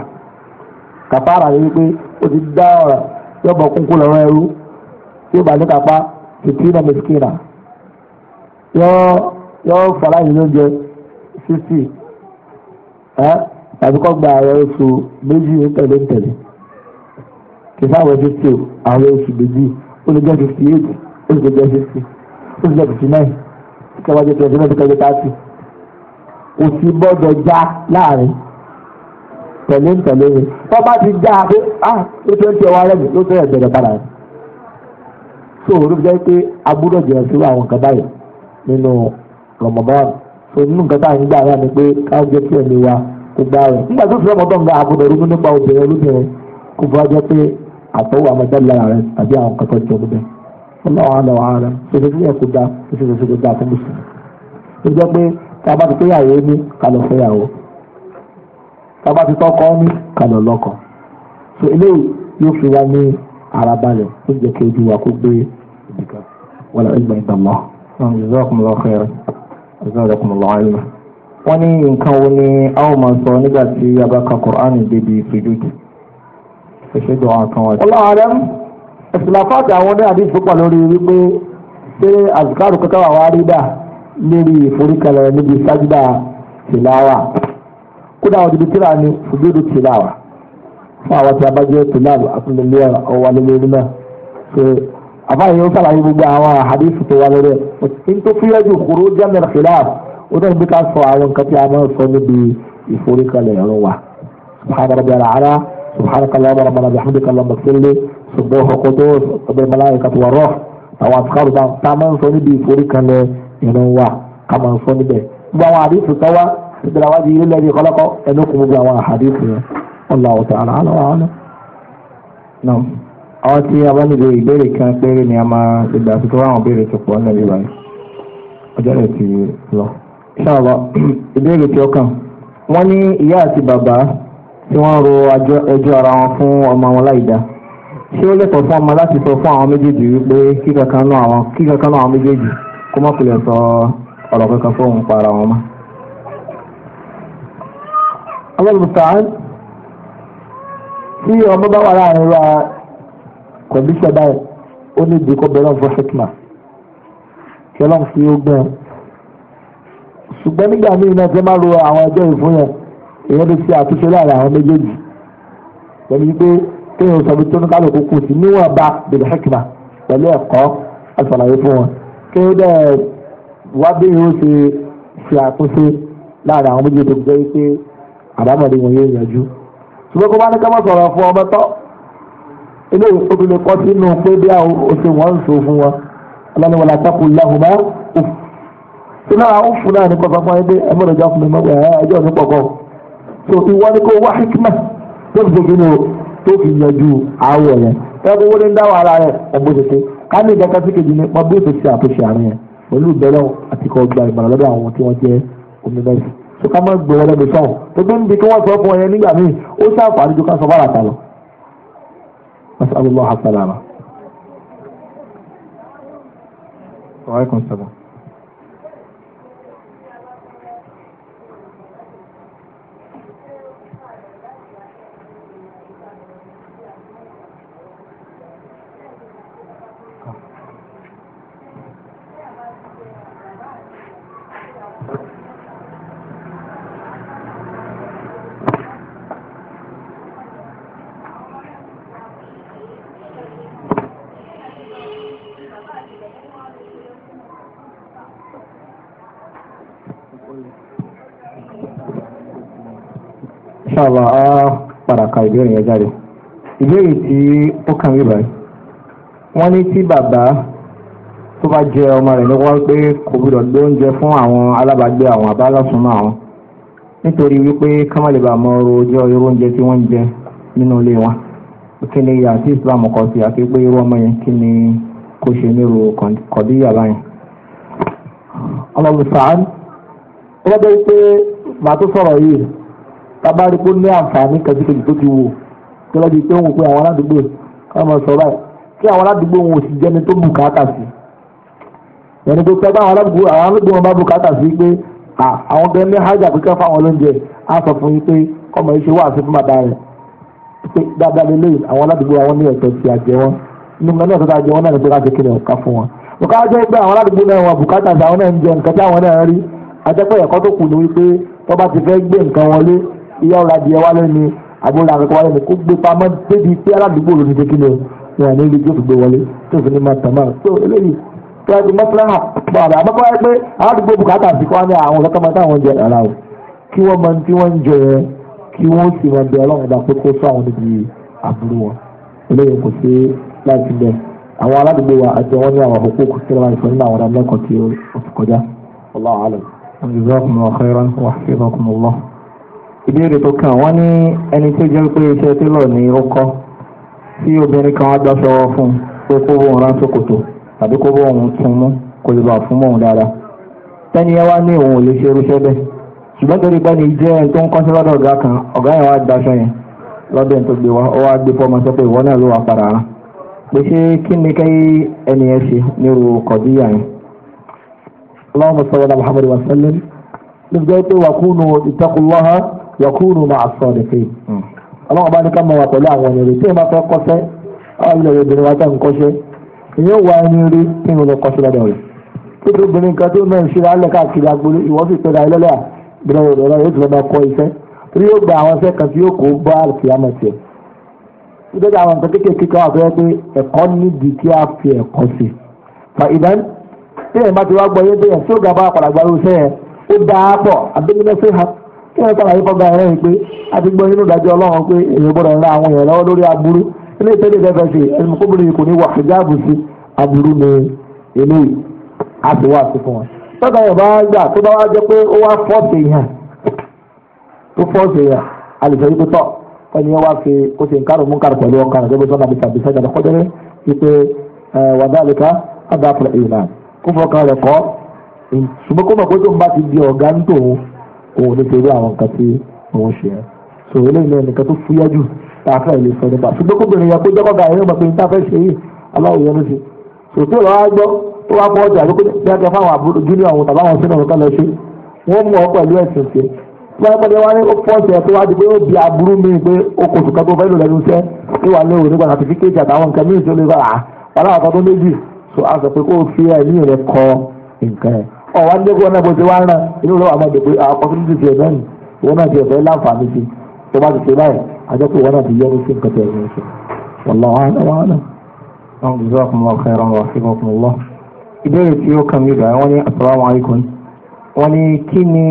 B: kàfàrà yìí pé ó ti dá ọ̀rọ̀ yóò bọ̀ kúnkún lọ́rọ̀ ẹrú yóò bá ní kápá fìtínà mẹ́sìkìnà yóò yóò fara yìí lóúnjẹ fífì ẹ tàbí kọ́ gba àwọn oṣù méjì ní tẹ̀lé kì í sáwọ fifty o àwọn oṣù méjì ó lè jẹ́ fifty eight ó lè jẹ́ fifty ó lè jẹ́ fifty nine kẹwàá jẹ́ twenty nine kẹwàá jẹ́ thirty kò sí bọ́dọ̀ já láàrin tẹ̀lé ń tẹ̀lé mi wọ́n bá ti já pé ah ó tó ń tẹ ọwọ́ rẹ̀ mi ló tẹ̀lé ẹ̀jẹ̀ padà rẹ̀ so òun jẹ́ pé agbúdọ̀ jẹ́ sí àwọn nǹkan báyìí nínú Ramadan so nínú nǹkan táwọn ń gbà wá ni pé ká jẹ́ kí ẹ̀mí wa kó gbá rẹ̀ nígbà tó fi Ramadan gba àbúrò rúbú nípa obìnrin olóbìnrin kò fọ́ jẹ́ pé àtọwọ́ àmọ́jáde lára rẹ tàbí àwọn kankan jọ bẹ́ẹ̀ ọlọ́run àlọ́ ààrẹ ṣẹṣẹ sílẹ̀ kó dáa ṣẹṣẹ ṣẹṣẹ kó dáa fún mi. ó jẹ́ pé tá a bá ti péyàwó ní ká lọ fẹ́yàwó tá a bá ti tọ́kọ ní ká lọ lọ́kọ. so eléyìí yóò fi wá ní ara balẹ̀ ó kí ojú wa kó gbé
A: ìdìkan wọlé ẹgbẹ́ ìdàmọ́. wọ́n ní nǹkan wo ni a ó máa sọ nígbà tí a bá ka Kùránì débi sùjúdù ìṣèjọ àkàn wáyé.
B: ọlọ́run àrẹ ìṣìláfàtì àwọn ní àdìs púpọ̀ lórí wípé ṣé àzùkárù kankan wà wá rí dà lórí ìforíkalẹ̀ níbi sájúdà tìláwà kódà àwọn ibi tíra ni fùdúdú tìláwà fún àwọn tí a bá jẹ́ tìláwà àtúndínlé ọwọ́ lélẹ́rí náà ṣe àbáyé ó sàlàyé gbogbo àwọn àdìs tó wà lórí ẹ̀ tó fúyẹ́ ju kúrú jẹ́mẹ̀rẹ̀ tìláwà ó náà bí ká sọ àwọn nǹkan tí a máa sọ níbi ìforíkalẹ̀ ọ̀rọ̀ wa سبحانك اللهم ربنا بحمدك اللهم اغفر لي سبوح القدوس رب الملائكة والروح àwọn àtúkàrù bá tá a máa ń sọ níbi ìforíkanlẹ̀ ìrìn wa ká máa ń sọ níbẹ̀ gbogbo àwọn àdìsù tó wá ìdílé wájú ilé lẹ́yìn ìkọlọ́kọ́ ẹnu kún gbogbo àwọn àdìsù yẹn Allahu ta'ala àlọ́ àlọ́.
A: náà àwọn tí a bá nílò ìbéèrè kan péré ni a máa ìgbà tuntun àwọn béèrè tó pọ̀ nílẹ̀ yorùbá yìí ọjọ́ rẹ̀ ti lọ. insha Allah
B: ìbéèrè tí ó kàn wọ́n ní ìyá àti bàbá tí wọ́n ń ro ẹjọ́ ara wọn fún ọmọ wọn láìda ṣé ó lẹ́tọ̀ọ́ fún ọmọ láti sọ fún àwọn méjèèjì wípé kí kankan náà àwọn méjèèjì kó má kulẹ̀ sọ ọ̀rọ̀ kankan fóun pa ara wọn mọ́. ọlọ́mùtàn tí ọmọ bá wà láàrin wa kọ̀díṣọ̀ báyìí ó ní ìdí kó bẹ̀rẹ̀ fún hekima kí ọlọ́run fi ó gbẹ̀ ṣùgbọ́n nígbà míì náà tí wọ́n máa ro àwọn ẹjọ́ ìfún yẹn èèyàn lè ṣe àtúnṣe láàrin àwọn méjèèjì pẹ̀lú pé kéèyàn sọ fún tónú kálukú kù sí níwọ̀n bá bèbè hekima pẹ̀lú ẹ̀kọ́ àṣàlàyé fún wọn kéèyàn dẹ̀ wá bí yóò ṣe ṣe àtúnṣe láàrin àwọn méjèèjì tó jẹ́ pé àbámọ̀dé wọn yóò yanjú ṣùgbọ́n kó bá ní ká má sọ̀rọ̀ fún ọmọ tọ́ ilé ìkóbi lè kọ́ sínú pé bí oṣù wọn ń so fún wọn ọlọ́ni wọn làtàkù làhùnmá òfù sínú àwọn òfù náà ní kọ́sọ́ so ìwọ ni kò wá hikma tó fi gbogbo inú tó fi yanjú àwọ̀ yẹn ẹgbẹ́ wọlé ń dá wàhálà rẹ̀ ọgbọ́n tètè ká ní ìdáka sí kejì ní wọn bí òtòtí àtúnṣe àárín yẹn pẹ̀lú ìbẹ̀rẹ̀ àti kọ́ gba ìmọ̀ràn lọ́dọ̀ àwọn tí wọ́n jẹ́ omi mẹ́sì so ká má gbọ́ wọn lẹ́nu sọ̀hún tó gbé níbi kí wọ́n sọ fún ẹyẹ nígbà míì ó ṣàǹfààní ju ká sọ bára ta lọ. masalala wa rahmatulahi.
A: wa alaykum salaam. inshallah á paraka ka ìbéèrè yẹn jáde ìbéèrè tí ó kàn mí wọ́n ní tí bàbá
B: tó jẹ ọmọ rẹ̀ pé kò gbọdọ̀ gbé fún àwọn alábàágbé àwọn abálọ́sùnmọ́ àwọn nítorí wípé ká mọ ojú irú oúnjẹ tí ń jẹ nínú Islam kọ sí àti pé ọmọ yẹn kò ṣe báyìí. ọlọ́run ó pé bàbá rí pé ó ní àǹfààní kẹsíkẹsì tó ti wò tó lọ́ọ́ di pé òun pé àwọn aládùúgbò káwọn máa sọ báyìí kí àwọn aládùúgbò wọn ò sì jẹ́ni tó bùkátà sí ẹni tó fẹ́ bá àwọn aládùúgbò àwọn aládùúgbò wọn bá bùkátà sí pé àwọn gan ní hajj àpékẹ́ fáwọn olóúnjẹ á sọ fún yín pé ọmọ yìí ṣe wá sí fún bàbá rẹ̀ pé dáadáa lélẹ́yìn àwọn aládùúgbò àwọn ní ẹ̀tọ́ ti àjẹ wọn nínú ẹni ọ̀tọ́ tá a jẹ wọn náà ní pé ká ṣe kíni ọ̀ka fún wọn ọ̀ka jẹ́ pé àwọn aládùúgbò náà wọn bùkátà sí àwọn náà ń jẹ nǹkan tí àwọn náà ń rí àjẹpẹ́ ẹ̀kọ́ tó kù ní wípé tó bá ti fẹ́ gbé nǹkan wọlé ìyá ọ̀rọ̀ adìẹ wálé ni àgbọ̀nrún àkọ́kọ́ wálé ni kó gbé pamọ́ débi pé aládùúgbò ló ní ṣe kí ni wọn ní ibi tí ó fi gbé wọlé tó fi ní máa tàn máa tó eléyìí tó ẹni mọ́tíláhà bọ̀ àbá àbá báyìí pé aládùúgbò bùkátà sí kọ́ ní àwọn ọ̀dọ́ kọ́mọ táwọn jẹ ara o kí wọ́n mọ tí wọ́n ń jẹ yẹn kí wọ́n sì máa bẹ ọlọ́run dà pé kó sọ àwọn níbi àbúrò wọn eléyìí kò sí láti bẹ àwọn aládùúgbò wa àti wọn ní àwọn àkókò kò sí lọ́wọ́ ìfọ̀ nínú àwọn ọ̀dà mẹ́kọ̀ọ́ tí ó ti kọjá ọlọ́run
A: àlọ́ ìbéèrè tó kàn wọ́n ní ẹni tó jẹ́ pé iṣẹ́ ni ó kọ́ tí obìnrin kan wá gbàṣọ fún un pé kó bóun rán ṣòkòtò tàbí kó bóun
B: tún mú kó lè fún tẹ́ni wá ní ni jẹ́ ẹni tó ń kọ́ṣẹ́ lọ́dọ̀ ọ̀gá kan ọ̀gá yẹn wá gbàṣọ yẹn lọ́dọ̀ tó gbé wá ó wá gbé fọ́ọ̀mù sọ pé ìwọ náà ló wà padà rán pé ṣé kí ni kẹ́yí ẹni ṣe nírú kọ̀díyà yẹn. yakunu ma'a as-sadiqin hmm. ọlọ́run bá ní ká máa wà pẹ̀lú àwọn ẹni rẹ̀ tí èèyàn bá fẹ́ kọ́ṣẹ́ àwọn ilẹ̀ obìnrin wa tẹ̀ ń ìyẹn wà ẹni rí tí mo lọ kọ́ṣẹ́ lọ́dọ̀ rẹ̀ tó tó obìnrin kan tó mẹ́rin ṣe alẹ́ káàkiri agbolé ìwọ sì yóò torí yóò gba àwọn kan tí yóò kó bá a fi ẹ̀kọ́ sí fa ìdán tí ti wá gbọ́ yé kí wọ́n sàlàyé fọ́gà ẹ̀rẹ́ yìí pé a ti gbọ́ nínú ìdájọ́ ọlọ́run pé èèyàn gbọ́dọ̀ ra àwọn èèyàn lọ́wọ́ lórí aburú ilé ìtẹ́lẹ̀ ìfẹ́fẹ́ ṣe ẹnìmọ́kóbìnrin kò ní wà hijabu sí aburú ní ilé yìí a sì wá sí fún wọn. tọ́ka yẹn bá gbà tó bá wá jẹ́ pé ó wá fọ́ọ̀sì èèyàn tó fọ́ọ̀sì èèyàn àlùfẹ́ yìí tó tọ̀ ẹni wá fi kó ti nkárò mú nkárò pẹ̀lú ọkàn rẹ̀ gbẹ́bí sọ́nà àbísà àbísà ìjàdá kọ́jọ́rẹ́ wípé wàdálìkà ádàpọ̀ èèyàn kó fọkàn rẹ̀ kọ́ ṣùgbọ́n kó mọ̀ pé tó ń bá ti di ọ̀gá ń tòun òun nítorí àwọn nǹkan tí òun ṣe ẹ́ so eléyìí náà nìkan tó fúyẹ́ jù tá a fẹ́ lè sọ nípa ṣùgbọ́n kóbìnrin yẹn kó jẹ́ kọ́gà yẹn mọ̀ pé níta fẹ́ ṣe yìí aláwọ̀ yẹn ló ṣe sòtú ọ̀rọ̀ wá gbọ́ tó wá pọ̀ ọjà àbíkó bí a fáwọn àbúrò júnior àwọn tàbá àwọn sínú ọ̀kan lọ ṣe wọ́n mú ọ pẹ̀lú ẹ̀sìn ṣe pẹ́ẹ́pẹ́ẹ́ wá ní ó pọ́ọ̀sì tó wá di pé ó di aburú míì pé o kò sùkọ́ tó fẹ́ lò lẹ́nu iṣẹ́ tó wà léwu nígbà sàtífíkẹ́tì àtàwọn nǹkan so a sọ pé kó o fi ẹ̀mí rẹ̀ nǹkan ẹ̀ ọ̀wá ní ẹgbẹ́ náà bó ti wá ń ràn inú lọ́wọ́ àwọn àgbègbè àpọ́túntì ti ẹ̀dọ́ ni ìwọ́n náà ti ẹ̀fẹ́ láǹfààní sí tó bá ti ṣe báyìí àjọ pé ìwọ́n náà ti yẹ ní sí nǹkan tẹ̀ ẹ̀yìn ṣe wallahu a'lam. jazakumullahu khairan wa hafizakumullah. ìbéèrè tí ó kàn mí gbà wọ́n ní assalamu alaikum wọ́n ní kí ni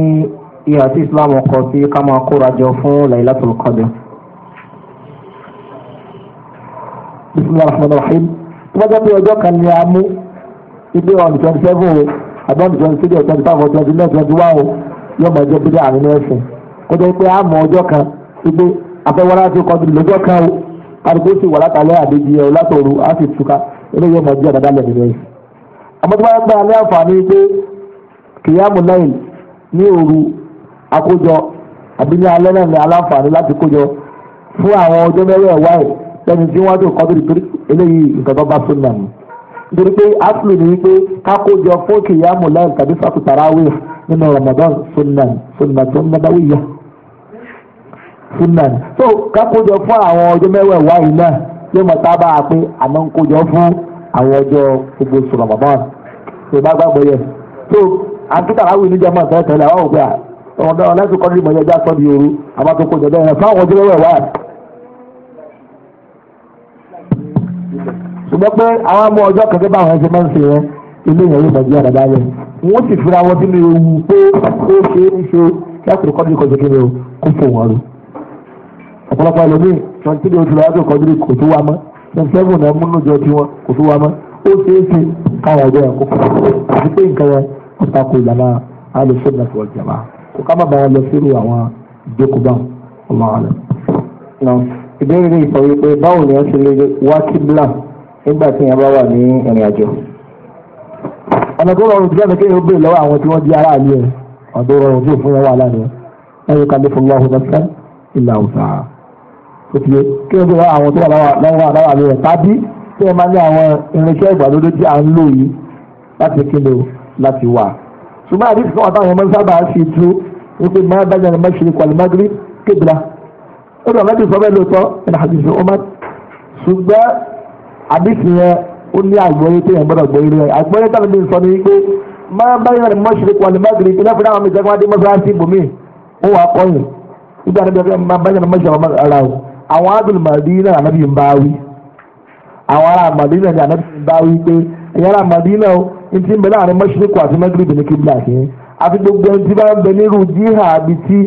B: ìhà tí islam kọ sí ká máa kóra jọ fún lailatul qadr. bismillahir rahmanir rahim. tó bá jẹ́ pé ọjọ́ kan ni a mú ibi on twenty àbọ̀dù twenty three twenty five twenty nine twenty one oh, yóò mọ̀ ẹjọ́ bídà nínú ẹ̀sìn kó jẹ́ pé a mọ ọjọ́ kan wípé afẹ́wọ́lá ti kọ́ lọ́jọ́ kan o oh, kárìkó sì wà látàlẹ́ àbíjì ẹ̀ oh, látòru á sì túká eléyìí ọmọ ọjọ́ àdáda lẹ̀ nínú ẹ̀sìn. àmọ́ tó bá gbà ní àǹfààní pé kìyàmù náà ní òru àkójọ àbí ní alẹ́ náà ní aláǹfààní láti kójọ fún àwọn ọjọ́ mẹ́rẹ̀ẹ̀wá ẹ̀ lẹ́ni tí wọ́n á tó kọ́ eléyìí nǹkan tó bá sún náà nítorí pé aflu ni wípé kákójọ fún kìyàmù láì tàbí sọ́tù tarawih nínú Ramadan sunna sunna tó ń bá wíyà sunna so kákójọ fún àwọn ọjọ́ mẹ́wàá wáyé náà yóò mọ̀ sábà pé àmọ́ ń kójọ fún àwọn ọjọ́ gbogbo oṣù Ramadan tó bá gbàgbọ́ yẹ so àti tarawih níjàmọ́ tẹ́lẹ̀ tẹ́lẹ̀ àwọn òpè à ọ̀dọ́ ọ̀lẹ́sìn kọ́ni ìmọ̀ yẹn já sọ́ di ooru àbátokòjọ́ bẹ́ẹ̀ fáwọn ọjọ́ mẹ́wàá wáyé. ṣùgbọ́n pé àwọn amú ọjọ́ kẹ̀kẹ́ bá àwọn ẹsẹ̀ máa ń ṣe yẹn ilé yẹn yóò máa jẹ́ àdàdà yẹn wọ́n sì fira wọn sínú ewu pé ó ṣe é ṣe láti kọ́dúrì kọjú kí ni o kó fò wọ́n rò ọ̀pọ̀lọpọ̀ ẹlòmíì twenty three oṣù lọ́wọ́ kọ́dúrì kò tó wá mọ́ twenty seven náà múnú jọ tí wọn kò tó wá mọ́ ó ṣe é ṣe káwọn ọjọ́ yẹn kó fò àti pé nǹkan yẹn ó ta ko ìlànà alùsùn náà fọwọ́ jàmá kó ká má bàa lọ sírù àwọn ìbéèrè ìfọwọ́ pé báwo ni wọ́n ṣe lè wá kíbla nígbà tí yẹn bá wà ní ìrìn àjò ọ̀nà tó rọrùn jù lọ́nà kéèyàn béèrè lọ́wọ́ àwọn tí wọ́n di aráàlú ẹ̀ ọ̀dọ́ rọrùn jù fún wọn wà lánàá ẹ̀ yóò fún lọ́hùn lọ́sẹ̀ ìlà òsà òtìlẹ̀ kéèyàn béèrè lọ́wọ́ àwọn tó wà lọ́wọ́ aráàlú ẹ̀ tàbí tí wọ́n máa ní àwọn irinṣẹ́ ìgbàlódé tí à ń lò yìí láti kíni láti wà. ṣùgbọ́n àdìsí àdìsí yẹn ó ní àgbọ́yé tó yẹn gbọ́dọ̀ gbọ́yé rẹ̀ àgbọ́yé táwọn bí sọ ni wípé máa bá yẹn rẹ̀ mọ́ṣúrì pọ̀ àlùmágìrì ìpínlẹ̀ fúnra àwọn mẹ́ta wá dé mọ́ṣáláṣí ibòmí ó wà kọ́yìn nígbà níbi ọ̀gá máa bá yẹn mọ́ṣúrì àwọn ará o àwọn adùn màdínà ànábì ń bá wí àwọn ará màdínà ni ànábì ń bá wí pé ẹ̀yà ará màdínà o n ti bẹ láàrin mọ́ṣúrì pọ̀ àti mẹ́gìrì ìbìnrin kí bílà kìí àfi gbogbo ẹni tí bá ń bẹ nírú jíhà àbí tí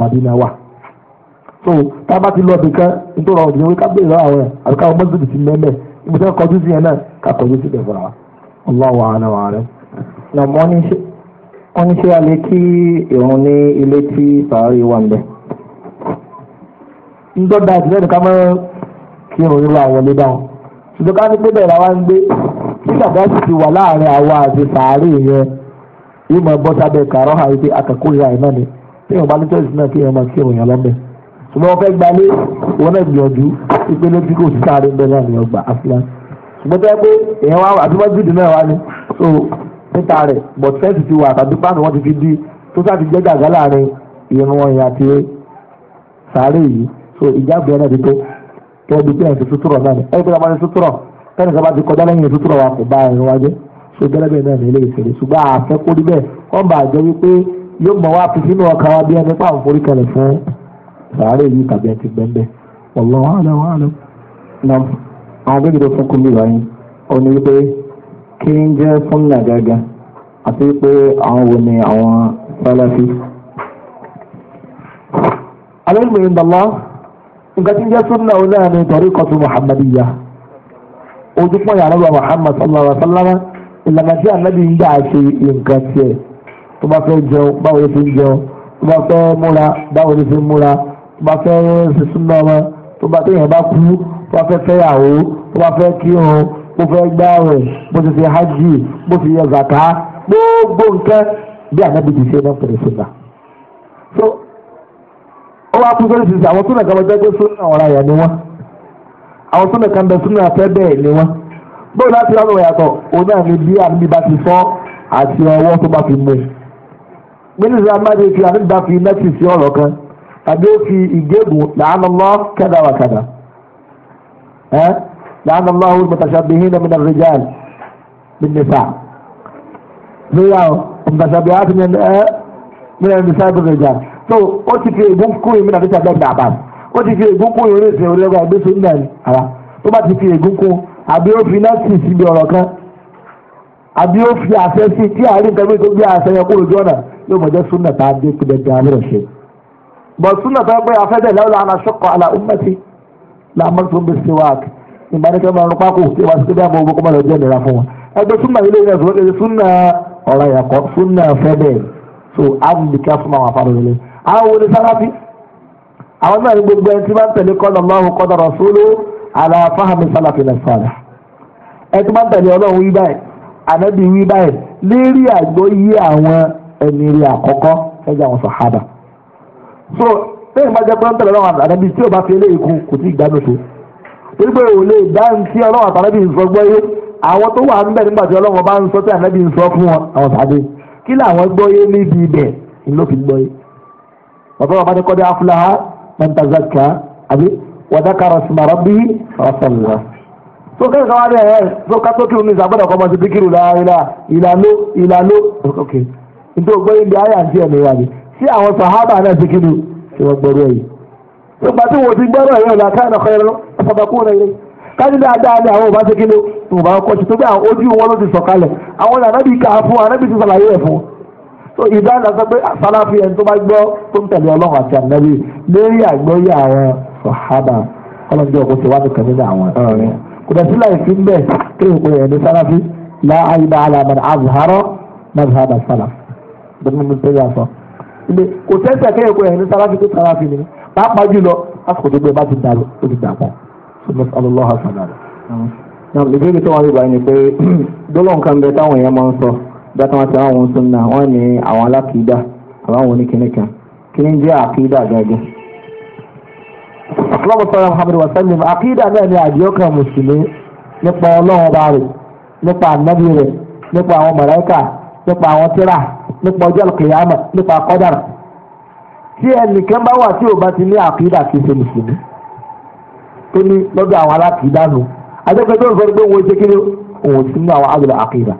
B: màdínà wà so tá a bá ti ibùdó kọjú sí yẹn náà ká sí bẹ̀ fúnra Allahu a'lam na wọ́n ní ṣé a lè kí ìrun ní ilé tí sàárì wà nbẹ. ń dọ́gba àtìlẹ́yìn ká mọ́ kí ìrun irú àwọn ilé dáhùn ṣùgbọ́n ká ní pé ń gbé sì ti wà láàrin àwa àti sàárì yẹn yóò bá ní tẹ́sí náà kí ṣùgbọ́n wọ́n fẹ́ gbalé wọ́n náà gbìyànjú ìpele tí kò sí sáré bẹ́ẹ̀ náà ní ọgbà afúlán ṣùgbọ́n tẹ́ pé èèyàn wá àti mọ́sídìí náà wá ní so níta rẹ̀ but fẹ́ǹsì ti wà tàbí páànù wọn ti fi di tó sáà ti jẹ́ gàgá láàrin ìrún ọ̀yìn àti sáré yìí so ìjábọ̀ náà ti tó kẹ́ẹ́ bí pẹ́ẹ́n ti sútúrọ̀ náà ni ẹ̀rí pé wọ́n ti sútúrọ̀ kẹ́ni sábà ti kọjá lẹ́yìn sútúrọ̀ wa kò bá ẹ̀rọ wájú so gẹ́lẹ́ bẹ́ẹ̀ náà ní ilé ìṣẹ̀lẹ̀ ṣùgbọ́n àfẹ́ kó rí bẹ́ẹ̀ wọ́n bàa jẹ́ wípé yóò mọ̀ wá fi sínú ọkàn wa bí ẹni pàǹforí kalẹ̀ fún sàárè yìí tàbí ẹtì gbẹ́ngbẹ́ ọ̀lọ́ wàhálà wàhálà. na àwọn bẹ́ẹ̀ gidi fún kúndì báyìí ó ní wípé kí ń jẹ́ súnà gángan àti wípé àwọn wo ni àwọn sálàfí. alẹ́ nǹkan tí ń jẹ́ súnà ó náà ní torí kọ́tù muhammadiyya ojú fún yàrá wa muhammad sallallahu alaihi wa sallam ìlànà tí ànábì ń dà ṣe nǹkan tiẹ̀ tó bá fẹ́ jẹun báwo ló fi ń jẹun tó bá fẹ́ múra báwo ló fi ń múra bá fẹ́ ṣe súnmọ́ ọmọ tó bá téèyàn bá kú tó bá fẹ́ fẹ́yàwó tó bá fẹ́ kírun bó fẹ́ gbààwẹ̀ bó ti ṣe hajj bó ti yẹ zaka gbogbo nǹkan bí ànábì ti ṣe náà pẹ̀lú súnà. so ó wá kú sórí sísè àwọn súnà kan bẹ jẹ́ pé súnà ọ̀rọ̀ àyà ni wọ́n àwọn súnà kan bẹ súnà afẹ́ bẹ́ẹ̀ ni wọ́n bóyá láti wá lọ́wọ́ yàtọ̀ òun náà ni bí ànábì bá ti fọ́ àti ọwọ́ tó bá fi adoofi igegu la'ana allah kada wa kada eh la'ana allah almutashabbihina min ar-rijal bin nisa riya mutashabbihat min min an-nisa bin rijal so o ti fi egun kun mi na ti da ba o ti fi egun kun ori se ori ga gbe so ndan ara tó bá ti fi fi bọ̀ suna tó pé afẹ́dẹ̀ lẹ́wọ̀n làwọn aṣọ́kọ̀ ala ummati làmọ́ tó ń bẹ sí wáàkì ìbánikẹ́ máa ń rọpá kò tí wàá sí bí àwọn ọmọ rẹ̀ jẹ́ ìnira fún wọn. ẹgbẹ́ súnà ilé yẹn sọ pé súnà ọ̀rọ̀ ẹ̀kọ́ súnà so gbogbo ẹ ń tẹ̀lé ọlọ́run wí báyìí ànábì so sẹ́yìn bá jẹ́ pé ọ̀tẹ̀lẹ̀ ọlọ́run àtàlẹ́bí tí ò bá fi eléyìí kú kò tí ì gbádùn ṣe torí pé òun lè dá ní tí ọlọ́run àtàlẹ́bí ń sọ gbọ́yé àwọn tó wà níbẹ̀ nígbà tí ọlọ́run bá ń sọ tí àtàlẹ́bí ń sọ fún wọn àwọn tàbí kí làwọn gbọ́yé níbi ibẹ̀ ló fi gbọ́yé ọ̀tọ́ wọn bá ní kọ́dé afúláhà mẹ́ntàzákà àbí wàdákàrà sùmàrọ́bí rọ́sọ̀lá so kẹ́kẹ́ kan wá ní ẹ̀rẹ́ so kátó kí omi ìsàgbọ́dọ̀ kọ́ ọmọ sí bíkìrù láàrin ìlànà ìlànà ok nítorí gbọ́yé ní ayé àti ẹ̀mí wa tí àwọn sàhábà náà ti kíni tí wọ́n gbọ́rọ̀ yìí. nígbà tí wọ́n ti gbọ́rọ̀ yìí ọ̀la káyọ̀ náà kọ́yọ̀ ọ̀sọ̀bàkú náà yìí kájú dáadáa ni àwọn òbá ti kíni òun bá kọ́ ṣètò bí àwọn ojú wọn ló ti sọ̀kalẹ̀ àwọn ànábì kà á fún ànábì ti sàlàyé ẹ̀ fún. so ìdáná sọ pé sálàfì ẹni tó bá gbọ́ tó ń tẹ̀lé ọlọ́run àti ànábì lérí àgbọ́yé àwọn sàhábà ọlọ́jọ́ kò ti wá nìkan nínú àwọn ọ̀rẹ́ kò dẹ̀ sílẹ̀ ìfín bẹ́ẹ̀ kí n kò yẹ ní sálàfì láàyè ilé kò tẹ́sẹ̀ kẹ́yìn kò yẹn ní sáláfì tó sáláfì mi ni pàápàá jùlọ lásìkò tó gbé bá ti dàrú ó ti dà pọ̀ sọmọ alọ́lọ́hà sàlàrà. ìbéèrè tó wà níbàá ni pé dọ́lọ̀ nǹkan bẹ táwọn èèyàn máa ń sọ bí wọ́n ti àwọn sún náà wọ́n ní àwọn alákìídà àwọn oníkìnnìkan kí ni jẹ́ àkìídà gẹ́gẹ́. Allahumma salli ala Muhammad wa sallim àkìídà náà ni àdìọ́kàn mùsùlùmí nípa Ọlọ́run bá rẹ̀ nípa ànábì rẹ̀ nípa àwọn màláíkà nípa àwọn tíra nípa ọjọ́ kìyàmà nípa kọ́dàrà tí ẹnìkan bá wà tí ò bá ti ní àkídà kì í ṣe mùsùlùmí tó ní lọ́dọ̀ àwọn alákìídà nù adékòó tó ń sọ pé wọ́n ṣe kí ni òun ti ní àwọn àgbẹ̀lẹ̀ àkídà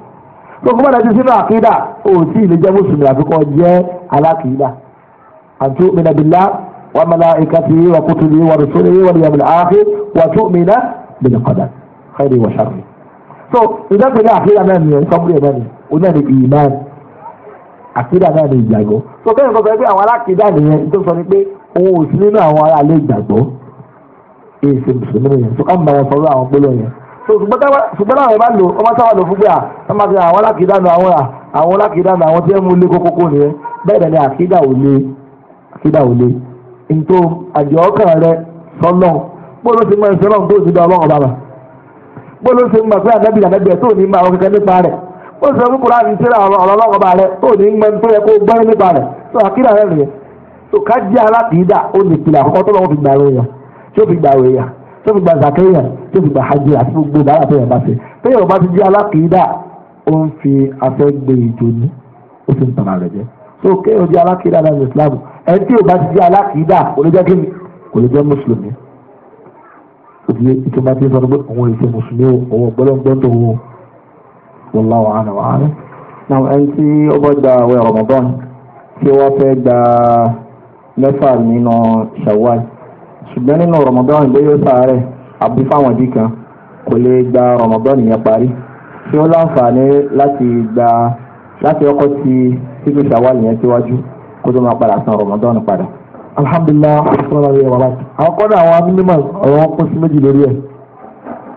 B: tó fún bàtà ti sínú àkídà òun tí ìlú jẹ́ mùsùlùmí àfikọ́ jẹ́ alákìídà àti òmìnira bìlá wa malaikatihi wa kutubihi wa rusulihi wa liyamil akhir wa tu'mina bil qadar khairi wa sharri so ìdájọ́ ní àkídà náà nìyẹn sọ́kúrò náà nìyẹn oní àná ìmáàmù àkídà náà ni ìgbàgbọ́ sọ kẹ́yìn kan sọ pé àwọn alákìdá nìyẹn tó sọ ni pé òun ò sí nínú àwọn ará ilé ìgbàgbọ́ èyí ṣe mùsùlùmí nìyẹn sọ ká mọ àwọn sọ̀rọ̀ àwọn gbólóhùn yẹn so ṣùgbọ́n táwọn ìbá lò ọmọ sábà lò fún pé à máa fi àwọn alákìdá nu àwọn à àwọn alákìdá nu àwọn tí wọ́n mú lé kókókó nìyẹn bẹ́ẹ̀ ni àkídà ò le àkídà ò le nto àjọkàn rẹ sọlọ bóòlù ti mọ ìṣẹ́ náà tó ti dá ọlọ́run bàbà bóòlù ti mọ ó sọ pé kúrò àmì ìṣẹ́lẹ̀ ọ̀rọ̀ ọlọ́wọ́ bá rẹ ó ní mọ́ tó yẹ kó gbọ́ nípa rẹ̀ tó àkídà rẹ̀ rèé tó ká jẹ́ alákìídà ó lè pilẹ̀ àkọ́kọ́ tó lọ́wọ́ fi gbà rẹ̀ yà tó fi gbà rẹ̀ yà tó fi gbà zakẹ́yà tó fi gbà hajj àti gbogbo bàrà tó yẹ bá ṣe tó yẹ bá ti jẹ́ alákìídà ó ń fi afẹ́ gbé ìjọ ní ó fi ń tàn rẹ̀ jẹ́ tó ké o jẹ́ alákìídà láti Islam ẹ̀ tí o bá ti jẹ́ alákìídà kò lè jẹ́ kí kò lè jẹ́ mùsùlùmí wallahu a'lam wa a'lam. náà ẹni tí ó bá gba àwẹ̀ Ramadan tí wọ́n fẹ́ gba mẹ́fà nínú Shawwal ṣùgbọ́n nínú Ramadan ìgbé yóò sàárẹ̀ àbí fáwọn ìdí kan kò lè gba Ramadan yẹn parí tí ó láǹfààní láti gba láti ọkọ̀ ti títú Shawwal yẹn síwájú kó tó máa padà san Ramadan padà. alhamdulilah ṣọlá rẹ wàhálà àwọn kọ́dà àwọn amínímọ̀ ọ̀rọ̀ wọn kún sí méjì lórí ẹ̀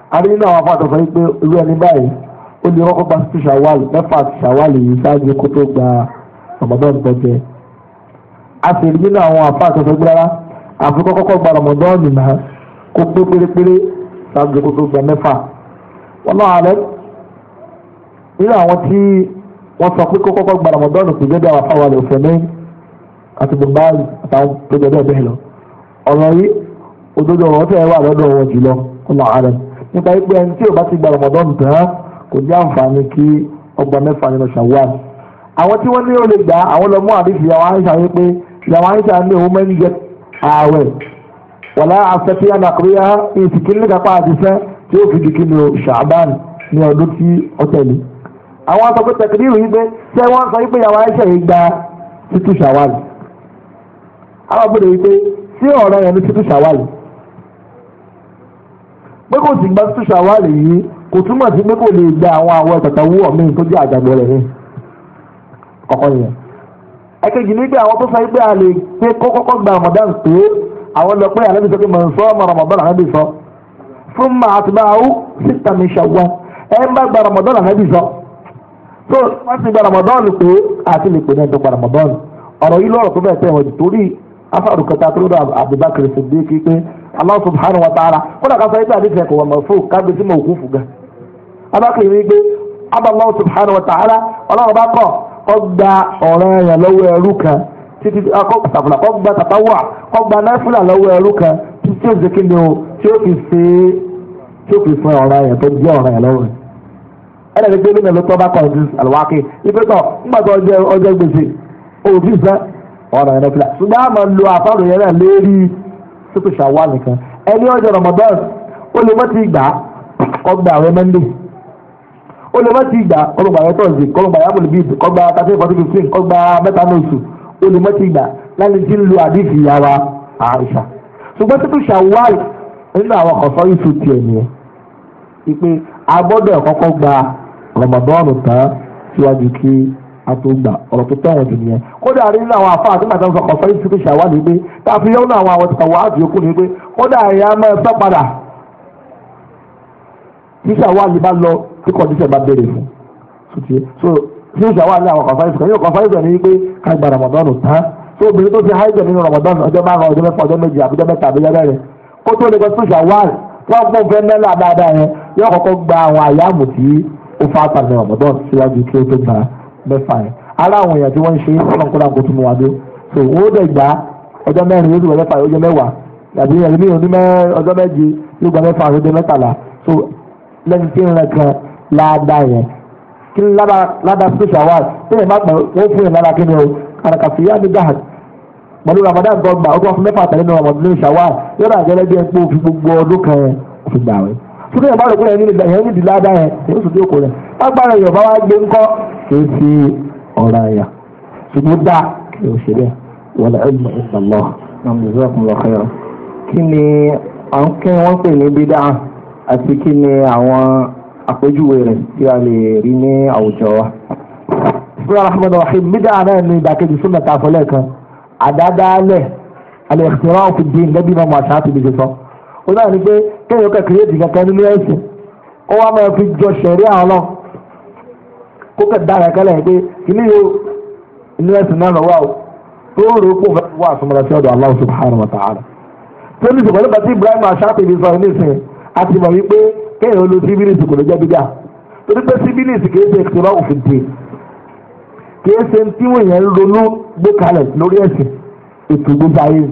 B: a rí nínú àwọn afọ àtọ̀fẹ́ pé irú ẹni báyìí ó ní kọ́kọ́ gba sí ṣàwálì mẹ́fà àti ṣàwálì yìí ṣáájú kó tó gba ramadan gbọ́jẹ́ a sì rí nínú àwọn àfa àtọ́fẹ́ gbára àfikọ́ kọ́kọ́ gba ramadan nìyà kó pé pérépéré ṣáájú kó tó gba mẹ́fà wọn náà rẹ nínú àwọn tí wọ́n sọ pé kọ́kọ́ gba ramadan kò jẹ́ bí àwọn àfa wà lè fẹ́ mẹ́rin àti bùnbáàlì àtàwọn tó jẹ bẹ́ẹ̀ bẹ́ẹ̀ lọ ọ̀rọ̀ yìí òdodo ọ̀rọ̀ tẹ̀ wà lọ́dọ̀ wọn jùlọ kó náà rẹ nípa ipò ẹni tí ò bá ti gba ramadan tán kò jẹ́ àǹfààní kí ọgbà mẹ́fà nínú ṣàwọ́n àwọn tí wọ́n ní ó lè gbà àwọn lọ mú àdìsí àwọn àyíṣà yìí pé ìyàwó àyíṣà ní òun máa jẹ ààwẹ̀ wàlá àfẹ́tí ànàkúrẹ́yà ìsìnkí tí ó fi di kí ni o ṣàbán ní ọdún tí ó tẹ̀lé àwọn sọ pé pé ṣé wọ́n sọ pé ìyàwó yìí gba títú ṣàwọ́n àwọn sí ọ̀rọ̀ yẹn ní títú pé kò túmọ̀ sí pé kò lè gba àwọn àwọ̀ tọ̀tọ̀ wúwọ̀ mi tó jẹ́ àjàgbọ̀ rẹ̀ yẹn kọ̀kọ́ yẹn. ẹ̀kejì nígbà àwọn tó sọ pé a lè pé kọ́kọ́ gba Ramadan pé àwọn lọ pé àlejò sọ pé mọ̀ ń sọ ọmọ Ramadan àlejò sọ fún màá ti síta mi ẹ ń bá gba Ramadan sọ tó wọ́n ti gba Ramadan pé àti lè pè ní Ramadan ọ̀rọ̀ yìí lọ́rọ̀ tó bẹ̀ abákùnrin ní pé abàlá subhanahu wa ta'ala ọlọ́run bá kọ̀ kọ́ gba ọ̀ràn ẹ̀yàn ẹrú kan títí akọ́ tàfùlà tàtàwà titi gba náfìlà ẹrú kan títí tí ó o tí ó fi ṣe tí ó fi tó bá ọdún àlùwákì gbèsè ó lè má ti gbà kọ́gbà yẹtọ̀sì kọ́gbà yamulibid kọ́gbà thirteen forty fifteen ó lè má ti gbà láti ti ń àdìsí ìyá àìsà ṣùgbọ́n títún nínú àwọn kọ̀sọ́ ìṣù tiẹ̀ nìyẹn ìpè agbọ́dọ̀ kọ́kọ́ gba rọmọdọ́ọ̀nù tán síwájú kí a tó gbà ọ̀rọ̀ tó tẹ̀wọ̀n jù nìyẹn kódà rí nínú àwọn pé tá a fi àwọn àti yòókù ni pé kódà ẹ̀yà máa padà tí bá lọ tí condition bá béèrè fún sùtìyẹ so ṣé ìṣàwọ̀ àlẹ́ àwọn kọ̀ǹfàìsì kan yóò kọ̀ǹfàìsì ní wípé ká gba Ramadan tán so obìnrin tó ti háìjẹ̀ nínú Ramadan ọjọ́ márùn ọjọ́ mẹ́fà ọjọ́ méje àbújọ́ mẹ́ta àbújọ́ mẹ́rin kó tó lè gbọ́ sí ìṣàwọ̀ àlẹ́ wọ́n gbọ́ fẹ́ mẹ́lá dáadáa yẹn yóò kọ́kọ́ gba àwọn àyàmù tí ó fa àtàlẹ́ Ramadan síwájú kí ó tó gba mẹ́fà yẹn ara àwọn èèyàn tí wọ́n ń ṣe fúnrankúra kò tún mu wá dé so wọ́n dẹ̀ gbà ọjọ́ mẹ́rin yóò gba mẹ́fà ọjọ́ mẹ́wàá yàbí ẹ̀mí ọdún mẹ́rin ọjọ́ méje yóò gba mẹ́fà ọjọ́ mẹ́tàlá so lẹ́yìn tí ń rẹ̀ kan láàdá yẹn kí ni láàdá special wa tí yẹn bá gbà wọ́n fún yẹn lára kí ni o kàràkà fi yá ní gahad pẹ̀lú Ramadan gọ́gbà ó tó wọ́n fún mẹ́fà tẹ̀lé ní Ramadan ní ṣàwá yóò rà jẹ́lẹ́ bí ẹ pé òfin gbogbo ọdún kan yẹn fi gbà wẹ́ sókè yẹn bá rò pé yẹn nílùú yẹn nílùú láàdá yẹn yóò sùn díòkó rẹ̀ agbára Yorùbá wa gbé ńkọ́ kí ni àwọn kí wọ́n pè ní bídà àti kí ni àwọn àpèjúwe rẹ̀ tí a lè rí ní àwùjọ wa. bíi rahman rahim bídà náà ni ìdàkejì súnmọ̀ ta fọlẹ́ kan àdádálẹ̀ alẹ́ ìṣẹ̀rọ òfin dín gẹ́gẹ́ bí ọmọ àṣà àti ìdíje sọ. ó náà ní pé kéèyàn kẹ̀kẹ́ yé kó fẹ́ wà àsomọ́ra ọ̀dọ̀ Allah subhanahu wa ta'ala. tó ní ìsìnkú nípa tí Ibrahim àṣà àti ìdíje sọ ní ìsìn àti mọ̀ wípé kéèyàn lo síbílìsì kò lè jẹ́ bídà torí pé síbílìsì kìí ṣe ìṣòro òfin tè kìí ṣe tí wọ́n yẹn ń ronú gbé kalẹ̀ lórí ẹ̀sìn ètò ìgbésí ayé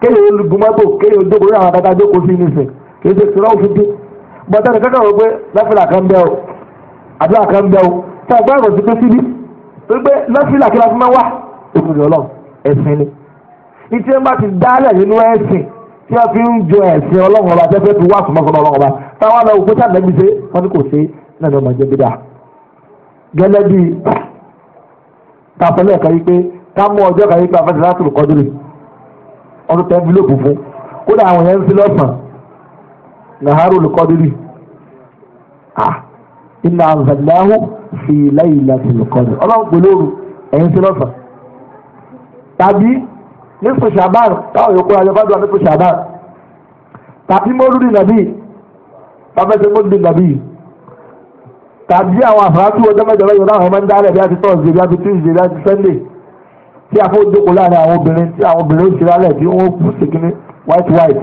B: kéèyàn olùgbòmọ́tò kéèyàn jókòó ní àwọn akẹ́kọ̀ọ́ jókòó sí nísìn kìí ṣe ìṣòro òfin tè bọ́tà ní kẹ́kọ̀ọ́ wọ pé lọ́fìlà kan bẹ́ o àdúrà kan bẹ́ o tá a gbọ́ àrò sí pé síbí torí pé lọ́fìlà kí la fi máa wà òkùnrin ọlọ́run ẹ̀sìn ni ìtí ẹ̀ bá ti dálẹ̀ nínú ẹ̀sìn tí a fi ń jọ ẹ̀sìn ọlọ́run ọba tẹ́fẹ́ fi wá àtúmọ̀sọ́nà ọlọ́run táwọn lọ òkúta nàbí ṣe wọn ni kò ṣe náà ni ọmọ ẹjẹ bí dáa gẹ́lẹ́ bí tàbọlẹ kan yìí pé ká mú ọjọ́ kan yìí pé afẹsẹ láti rò kọdúrì ọdún tẹ ẹnfílọpù fún kódà àwọn yẹn ń fi lọ́sàn nàhárò lò kọdúrì iná àǹfààní fi lẹ́yìn láti lò kọdúrì Ọlọ́run pẹ̀lú òru ẹ̀yìn fi lọ́sàn tàbí nípò sàbáà táwọn yòókù ayọkọdún nípò sàbáà tàbí mọlúdì nàbí bàbáṣe mọ́tò nàbí tàbí àwọn àfàràtú ọjọ́ mẹ́jọ mẹ́jọ láwọn ọmọ ń dálẹ̀ bí a ti tọ́sídẹ̀ bí a ti tíìsídẹ̀ bí a ti sẹ́ndẹ̀ tí a fọ́ jókòó láàrin àwọn obìnrin tí àwọn obìnrin ó ṣe tí wọ́n kú sèkínní white white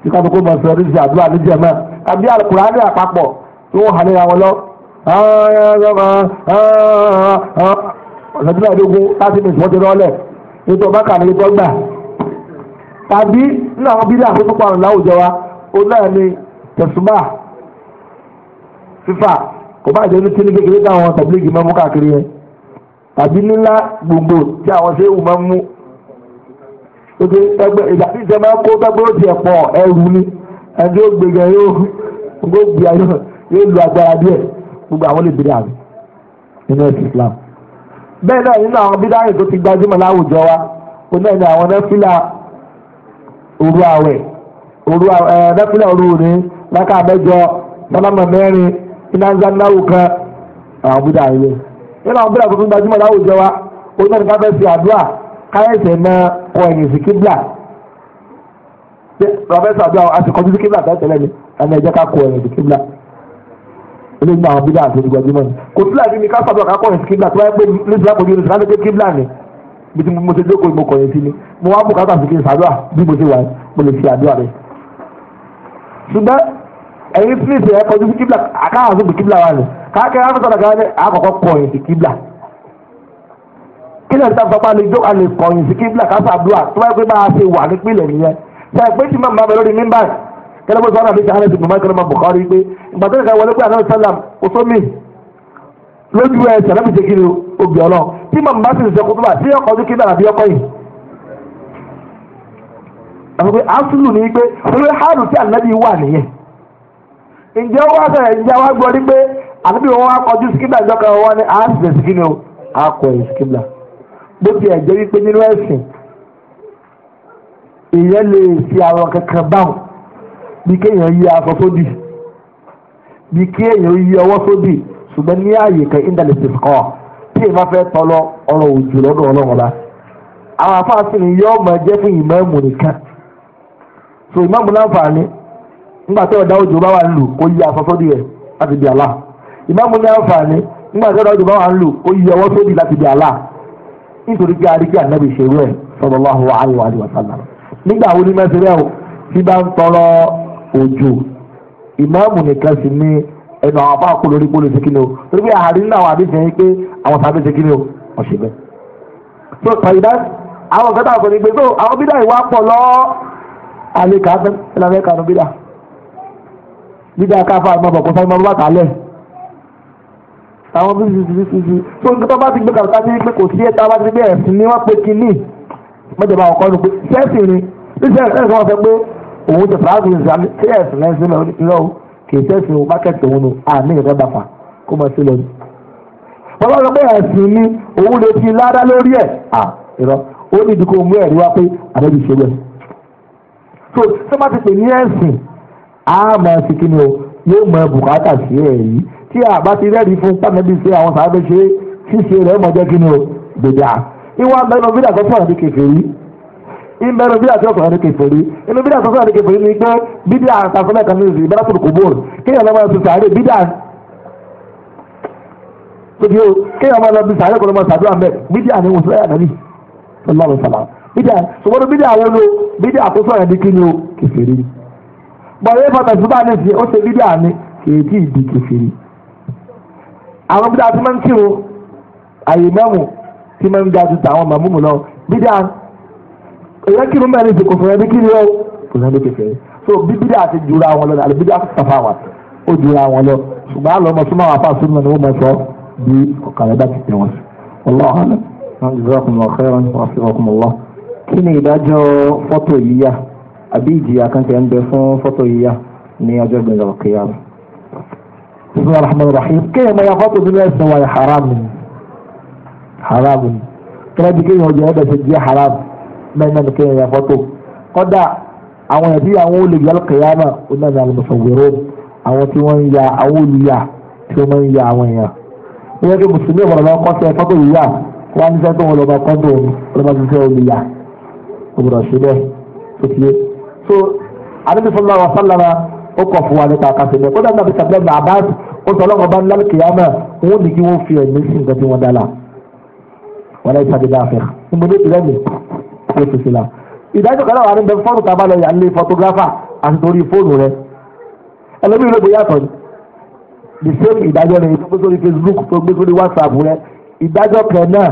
B: tí ká tókó mọ̀sán ní ṣe àdúrà ní jẹ̀mọ́ tàbí àkùránì àpapọ̀ tí wọ́n hàlẹ́ àwọn lọ. ọ̀sán tí mẹ́ẹ̀ẹ́dógún láti ní ìṣòwò ti rọ́ọ̀lẹ̀ ètò ọba kà ní gbọ́gbà tàbí nínú àwọn bílíà tó tó pa àrùn láwùjọ wa ni tẹ̀sùmá fífà kò bá jẹ́ ní tí ní kékeré táwọn tàbílígì máa mú káàkiri yẹn tàbí nílá gbogbo tí àwọn ṣe wù máa mú oge ẹgbẹ́ ìdàbí ìṣẹ́ máa kó gbẹ́gbẹ́ ó ti ẹ̀ pọ̀ ẹrù ni ẹni ó gbẹgẹ yóò gbé ayọ̀ yóò lu agbára díẹ̀ gbogbo àwọn lè bèrè àmì nínú ẹ̀sìn Islam bẹ́ẹ̀ náà nínú àwọn bídáyìn tó ti gbajúmọ̀ láwùjọ wa ó náà ní àwọn nẹ́fílà òru àwẹ̀ òru nẹ́fílà òru òní rákà mẹ́jọ sálámà mẹ́rin ináńsá náwó kan àwọn búdà ilé nínú àwọn búdà tó tún gbajúmọ̀ láwùjọ wa oní ọ̀nà káfẹ́ sí àdúrà káyẹ̀sẹ̀ náà kọ ẹ̀yìn sí kíbla pọfẹ́sọ̀ àdúrà a ti kọjú sí kíbla tẹ́tẹ́lẹ̀ ni ẹni ẹ̀jẹ̀ ká kọ ẹ̀yìn sí kíbla ilé ìgbà àwọn búdà àti gbajúmọ̀ ni kò sí láti ní ká sàdúrà ká kọ ẹ̀yìn sí kíbla tó wáyé pé lẹ́sìn àpòjù ní sàdúrà kíbla ni bí mo ṣe jókòó mo kọ̀yìn sí ni mo wá bùkátà sí kí n sàdúrà bí mo ṣe wà mo lè fi àdúrà rẹ̀ ṣùgbọ́n ẹ̀yin fílíìsì ẹ̀ kọjú sí kíbla àkáhà sí kíbla wa ni káàkiri afẹ́sọ̀rọ̀ kan ní àkọ́kọ́ kọ̀yìn sí kíbla kílẹ̀ níta fọpá lè jó àlè kọ̀yìn sí kíbla káfà dùà tó wáyé pé bá a ṣe wà nípìnlẹ̀ nìyẹn ṣe é pé tí màmá bẹ lórí mímbà kẹlẹ́bù sọ́nà àbí sàhánà ìbùmọ́ ìkẹlẹ́ máa Bukhari pé ìgbà tó nìkan wọlé pé àná sálàm òsómì lójú ẹ̀ sàlámì ṣe kiri obì ọlọ́ tí màmá sì ń sọ kótó bá sí ọkọ̀ ojú kíbla àbí ọkọ̀ yìí àgbègbè asúlù ní pé olórí hàlù tí ànábì wà nìyẹn ǹjẹ́ wọ́n wá sọ̀rọ̀ ǹjẹ́ gbọ́ pé ànábì wọn kọjú ìjọ kan o à ẹ̀ bó ti wípé nínú ẹ̀sìn lè fi àwọn kankan báwọn bí kéèyàn yí sódì bí kéèyàn yí ọwọ́ sódì ṣùgbọ́n ní ààyè kan kọ́ tí fẹ́ ọ̀rọ̀ òjò ọlọ́run so ìmáàmù na nígbà tí ọ̀dà òjò bá wà ń lù kó yí aṣọ sódì láti di àlá ìmáàmù láǹfààní nígbà tí ọ̀dà òjò bá wà ń lu kó yí ọwọ́ sódì láti di àlá nítorí pé arí kí ànábì ṣe rẹ̀ sallallahu alaihi wa sallam nígbà wo ni mẹ́sẹ̀ rẹ̀ o tí bá ń tọrọ òjò ìmáàmù nìkan sì ni ẹnu àwọn lórí o torí pé àwọn yẹn pé àwọn so àwọn alẹ́ kà á fẹ́ ẹ̀ lọ́wọ́ kà á nù bídà bídà ká fà mọ́ bọ̀ kó sáré mọ́ bàtà lẹ̀ àwọn bí bí bí bí bí tó ń tọ́ bá ti gbé kàlùkà sí pé kò sí ẹ̀ta bá ti gbé ẹ̀sìn ni wọ́n pe kínní mọ́jọba ọ̀kọ́ ni pé sẹ́ẹ̀sì ni níṣẹ́ ẹ̀sìn kan fẹ́ pé òun ti fàágùn ìsàmì sí ẹ̀sìn náà sílẹ̀ lọ́wọ́ kì í sẹ́ẹ̀sì o mákẹ́tì òun nu àmì ìrẹ́ bàfà kó mọ sí lọ́nu. wọ́n bá sọ pé ẹ̀sìn ni òun lè fi ládá lórí ẹ̀ à ìrọ̀ ó ní ìdíkò mú ẹ̀rí wá pé àbẹ́bí ṣe bẹ́ẹ̀ so tó bá ti pè ní ẹ̀sìn á máa ṣe kíni o yóò mọ bùkátà sí ẹ̀rí tí a bá ti rẹ́ẹ̀rí fún pàmẹ́bí ṣe àwọn sàábẹ́ ṣe ṣíṣe rẹ̀ mọ̀ jẹ́ kíni o gbèjà ìwà mẹ́rin bídà tó sọ̀rọ̀ ní kèfèrí ìmẹ́rin bídà tó sọ̀rọ̀ ní kèfèrí inú bídà tó sọ̀rọ̀ ní kèfèrí ni pé bídà àtàkùnlẹ̀ kan ní ìsìn ìbára tó kò bóòrù kéèyàn lọ́mọ ẹ̀sùn sàárè bídà tó di o kéèyàn lọ́mọ ẹ̀sùn sàárè kò lọ́mọ sàdúrà mẹ́ bídà ni wọ́n sọ́yà náà sallallahu alaihi wasallam bídà ṣùgbọ́n bídà àwọn ló bídà àkóso ẹ̀ di kíni o kẹfẹ́rí bọ̀dé fọta ṣùgbọ́n àná ṣe ó ṣe bídà ni kéèké ìdí kẹfẹ́rí àwọn bídà tí máa ń kírun àyè mẹ́mù tí máa ń ga ju tàwọn màmúmù lọ bídà èyẹ kírun mẹ́rin ṣe kò fẹ́rẹ́ bí kíni o kò fẹ́rẹ́ bí kẹfẹ́rí so bídà àti jura wọn lọ àti bídà tàfà wà ó jura wọn lọ ṣùgbọ́n àlọ́ ọmọ súnmọ́ àwọn afáàsúnmọ́ ni wọ́n mọ̀ sọ bí ọ̀kadà bá ti tẹ̀ wọ́n sí ọlọ́ọ̀hánà. jazakumullahu khairan wa afiwakumullah kí ni ìdájọ́ fọ́tò yíyá àbí ìjìyà kan tẹ̀ ń bẹ fún fọ́tò yíyá ní ọjọ́ gbẹ̀ngàn ya fọ́tò ya fọ́tò kọ́dà àwọn ẹ̀bí àwọn olùyà kìyàmù onáni alùmùsọ̀wérò àwọn ya ya wọ́n á níṣẹ́ tó wọn lọ́ba kọ́ńtò òun lọ́ba ti fẹ́ olùyà òbúrọ̀ sí bẹ́ẹ̀ tó ti yé so àdébí fúnra wa sálára ó kọ̀ fún wa nípa àkàṣe bẹ́ẹ̀ kó dáadáa fi sàbẹ́ bá abá ó sọ ọlọ́run ọba ńlá kìyàmà òun ní kí wọ́n fi ẹ̀mí sí nǹkan tí wọ́n dá la wọ́n láì sàdé bá fẹ́ níbo ní ìpìlẹ̀ mi ó ti fi la ìdájọ́ kan náà wà fọ́ọ̀nù tá a bá lọ yà ń lé fọ́tógráfà àti torí fóònù rẹ ẹlẹ́mìí ló bóyá tọ̀ ní sẹ́ẹ̀mù ìdájọ́ rẹ tó Facebook tó gbé sórí WhatsApp rẹ ìdájọ́ kan náà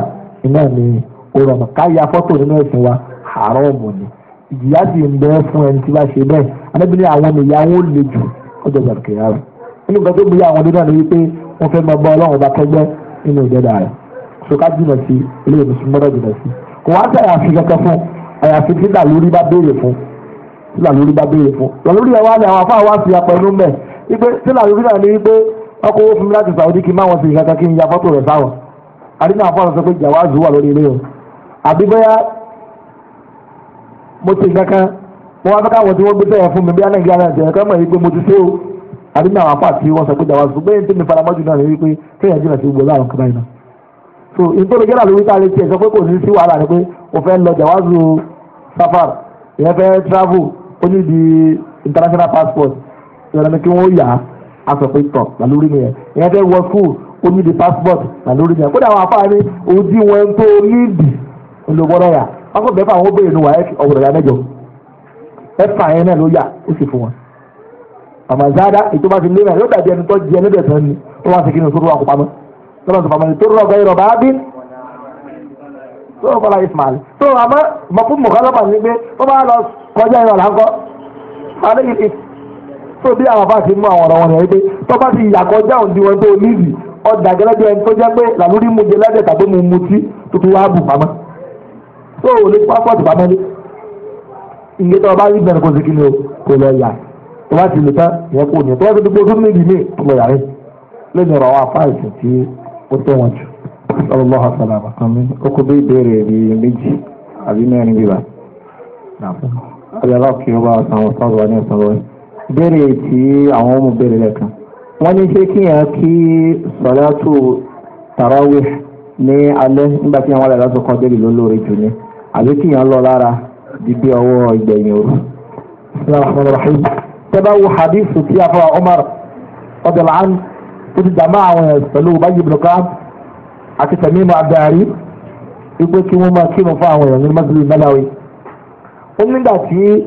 B: iná ni òrọ̀mọ̀ ká ya fọ́tò nínú ẹ̀sìn wa háràmù ni ìjìyà sì ń bẹ fún ẹni tí bá ṣe bẹ́ẹ̀ anábìrin àwọn ìyá wọn ò le jù ọjọ́ ìgbàlùkẹ́ yàrá nínú nǹkan tó gbé àwọn ọdún náà ni wípé wọ́n fẹ́ máa bá ọlọ́run bá kẹgbẹ́ nínú ìdẹ́dà rẹ̀ ṣùkà jìnà sí ilé ìbùsùn mọ́tò jìnà sí kò wá sí àyàfi kankan fún àyàfi tí làlórí bá béèrè fún tí làlórí bá béèrè fún làlórí ẹ̀ wá ní àwọn afáà wá sí apẹ̀lú mẹ́ wípé tí làlórí náà ni wípé ọkọ̀ owó fún mi láti Saudi kí n má wọn sí ìkankan kí n ya fọ́tò rẹ̀ sáwọn àdínà àfọwọ́sọ sọ pé jàwáàzù wà lórí ilé o àbí bóyá mo ti kankan mo wá fẹ́ká àwọn tí wọ́n gbé sẹ́yìn fún mi bí anáìjíríà náà jẹ́ ẹ̀kọ́ mọ̀ yìí pé mo ti tó àdínà àwọn apá àti wọn sọ pé jàwáàzù pé tí mi fara mọ́jú náà rí pé kéèyàn jìnnà sí gbogbo àwọn kan náà so nítorí gẹ́gẹ́ lórí tá a lè tiẹ̀ sọ pé kò ní sí wàhálà ni pé mo fẹ́ lọ jàwáàzù safar ìyẹn fẹ́ travel ó ní di international passport ìrọ̀lẹ́ni kí wọ́n yà á sọ pé tọ̀ lálórí nìyẹn ìyẹn fẹ́ wọ school ó ní di passport pẹ̀lú orí yẹn kódà àwọn afáàní ojú wọn tó níìdì olùgbọ́dọ̀ yà wọn kò bẹ́ẹ̀ fà wọn bẹ́ẹ̀ nu wà ọ̀gbọ̀dọ̀ yà mẹ́jọ ẹ̀fà yẹn náà ló yà ó sì fún wọn. àmàzáda ètò bá ti lé náà yóò dàbí ẹni tó jẹ níbẹ̀ tán ni tó bá ti kí ni tó rọ àkópamọ́ tó bá ti fàmọ́ ni tó rọ ọgbà yorùbá bí tó rọ fọlá ismail tó àmọ́ mọ̀kú mọ̀kálọ́pàá ni pé tó bá lọ kọjá ìrọ̀lá ńkọ́ tó bí àwọn bá ti mú àwọn ọ̀rọ̀ wọn yẹn pé tó bá ti yàkọjá òǹdí wọn tó níbi ọjà gẹ́gẹ́ ẹni tó jẹ́ pé làlórí mu jẹ lẹ́dẹ̀ tàbí mu mutí tuntun wá bù pamọ́ tó o lè pásọ̀tì pamọ́ ní iye tó rí bẹ̀rẹ̀ kó sìkì ni o kò lọ yà tó bá ti lè tán ìyẹn kò ní tó bá ti dúpọ̀ tún níbi míì tó lọ yà rẹ̀ lẹ́yìn ọ̀rọ̀ àwọn afáàsì tí
A: ó tẹ̀ wọ́n jù sallallahu alaihi wa sallam kókó bí Bere
B: tí àwọn ọmọ béèrè lẹ́kan wọ́n ní ṣé kíyàn kí sọ̀látù tarawih ní alẹ́ nígbà tí àwọn aláìláṣọ kan délé ló lóore jù ní àbí kíyàn lọ lára dídí ọwọ́ Na òru. tẹ́bá wo hadithu tí a Umar ọ̀dọ̀lá ń ti dàmú àwọn èèyàn pẹ̀lú báyìí ibùdókà àti tẹ̀mí mu adarí wípé kí wọ́n máa kírun fa awon èèyàn ní mọ́sílì Balawi. tí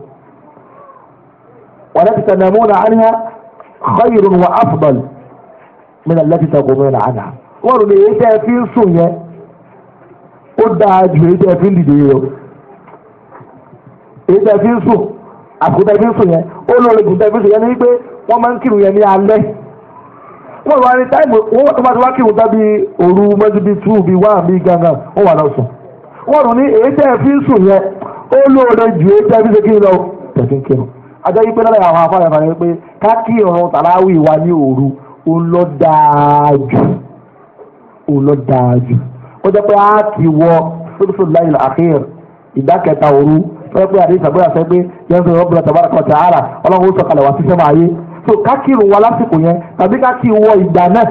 B: والتي تنامون عنها خير وأفضل من التي تقومون عنها wọ́n lè yẹ tẹ́ fi ń sùn yẹn ó dáa ju èyí tẹ́ fi ń dìde yẹn o èyí tẹ́ fi ń sùn tẹ́ fi ń sùn yẹn ó lóore tẹ́ fi ń sùn yẹn ní pé wọ́n máa ń kírun yẹn ní alẹ́ wọ́n wá ní táìmù wọ́n tó bá ti wá kírun tán bíi òru bíi one bíi gangan wọ́n wà lọ sùn wọ́n ní èyí tẹ́ fi ń sùn yẹn ó èyí tẹ́ lọ tẹ́ ajá yí pé lọ́dọ̀ àwọn afárá ìfàmì pé káàkiri ìrun tàràwì wa ní òru ó lọ dáa jù ó lọ dáa jù ó jẹ́ pé a ti wọ sódòsódò láyìn àkíyàn ìdá kẹta òru wọ́n pé àdéhùn àgbéyà sọ pé yẹn sọ Rabbuna tabaraka wa ta'ala ọlọ́run ó sọ̀kalẹ̀ wá sí sẹ́mu ayé so káàkiri wa lásìkò yẹn tàbí káàkiri wọ ìgbà náà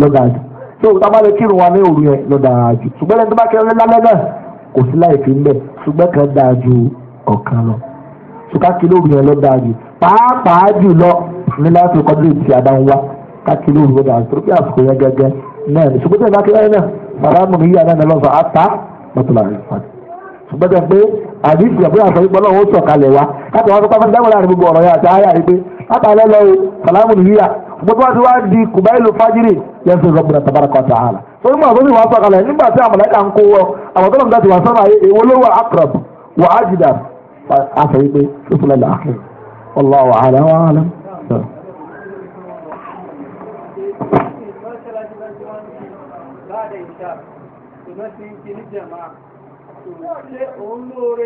B: lọ dáa jù so tábàlẹ̀ kírun wa ní òru yẹn lọ dáa jù ṣùgbọ́n ẹni tó bá kẹrin lálẹ́ náà kò sí láì fi ń bẹ̀ ṣùgbọ́n kan dáa ju ọ̀kan lọ kákìlì òru yẹn ló dáa jù pàápàá jùlọ ní láti kọ́dúrì tí a bá ń wá kákìlì òru yẹn dáa torí pé àsìkò yẹn gẹ́gẹ́ náà ní ṣùgbọ́n tẹ̀lé akẹ́kọ̀ọ́ yẹn náà sàrámù ní yíyá náà lọ́sọ̀ àtà mọ́tòlá rẹ̀ fàdí. ṣùgbọ́n tẹ̀ pé àdìsí àbúrò àṣọ ìgbọ́ náà ó sọ̀ kalẹ̀ wa láti wọn fipá fún dáwọ́lá rẹ̀ gbogbo ọ̀rọ̀ yẹn àti àyà rẹ̀ pé látàlẹ́ lọ o sàrámù ní gbogbo wa ti wá di kùbáyìlú fájírì yẹn fi rọ̀bùnà tabaraka wa ta'ala. torí mọ̀ àbúrò wa sọ̀ kalẹ̀ nígbà tí àmọ̀lẹ́kà ń kó wọ àwọn tó lọ́mọdé ti wà sọ́nà èwo ló wà akrab wà ájìdá àṣẹ wípé ṣùkúlẹ̀ làákì ọlọ́wọ́ àlẹ́ wọn àlẹ́. ṣe òun lóore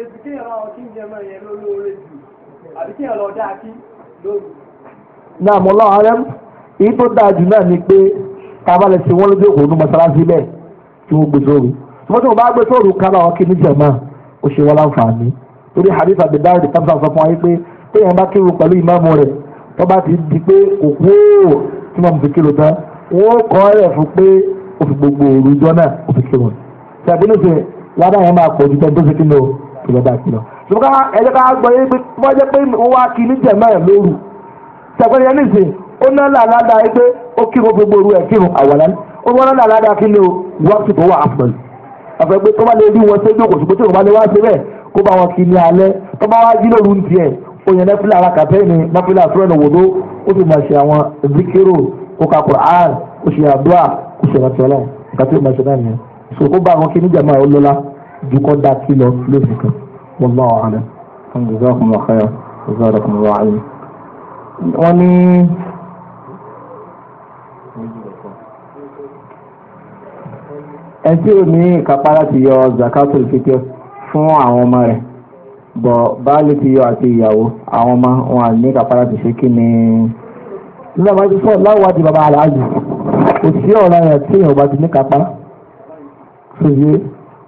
B: èyí tó dáa jù náà ni pé tábà lè wọ́n lójú òkú ní bẹ́ẹ̀ tí wọ́n gbé sóru tí wọ́n bá gbé sóru kábà kí ní jẹ̀mọ́ ó ṣe wọ́n láǹfààní torí hadith Abi Dawud kápẹ́tà sọ fún wa yìí pé téèyàn bá kírun pẹ̀lú ìmáàmù rẹ̀ tó bá ti di pé kò kú òòrò tí wọ́n fi kírun tán wọ́n kọ́ ẹ̀ fún pé o fi gbogbo òru jọ náà o fi kírun ṣàbínú ṣe ládàá yẹn máa pọ̀ ju tẹ́ tó fi kí lọ kí lọ́ba kí lọ. ṣùgbọ́n ẹ̀jẹ̀ ká gbọ́ yé pé wọ́n jẹ́ pé ó wá kí ní jẹ̀mọ́ ẹ̀ lóru ṣàpẹ́rẹ́ yẹn nìsín ó ná làládàá yìí pé ó kírun gbogbo òru ẹ̀ kírun àwàlá ó wọ́n ná làládàá kí ni o wọ́n ti fọwọ́ àfọ̀lù kó bá wọn kí ní alẹ́ tó bá wá jí lóru ń tiẹ̀ ó yẹn nẹ́fílà ara kàtẹ́ ni nẹ́fílà fúlẹ̀ wòdó ó sì máa ṣe àwọn zikiro kó ka Qur'an kó ṣe àdúrà kó ṣe ìrántí ọlọ́run nǹkan tí ó máa ṣe náà nìyẹn so kó bá wọn kí ní jàmáà ó lọ́lá ju kọ́ da kí lọ lóṣù kan wallahu a'lam. wọ́n ní ẹtí ò ní ìkápá láti yọ zakato ìfipẹ́ fún àwọn ọmọ rẹ̀ bọ̀ baálé ti yọ àti ìyàwó àwọn ọmọ wọn ní kápá láti ṣe kí ni nígbà máa ti sọ láwùwájú bàbá aláàjù kò sí ọ̀rọ̀ yẹn tí èèyàn bá ti ní kápá ṣòye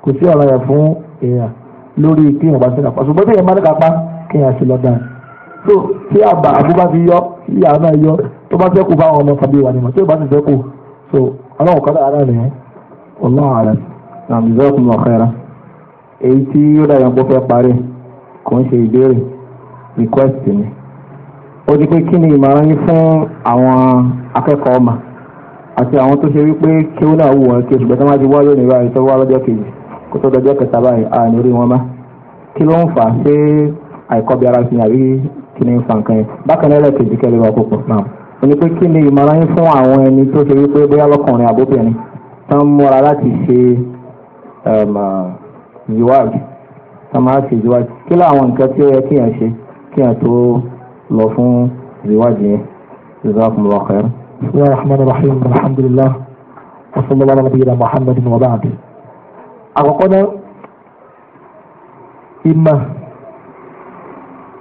B: kò sí ọ̀rọ̀ yẹn fún èèyàn lórí kí èèyàn bá ti ní kápá ṣùgbọ́n tí èèyàn bá ní kápá kí èèyàn ṣe lọ́dà so tí àbá àbúbá ti yọ ìyá náà yọ tó bá fẹ́ kú bá àwọn ọmọ tàbí ìwà nìmọ̀ tí ò bá ti fẹ́ kú so ọlọ́run kọ́dà ara rẹ̀ ọlọ́run àrẹ nàbìzọ́ọ̀kùnrin ọ̀kẹ́ra èyí tí ó dàgbà pọ̀ fẹ́ parí kò ń ṣe ìbéèrè request ni ó di pé kí ni ìmọ̀ràn yín fún àwọn akẹ́kọ̀ọ́ ọmọ àti àwọn tó ṣe wípé kí ó náà wù wọ́n kí ṣùgbọ́n tó máa ti wá lónìí báyìí tó wá lọ́jọ́ kejì kó tó dọjọ́ kẹta báyìí a ní orí wọn má kí ló ń fà á ṣé àìkọ́bi ara fi àbí kí ni ń fa nǹkan yẹn bákan náà lẹ́ẹ̀kejì kẹ́lẹ́ wà púpọ̀ náà ó ní pé kí ni ìmọ̀ràn yín fún àwọn ẹni tó ṣe wípé bóyá lọ́kùnrin àbóbìnrin tó ń múra láti ṣe um, ìwádìí tá máa ṣe ìwádìí kí láwọn nǹkan tí ó yẹ kíyàn ṣe kíyàn tó lọ fún ìwádìí yẹn jazakumullahu khairan. bisimilahi rahman rahim alhamdulilah wa sallallahu ala nabiyina muhammad wa ba'd. àkọ́kọ́ náà ìmọ̀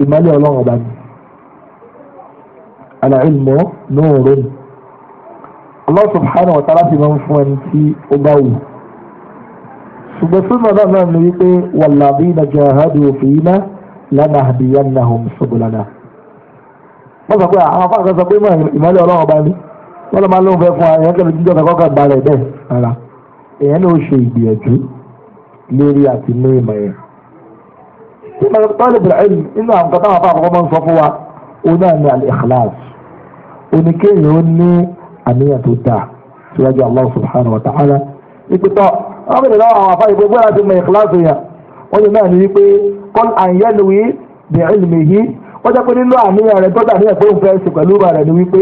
B: ìmọ̀lẹ́ ọlọ́run ọba ni al-ilmu nurun Allah subhanahu wa ta'ala ti máa ń fún ẹni tí ó bá wù ṣùgbọ́n súnmọ́ náà náà ni wípé wàlàbí na jahadu fìyínà lánà àdìyànnahum subulana. wọ́n sọ pé àwọn afáàkọ́ sọ pé ìmọ̀lẹ́ ọlọ́run ọba ni wọ́n lọ́ máa lóun fẹ́ fún ẹ̀yẹ́ kẹ́lẹ́ jíjọ́ kẹ́kọ́ kan balẹ̀ bẹ́ẹ̀ rárá ẹ̀yẹ́ náà ó ṣe ìgbìyànjú lórí àti ní ìmọ̀ yẹn. tí mo tọ́ lè bẹ̀rẹ̀ ẹ̀yìn nínú àwọn kan táwọn afáàkọ́ máa ń sọ fún wa wọ́n bẹ̀rẹ̀ lọ́wọ́ àwọn afáyé pé bóyá ti mọ ìkíláàsì yẹn wọ́n yìí náà ní wípé kọ́n àyẹ́nuwí bí ìlmi yìí wọ́n jẹ́ pé nínú àníyàn rẹ̀ tọ́jà ní ẹ̀pẹ́ òfẹ́ sí pẹ̀lú rẹ̀ ní wípé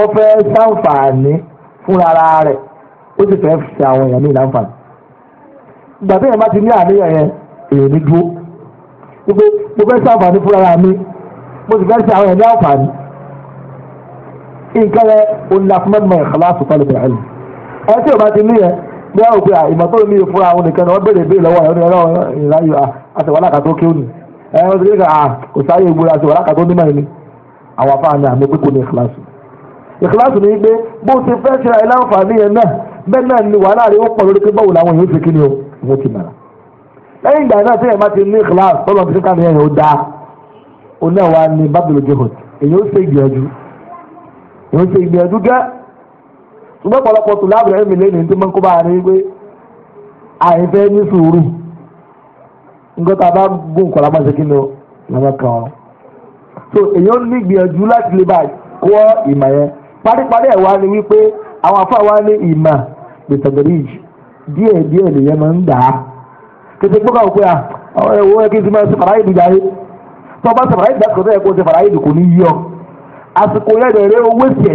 B: ó fẹ́ ṣàǹfààní fúnra rẹ̀ ó sì fẹ́ ṣe àwọn èèyàn ní ìlànfààní. ìgbà tí èèyàn bá ti ní àníyàn yẹn èèyàn ní dúró wípé mo fẹ́ ṣàǹfààní fúnra mi mo sì fẹ́ ṣe àwọn èèyàn ní àǹfààní. nǹkan yẹn ó ní afúnmọ́ni ìkàlá àtúntò lè bẹ̀rẹ̀ ẹ tí o bá ti ní yẹn bí a ò pé ìmọ̀tọ́rọ̀ mi fúnra àwọn nìkan ọ wọ́n béèrè béèrè lọ́wọ́ ẹ̀rọ ẹ̀rọ ìráyò àtẹ̀wálà kàtó kí ó nì ẹ wọ́n ti rí ká kò sáyé gbogbo àtẹ̀wálà a nímọ̀ ẹni àwọn afáà ní àmì pípò ní ìkíláàsì ìkíláàsì ni pé bó ti fẹ́ ṣe àyè láǹfààní yẹn náà bẹ́ẹ̀ náà ni wàhálà ó pọ̀ lórí pé báwo làwọn èèyàn kí ni o ìwọ́n ti mọ̀ra lẹ́yìn ìgbà náà tí ti ní ìkíláàsì ṣùgbọ́n ọ̀pọ̀lọpọ̀ tó lábìrẹ̀ ẹ̀mí lẹ́nu tí mo ń kó bá a rí pé àìfẹ́ ní sùúrù nǹkan tá a bá gún nǹkan lámọ́ ṣe kí ni kan so èèyàn ní gbìyànjú láti lè bá kọ́ ìmọ̀ yẹn paríparí ẹ̀ wá ni wípé àwọn afá wa ní ìmọ̀ bìtẹ̀gẹ̀rìj díẹ̀ díẹ̀ lèyẹn máa ń dà á kété à ah, ẹ̀ kí n ti máa ṣe jáde ṣe jáde kò ṣe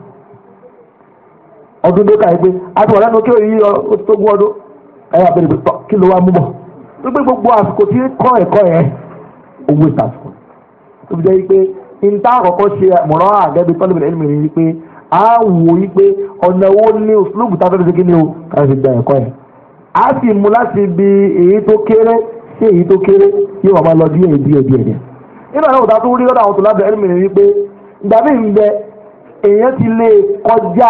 B: ọdún ló káyé pé àti wàlẹ́ nu kí òyìn yọ oṣogun ọdún ẹ̀yà bẹ̀rẹ̀ pé tọ́ kí ló wá mú bọ̀ wípé gbogbo àsìkò tí kọ́ ẹ̀kọ́ yẹn owó ìtàsìkò tó fi jẹ́ pé níta àkọ́kọ́ ṣe mọ̀ràn àgẹ́bí tọ́lẹ̀mìlẹ̀ ẹ̀mí rẹ̀ wípé a wò yí pé ọ̀nà owó ní òṣùlùmù tá fẹ́ kí ni o ká fi gba ẹ̀kọ́ yẹn a sì mú láti bi èyí tó kéré sí èyí tó kéré yóò wà máa lọ díẹ̀ díẹ̀ díẹ̀ díẹ̀ nínú àwọn òtá tó rí lọ́dọ̀ àwọn tó lábẹ́ ẹ̀mí rẹ̀ wípé ìgbà ń bẹ èèyàn ti lè kọjá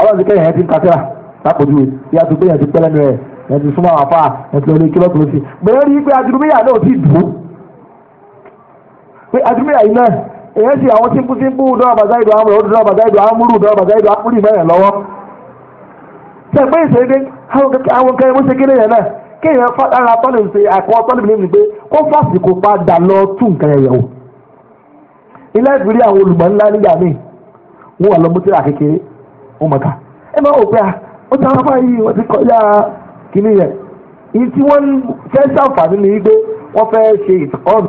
B: ọlọ́run ti kẹ́ ìyẹn ti ń kásíra bí a ti gbé eji ti pẹ́ lẹ́nu rẹ̀ ìyẹn ti súnmọ́ àfa ìyẹn ti lọ lé kílọ̀ tó sí bẹ̀rẹ̀ rí pé adúlúmíyà náà ti dùn pé adúlúmíyà yìí náà èyàn sì àwọn tí ń kú sí ń kú dọ́wọ́ bàtà ìdò àmúrò ó dọ́wọ́ bàtà ìdò àmúrò dọ́wọ́ bàtà ìdò àmúrò ìmọ̀ràn lọ́wọ́ àwọn ṣe náà fara ṣe àkọ́ mi kó fásitì lọ tú nǹkan ẹ̀yẹ̀ wò ilé ọmọka ebe ọ wò pé à ah, wọ́n ti tí wọ́n fẹ́ ṣe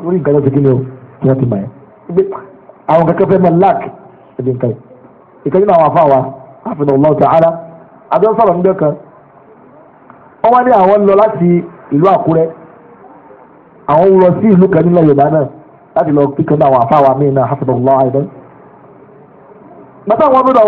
B: nǹkan o tí ti mọ̀ ẹ́ àwọn kankan fẹ́ máa lack ẹ̀dín kan ìkànnì náà àwọn afọ wa àfihàn Allah ta'ala àjọ sọ̀rọ̀ níbẹ̀ kan na wá ní àwọn lọ láti ìlú Àkúrẹ́ àwọn ń sí ìlú kan Yorùbá náà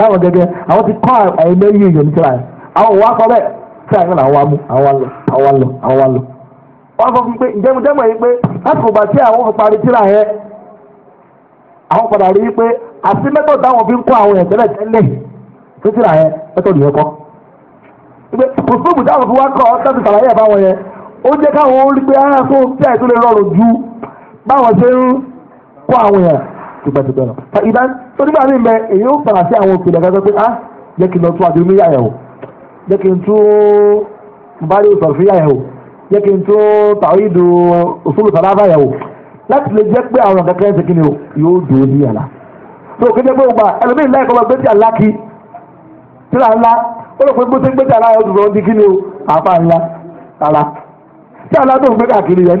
B: láwọn gẹ́gẹ́ àwọn ti kọ àìmọ́ yìí yòó nítorí àyè àwọn òwò akọ bẹ́ẹ̀ tí náà wà mú àwọn lọ àwọn lọ àwọn lọ. wọ́n fún mi pé ǹjẹ́ dẹ́mọ̀ yìí pé láti kò bá tí àwọn fi parí tíra àwọn padà rí i pé àti mẹ́tọ̀ táwọn fi ń àwọn tẹ́lẹ̀ tó mẹ́tọ̀ kọ́. táwọn fi wá sàlàyé yẹn ó jẹ́ káwọn ó rí pé ara onígbà mi mẹ èyí ó padà sí àwọn òkèlè kan pé ah jẹ́ kí n lọ tún àdúró níyà yẹ̀ wò jẹ́ kí n tún bàálù sọ̀rọ̀ fún yà yẹ̀ wò jẹ́ kí n tún tàwídù sàdáfà láti lè jẹ́ pé àwọn ṣe kí ni yóò dùn ní yàrá tó kéde pé ẹlòmíì láì kọ́mọ gbé tí kí tí ó o àfa ńlá ara tí àlá tó ń gbé káàkiri yẹn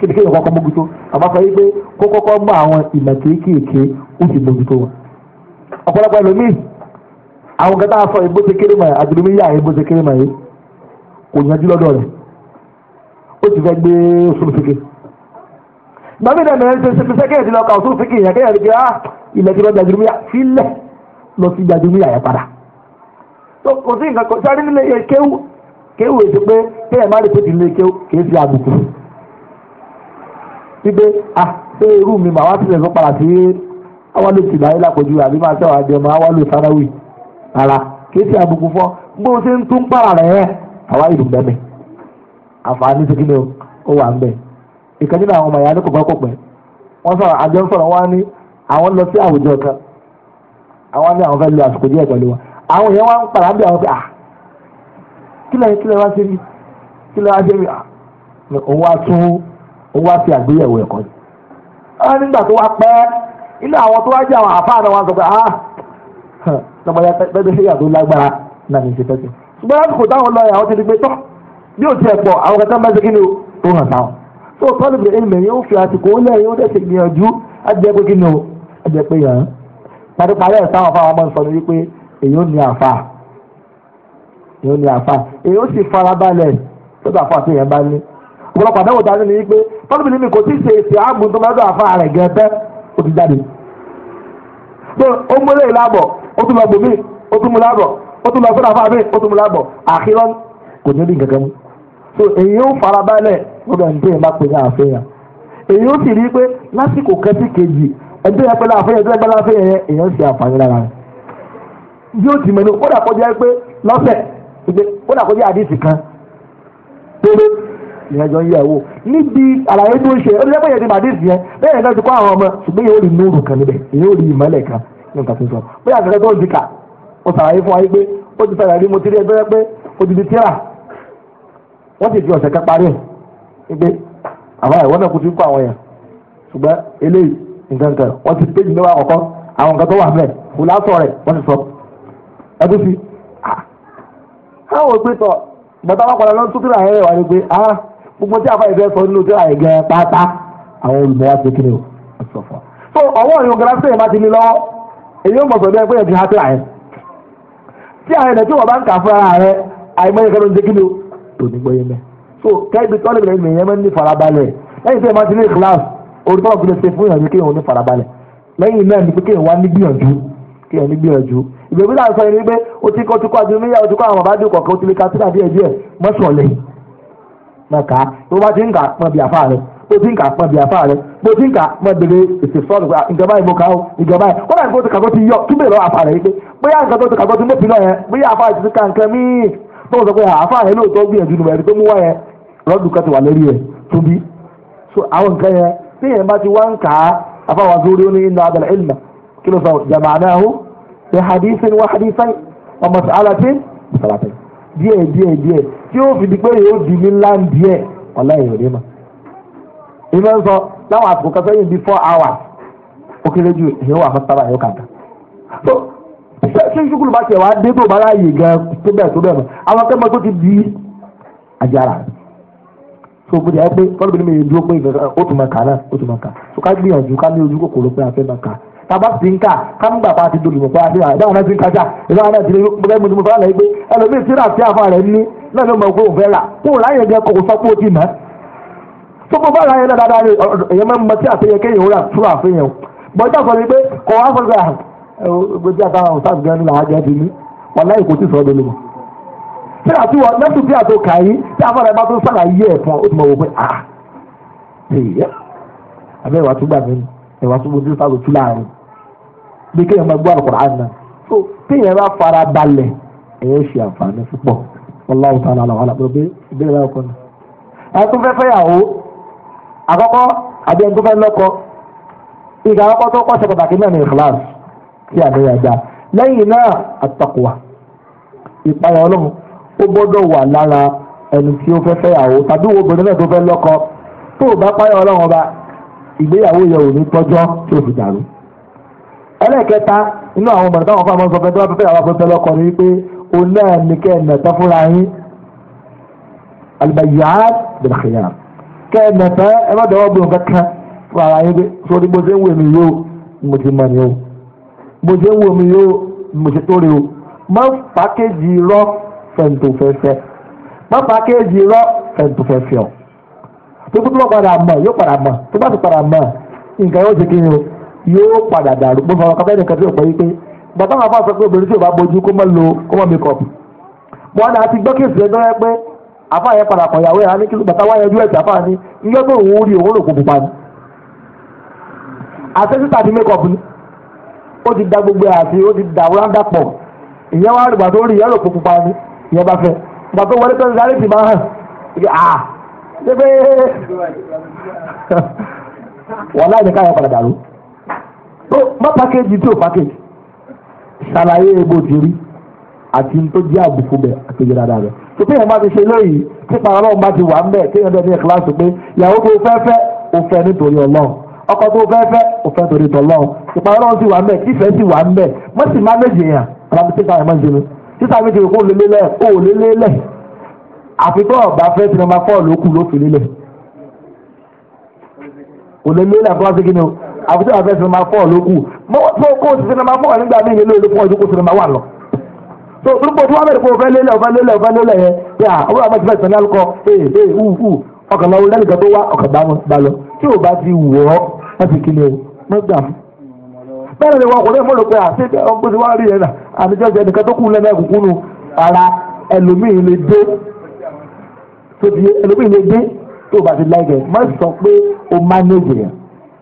B: kéde kéde kọ́kọ́ mójútó bàbá sọ yìí pé kó kọ́kọ́ mọ àwọn ìmọ̀ kéékèèké ó sì mójútó wọn. ọ̀pọ̀lọpọ̀ ẹlòmíì àwọn kan a sọ ìbó ṣe kéré mọ̀ àgbègbè yà ìbó ṣe kéré mọ̀ yìí kò yanjú lọ́dọ̀ rẹ̀ ó fẹ́ gbé ṣe ṣe ka òṣùlùfẹ́kẹ́ yẹn kéèyàn ah, ilẹ̀ ti lọ sílẹ̀ lọ sí síbẹ̀ ah ṣé irú mi màá wá sílẹ̀ tó padà sí awálò tìbáyé lápòjú àbí máa ṣẹ́wàá jẹun awálò sáráwì rárá kì àbùkù fọ́ bó ṣe ń tún para rẹ̀ yẹn àwa ìlú bẹ́ẹ̀ àǹfààní ṣe kí ó wà ń bẹ̀ ìkànnì náà àwọn ọmọ ìyá ní kò bá kò pẹ́ wọ́n àjọ ń sọ̀rọ̀ àwọn lọ wa àwọn èèyàn wá ń bí àwọn kílẹ̀ ah, kílẹ̀ wá kílẹ̀ ó wá sí àgbéyẹ̀wò ẹ̀kọ́ yìí. wọ́n ah, nígbà tó wá pẹ́ inú àwọn tó wá jẹ́ àwọn àfáà náà wọ́n sọ pé ah lọ́mọdé pẹ́ẹ́dẹ́ ṣé yàtọ̀ lágbára náà ní í ṣe fẹ́sẹ̀. ṣùgbọ́n lásìkò táwọn lọ àwọn ti di pé tọ́ bí ó tiẹ̀ pọ̀ àwọn kẹta mẹ́sẹ̀ kí ni ó hàn táwọn. tó o tọ́lù bèrè ìmọ̀ yẹn ó fi àsìkò ó lẹ́yìn ó dẹ̀sẹ̀ gbìyànjú ajẹ́ pé kí ni ó ajẹ́ pé yàn án. ni wípé èyí ó ní àfáà èyí ó ní ọ̀pọ̀lọpọ̀ àbẹ̀wò dání ni wípé tọ́lùmí ni mi kò tí ì ṣe èsì àgùn tó mẹ́tọ́ àfa rẹ̀ gẹ̀ẹ́tẹ́ ó ti jáde. ṣé ó mú lé ìlàbọ̀ ó tún lọ bò mí ó tún mú lábọ̀ ó tún lọ sọ́dọ̀ àfa mi ó tún mú lábọ̀ àkírọ́ kò ní rí gẹ́gẹ́ mú. so èyí ó farabalẹ̀ lọ́dọ̀ ẹni tó yẹn bá pè ní àfẹ́yà èyí ó sì rí pé lásìkò kẹ́sì kejì ẹni tó yẹ pẹ́lú àfẹ́yà tó yẹ pẹ́lú àfẹ́yà yẹn èèyàn ṣe àǹfààní lára rẹ̀ ìyẹn jọ ń yẹ̀wò níbi àlàyé tó ṣe ó lẹ́pọ̀ yẹn ti màdísì yẹn bẹ́ẹ̀ yẹn ti kọ́ àwọn ọmọ ṣùgbọ́n yóò rí nóòrù kan níbẹ̀ yóò rí ìmọ̀lẹ̀ kan ní nǹkan tó sọ bóyá àgbẹ̀kẹ́ tó ń dìkà ó sàlàyé fún wa pé ó ti sàlàyé mo ti rí ẹgbẹ́ pé ó ti di tíra wọ́n sì fi ọ̀sẹ̀ kan parí ẹ̀ pé àbá ìwọ́n náà kò ti kọ́ àwọn yẹn ṣùgbọ́n eléyìí nǹkan kan wọ́n ti péjì mẹ́wàá àkọ́kọ́ àwọn nǹkan tó wà mẹ́ẹ̀ kò lásọ̀ rẹ̀ wọ́n ti sọ ẹdún sí. káwọn ah, òpin tọ̀ bàtà wọn padà lọ sókè náà ẹ̀rẹ̀ wá ni pé ah gbogbo tí àfáà ìfẹ́ sọ nínú tí àyè gẹ pátá àwọn olùmọ̀ wá ṣe kíni o sọ so ọwọ́ bá ti ní lọ́wọ́ èyí ò mọ̀ sọ̀dọ̀ ẹ pé ẹ̀ ti ha tíra tí náà tí wọ́n bá ń ara rẹ àìmọye kẹ́ló ń ṣe o ní mẹ́. so kẹ́bi tọ́lẹ̀ bìrẹ̀ yẹn mẹ́ ní farabalẹ̀ lẹ́yìn tí ti ní orúkọ ṣe fún ìyànjú kéèyàn ní farabalẹ̀ lẹ́yìn náà ni pé kéèyàn wá ní gbìyànjú kéèyàn ní gbìyànjú ìgbèbí náà sọ yẹn ni pé o ti kọ́ mọ̀ ká tó bá ti ń kà mọ̀ bí àfa rẹ̀ tó ti ń kà mọ̀ bí àfa rẹ̀ tó ti ń kà mọ̀ bèrè èsì sọ́ọ̀nù pé ìjọba yìí mo kà ó ìjọba yìí kódà nǹkan tó kàgọ́ ti yọ túbẹ̀ lọ àfa rẹ̀ yìí pé bóyá nǹkan tó ti kàgọ́ ti mú pinnu yẹn bóyá àfa rẹ̀ ti ka nǹkan míì tó ń sọ pé àfa rẹ̀ lóòótọ́ gbìyànjú nù ẹni tó mú wá yẹn lọ́dún kan ti wà lórí ẹ̀ tóbi so àwọn nǹkan yẹn tí yẹn bá ti wá ń kà á afa wa zuri ó ní inna adal ilma kí ló sọ jama'nahu bi hadithin wa hadithain wa mas'alatin salatin díẹ̀ díẹ̀ díẹ̀ tí ó fi di pé yóò di ní láǹdì ẹ̀ ọ̀la ẹ̀ òde ma. ìmọ̀ ń sọ láwọn àsìkò kan sẹ́yìn bíi four hours ó kéré ju èyí wà fún sábà yóò kàkà. so ṣé ṣùkúrù bá tiẹ̀ wá dé tó bá láàyè gan tó bẹ́ẹ̀ tó bẹ́ẹ̀ mọ̀ àwọn akẹ́kọ̀ọ́ tó ti di àjàrà. so bó ti ẹ pé fọlọ́bìnrin mi yẹn dúró pé ìfẹ́ ó tún máa kà náà ó tún máa kà so ká gbìyànjú ká ní ojú kòkòrò pé a fẹ́ máa kà tàbá sì ń kà kámúgbà pa ti dolùmọ̀ pa àti ìdáhùn náà ti ń kájà ìdáhùn náà ti ní bẹ́ẹ̀ mo ti mo fẹ́ lẹ́yìn pé ẹlòmíì tí ràtí àfa rẹ̀ ní náà ló mọ̀ pé òun fẹ́ rà kó o láyè jẹ kó o sọ pé o ti mọ̀ tó kó bá láyè náà dáadáa ni èyàn máa ń mọ tí àfihàn kéèyàn ó rà tú àfihàn o bọ́jà sọ ni pé kò wá sọ pé gbèjì àtàwọn òṣàtì gan nílà ti ní wọn láyè kò tí sọ lónìí mọ̀ tí àti wọn lẹ́tù tí àtò kà yí tí àfa rẹ̀ bá tó sàlàyé ẹ̀ fún ọ ó ti mọ̀ wò pé ah àbẹ́ ìwà tó gbà mí ìwà tó gbòdì sáà lò láàrin bí kéèyàn máa gbọ́ Al-Qur'an náà so kéèyàn bá fara balẹ̀ ẹ̀yẹ́ ṣe àǹfààní púpọ̀ Wallahu ta'ala aláwọ̀ alábọ̀ pé ìbéèrè báyọ̀ kọ́ni. ẹ tún fẹ́ fẹ́yàwó àkọ́kọ́ àbí ẹni tó fẹ́ lọ́kọ ìgbà àkọ́kọ́ tó kọ́ ṣe pàtàkì náà ní ìkíláàsì kí àdéhùn ẹja lẹ́yìn náà àtàkùwà ìpayà ọlọ́run ó gbọ́dọ̀ wà lára ẹni tí ó fẹ́ fẹ́yàwó tàbí wo obìnrin náà tó fẹ́ lọ́kọ tó bá páyà ọlọ́run ọba ìgbéyàwó yẹ òní tọ́jọ́ tó fi dàrú ẹlẹ́ẹ̀kẹta inú àwọn ọmọ táwọn fáwọn sọ pé tó bá fẹ́ àwọn afẹ́fẹ́ lọ́kọ̀ ni wípé òun náà ní kẹ́ ẹ̀ nàtọ́ fúnra yín albayyaat bil khiyar kẹ́ ẹ̀ nàtọ́ ẹ má dọ̀wọ́ bí nǹkan kan fún ara yín pé sórí bó ṣe ń wè mí yóò mo ti mọ̀ ni o bó ṣe ń wò mí yóò mo ṣe tó rí o má pàkéjì rọ fẹ̀ǹtòfẹ́fẹ́ má pàkéjì rọ fẹ̀ǹtòfẹ́fẹ́ ọ̀ tó kó tó bá padà mọ̀ yóò padà dàrú gbogbo àwọn kọ́fẹ́ nìkan tí ò pẹ́ yí pé bàtà wọn bá sọ pé obìnrin tí ò bá bójú kó mọ́ lo kó mọ́ make up. wá ní àti gbọ́ kéèsì ẹjọ́ rẹ pé àfa yẹn padà kàn yàwó yẹn ní kíló bàtà wáyé ojú ẹ̀jẹ̀ àfa ní iye tó òun rí òun lòkùn pupa ni àti sísà make up, ni ó ti da gbogbo àti ó ti dà wúláńdà pọ̀ ìyẹn wá rìgbà tó rí ìyẹn lòkùn pupa ni ìyẹn bá fẹ́ gbà tó wọlé tó ń sáré tì máa hàn wọ́n láì ní káyọ̀ padà dàrú má package tí ò package ṣàlàyé bó ti rí àti tó jẹ́ àbùkù bẹ̀ àtẹ̀jẹ́ dáadáa rẹ̀ tó pé yẹn bá ti ṣe lóyìí tí pàrọ̀ ọlọ́run bá ti wà ń bẹ̀ kí yẹn bẹ̀ ní kíláàsì pé ìyàwó tó fẹ́ fẹ́ ó fẹ́ nítorí ọlọ́run ọkọ tó fẹ́ fẹ́ ó fẹ́ nítorí tọlọ́run ìpàrọ̀ ọlọ́run sì wà ń bẹ̀ ìfẹ́ sì wà ń bẹ̀ wọ́n sì má méjì yàn alábi tí káyọ̀ máa ń sinmi títà méjì kò lé lélẹ̀ ó lé lélẹ̀ àfikún ọ̀bà fẹ́ àfi tí wàá fẹ́ sinimá fọ́ lókù mọ́ kó sinimá fọ́ nígbà mí nílò ìlú fún ọdún kó sinimá wà lọ. so olùkọ́ tí wọ́n bẹ̀rẹ̀ kó fẹ́ lélẹ̀ ọ̀fẹ́ lélẹ̀ ọ̀fẹ́ lélẹ̀ yẹn yà ọwọ́ àwọn ti fẹ́ sẹ́ni alukọ ee ee uu uu ọkàn lọ́wọ́ lẹ́nu kan tó wá ọkàn bá wọn bá lọ tí ò bá ti wù ọ́ wọ́n ti kí ni o wọ́n gbà mú. bẹ́ẹ̀ ni wọn kò ní mọ̀lò pé àti ọgbọ́n ti wá rí yẹn nà àtijọ́ ti ẹnìkan tó kù lẹ́nu ẹ̀kúnkún nu ara ẹlòmíì lè dé tó ti ẹlòmíì lè dé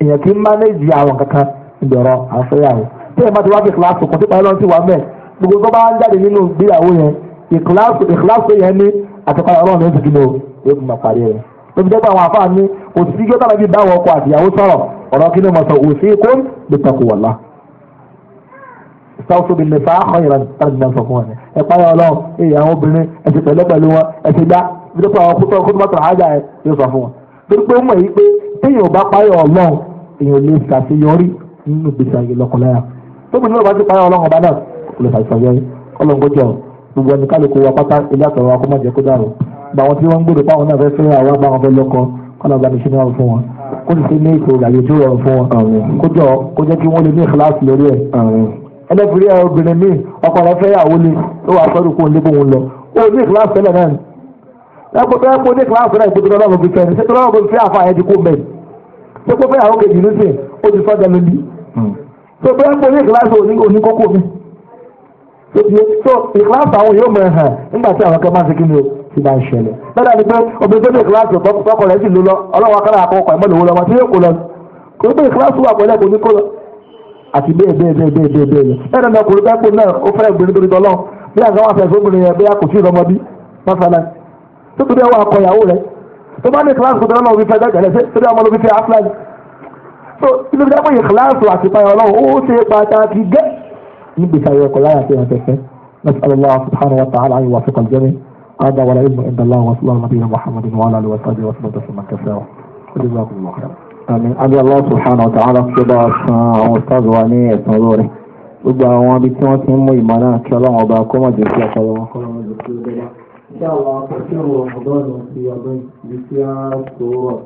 B: èèyàn kì í mánéjì àwọn kankan ìdọ̀rọ̀ àfẹ́yàwó tí èèyàn bá ti wá fi kíláàsì kan tí pàrọ̀ ti wà mẹ́ gbogbo tó bá ń jáde nínú ìgbéyàwó yẹn ìkíláàsì ìkíláàsì yẹn ní àtọ́kọ̀ ọlọ́run ní ìtìjú náà yóò fi máa parí rẹ̀ lóbi dẹ́gbà àwọn afáà ní òsì yóò tàbí bí báwọn ọkọ àtìyàwó sọ̀rọ̀ ọ̀rọ̀ kí ni mo sọ òsì kó lè takò wà lá. sáwùsù bìnnì fà á kọ́ ìran tàbí náà sọ fún wọn. ẹ pààyà ọlọ́run èèyàn àwọn obìnrin ẹ̀sìn pẹ̀lẹ́ pẹ̀lú wọn ẹ̀sìn gbá bí dẹ́gbà àwọn kótó kótó bá tọ̀ téèyàn bá páyọ̀ ọlọ́run èèyàn lè ṣàṣeyọrí nínú ìgbésí ayé lọ́kọ̀láyà tóbi nígbà tí páyọ̀ ọlọ́run ọba náà kò lè ṣàṣeyọrí ọlọ́run kó jọ gbogbo ẹni kálukú wa pátá ilé àtọ̀rọ̀ wa kó má jẹ́ kó dàrú gba àwọn tí wọ́n ń gbèrò páwọn náà fẹ́ fẹ́ àwọn abáwọn fẹ́ lọ́kọ kọ́nà ọ̀gbani ṣe náà fún wọn kó sì ṣe ní ètò ìràyè tó rọrùn fún wọn kó jọ kó jẹ́ kí wọ́n lè ní ìkíláàsì lórí ẹ̀ ẹlẹ́fìrí ẹ̀ obìnrin míì ọkọ rẹ̀ fẹ́ yàwó ni ó wàá sọ́dún kó lé bóun lọ ó ní ìkíláàsì tẹ́lẹ̀ náà ni ẹ̀kọ́ tó yẹ kó ní ìkíláàsì náà ìgbódò lọ́wọ́ fi fẹ́ ni ṣé tó lọ́wọ́ fi fẹ́ àfa ẹ̀ ti kó mẹ́rin tó tó fẹ́ àwọn kejì lóṣè ó ti fọ́jà lóbi hmm. tó bẹ́ẹ̀ ń pèlè ìkíláàsì oníkókó mi tó ti tó ìkíláàsì àwọn yóò mọ̀ ẹ̀hàn nígbà tí àwọn kan máa ni o ti bá ń ṣẹlẹ̀ bẹ́ẹ̀ ni pé obìnrin tó ní ìkíláàsì tọkọ rẹ̀ sì ló lọ ọlọ́wọ́ akọ́lá àkọ́kọ́ ẹ̀mọ́ lówó lọ́wọ́ tí yóò kó lọ kò ní pé ìkíláàsì wà pẹ̀lẹ́ kò ní kó lọ àti bẹ́ẹ̀ bẹ́ẹ̀ bẹ́ẹ̀ bẹ́ẹ̀ bẹ́ẹ̀ bẹ́ẹ̀ tó bá ní kíláàsì tó dáná òbí fẹ́ dájà lẹ́sẹ̀ tó dá ọmọ lóbi fẹ́ áfíláàsì so ilé ìdá pé ìkíláàsì àti ìpayà ọlọ́run ó ṣe pàtàkì gẹ́ níbi ìṣàyẹ̀ ọkọ̀ láyà sí àtẹ̀fẹ́ نسأل الله سبحانه وتعالى أن يوفق الجميع هذا والعلم عند الله وصلى الله نبينا محمد وعلى آله وصحبه وسلم تسليما كثيرا جزاكم الله خيرا àmì àbí Allah subhanahu wa ta'ala kí ó bá san àwọn ustaz wa ní ẹ̀san olóore gbogbo àwọn ibi ti ń mú ìmọ̀ náà kí ọlọ́run ọba kó sí ọpọlọ
A: wọn sí ó إن
B: شاء الله تكون رمضان في يومين بسيارة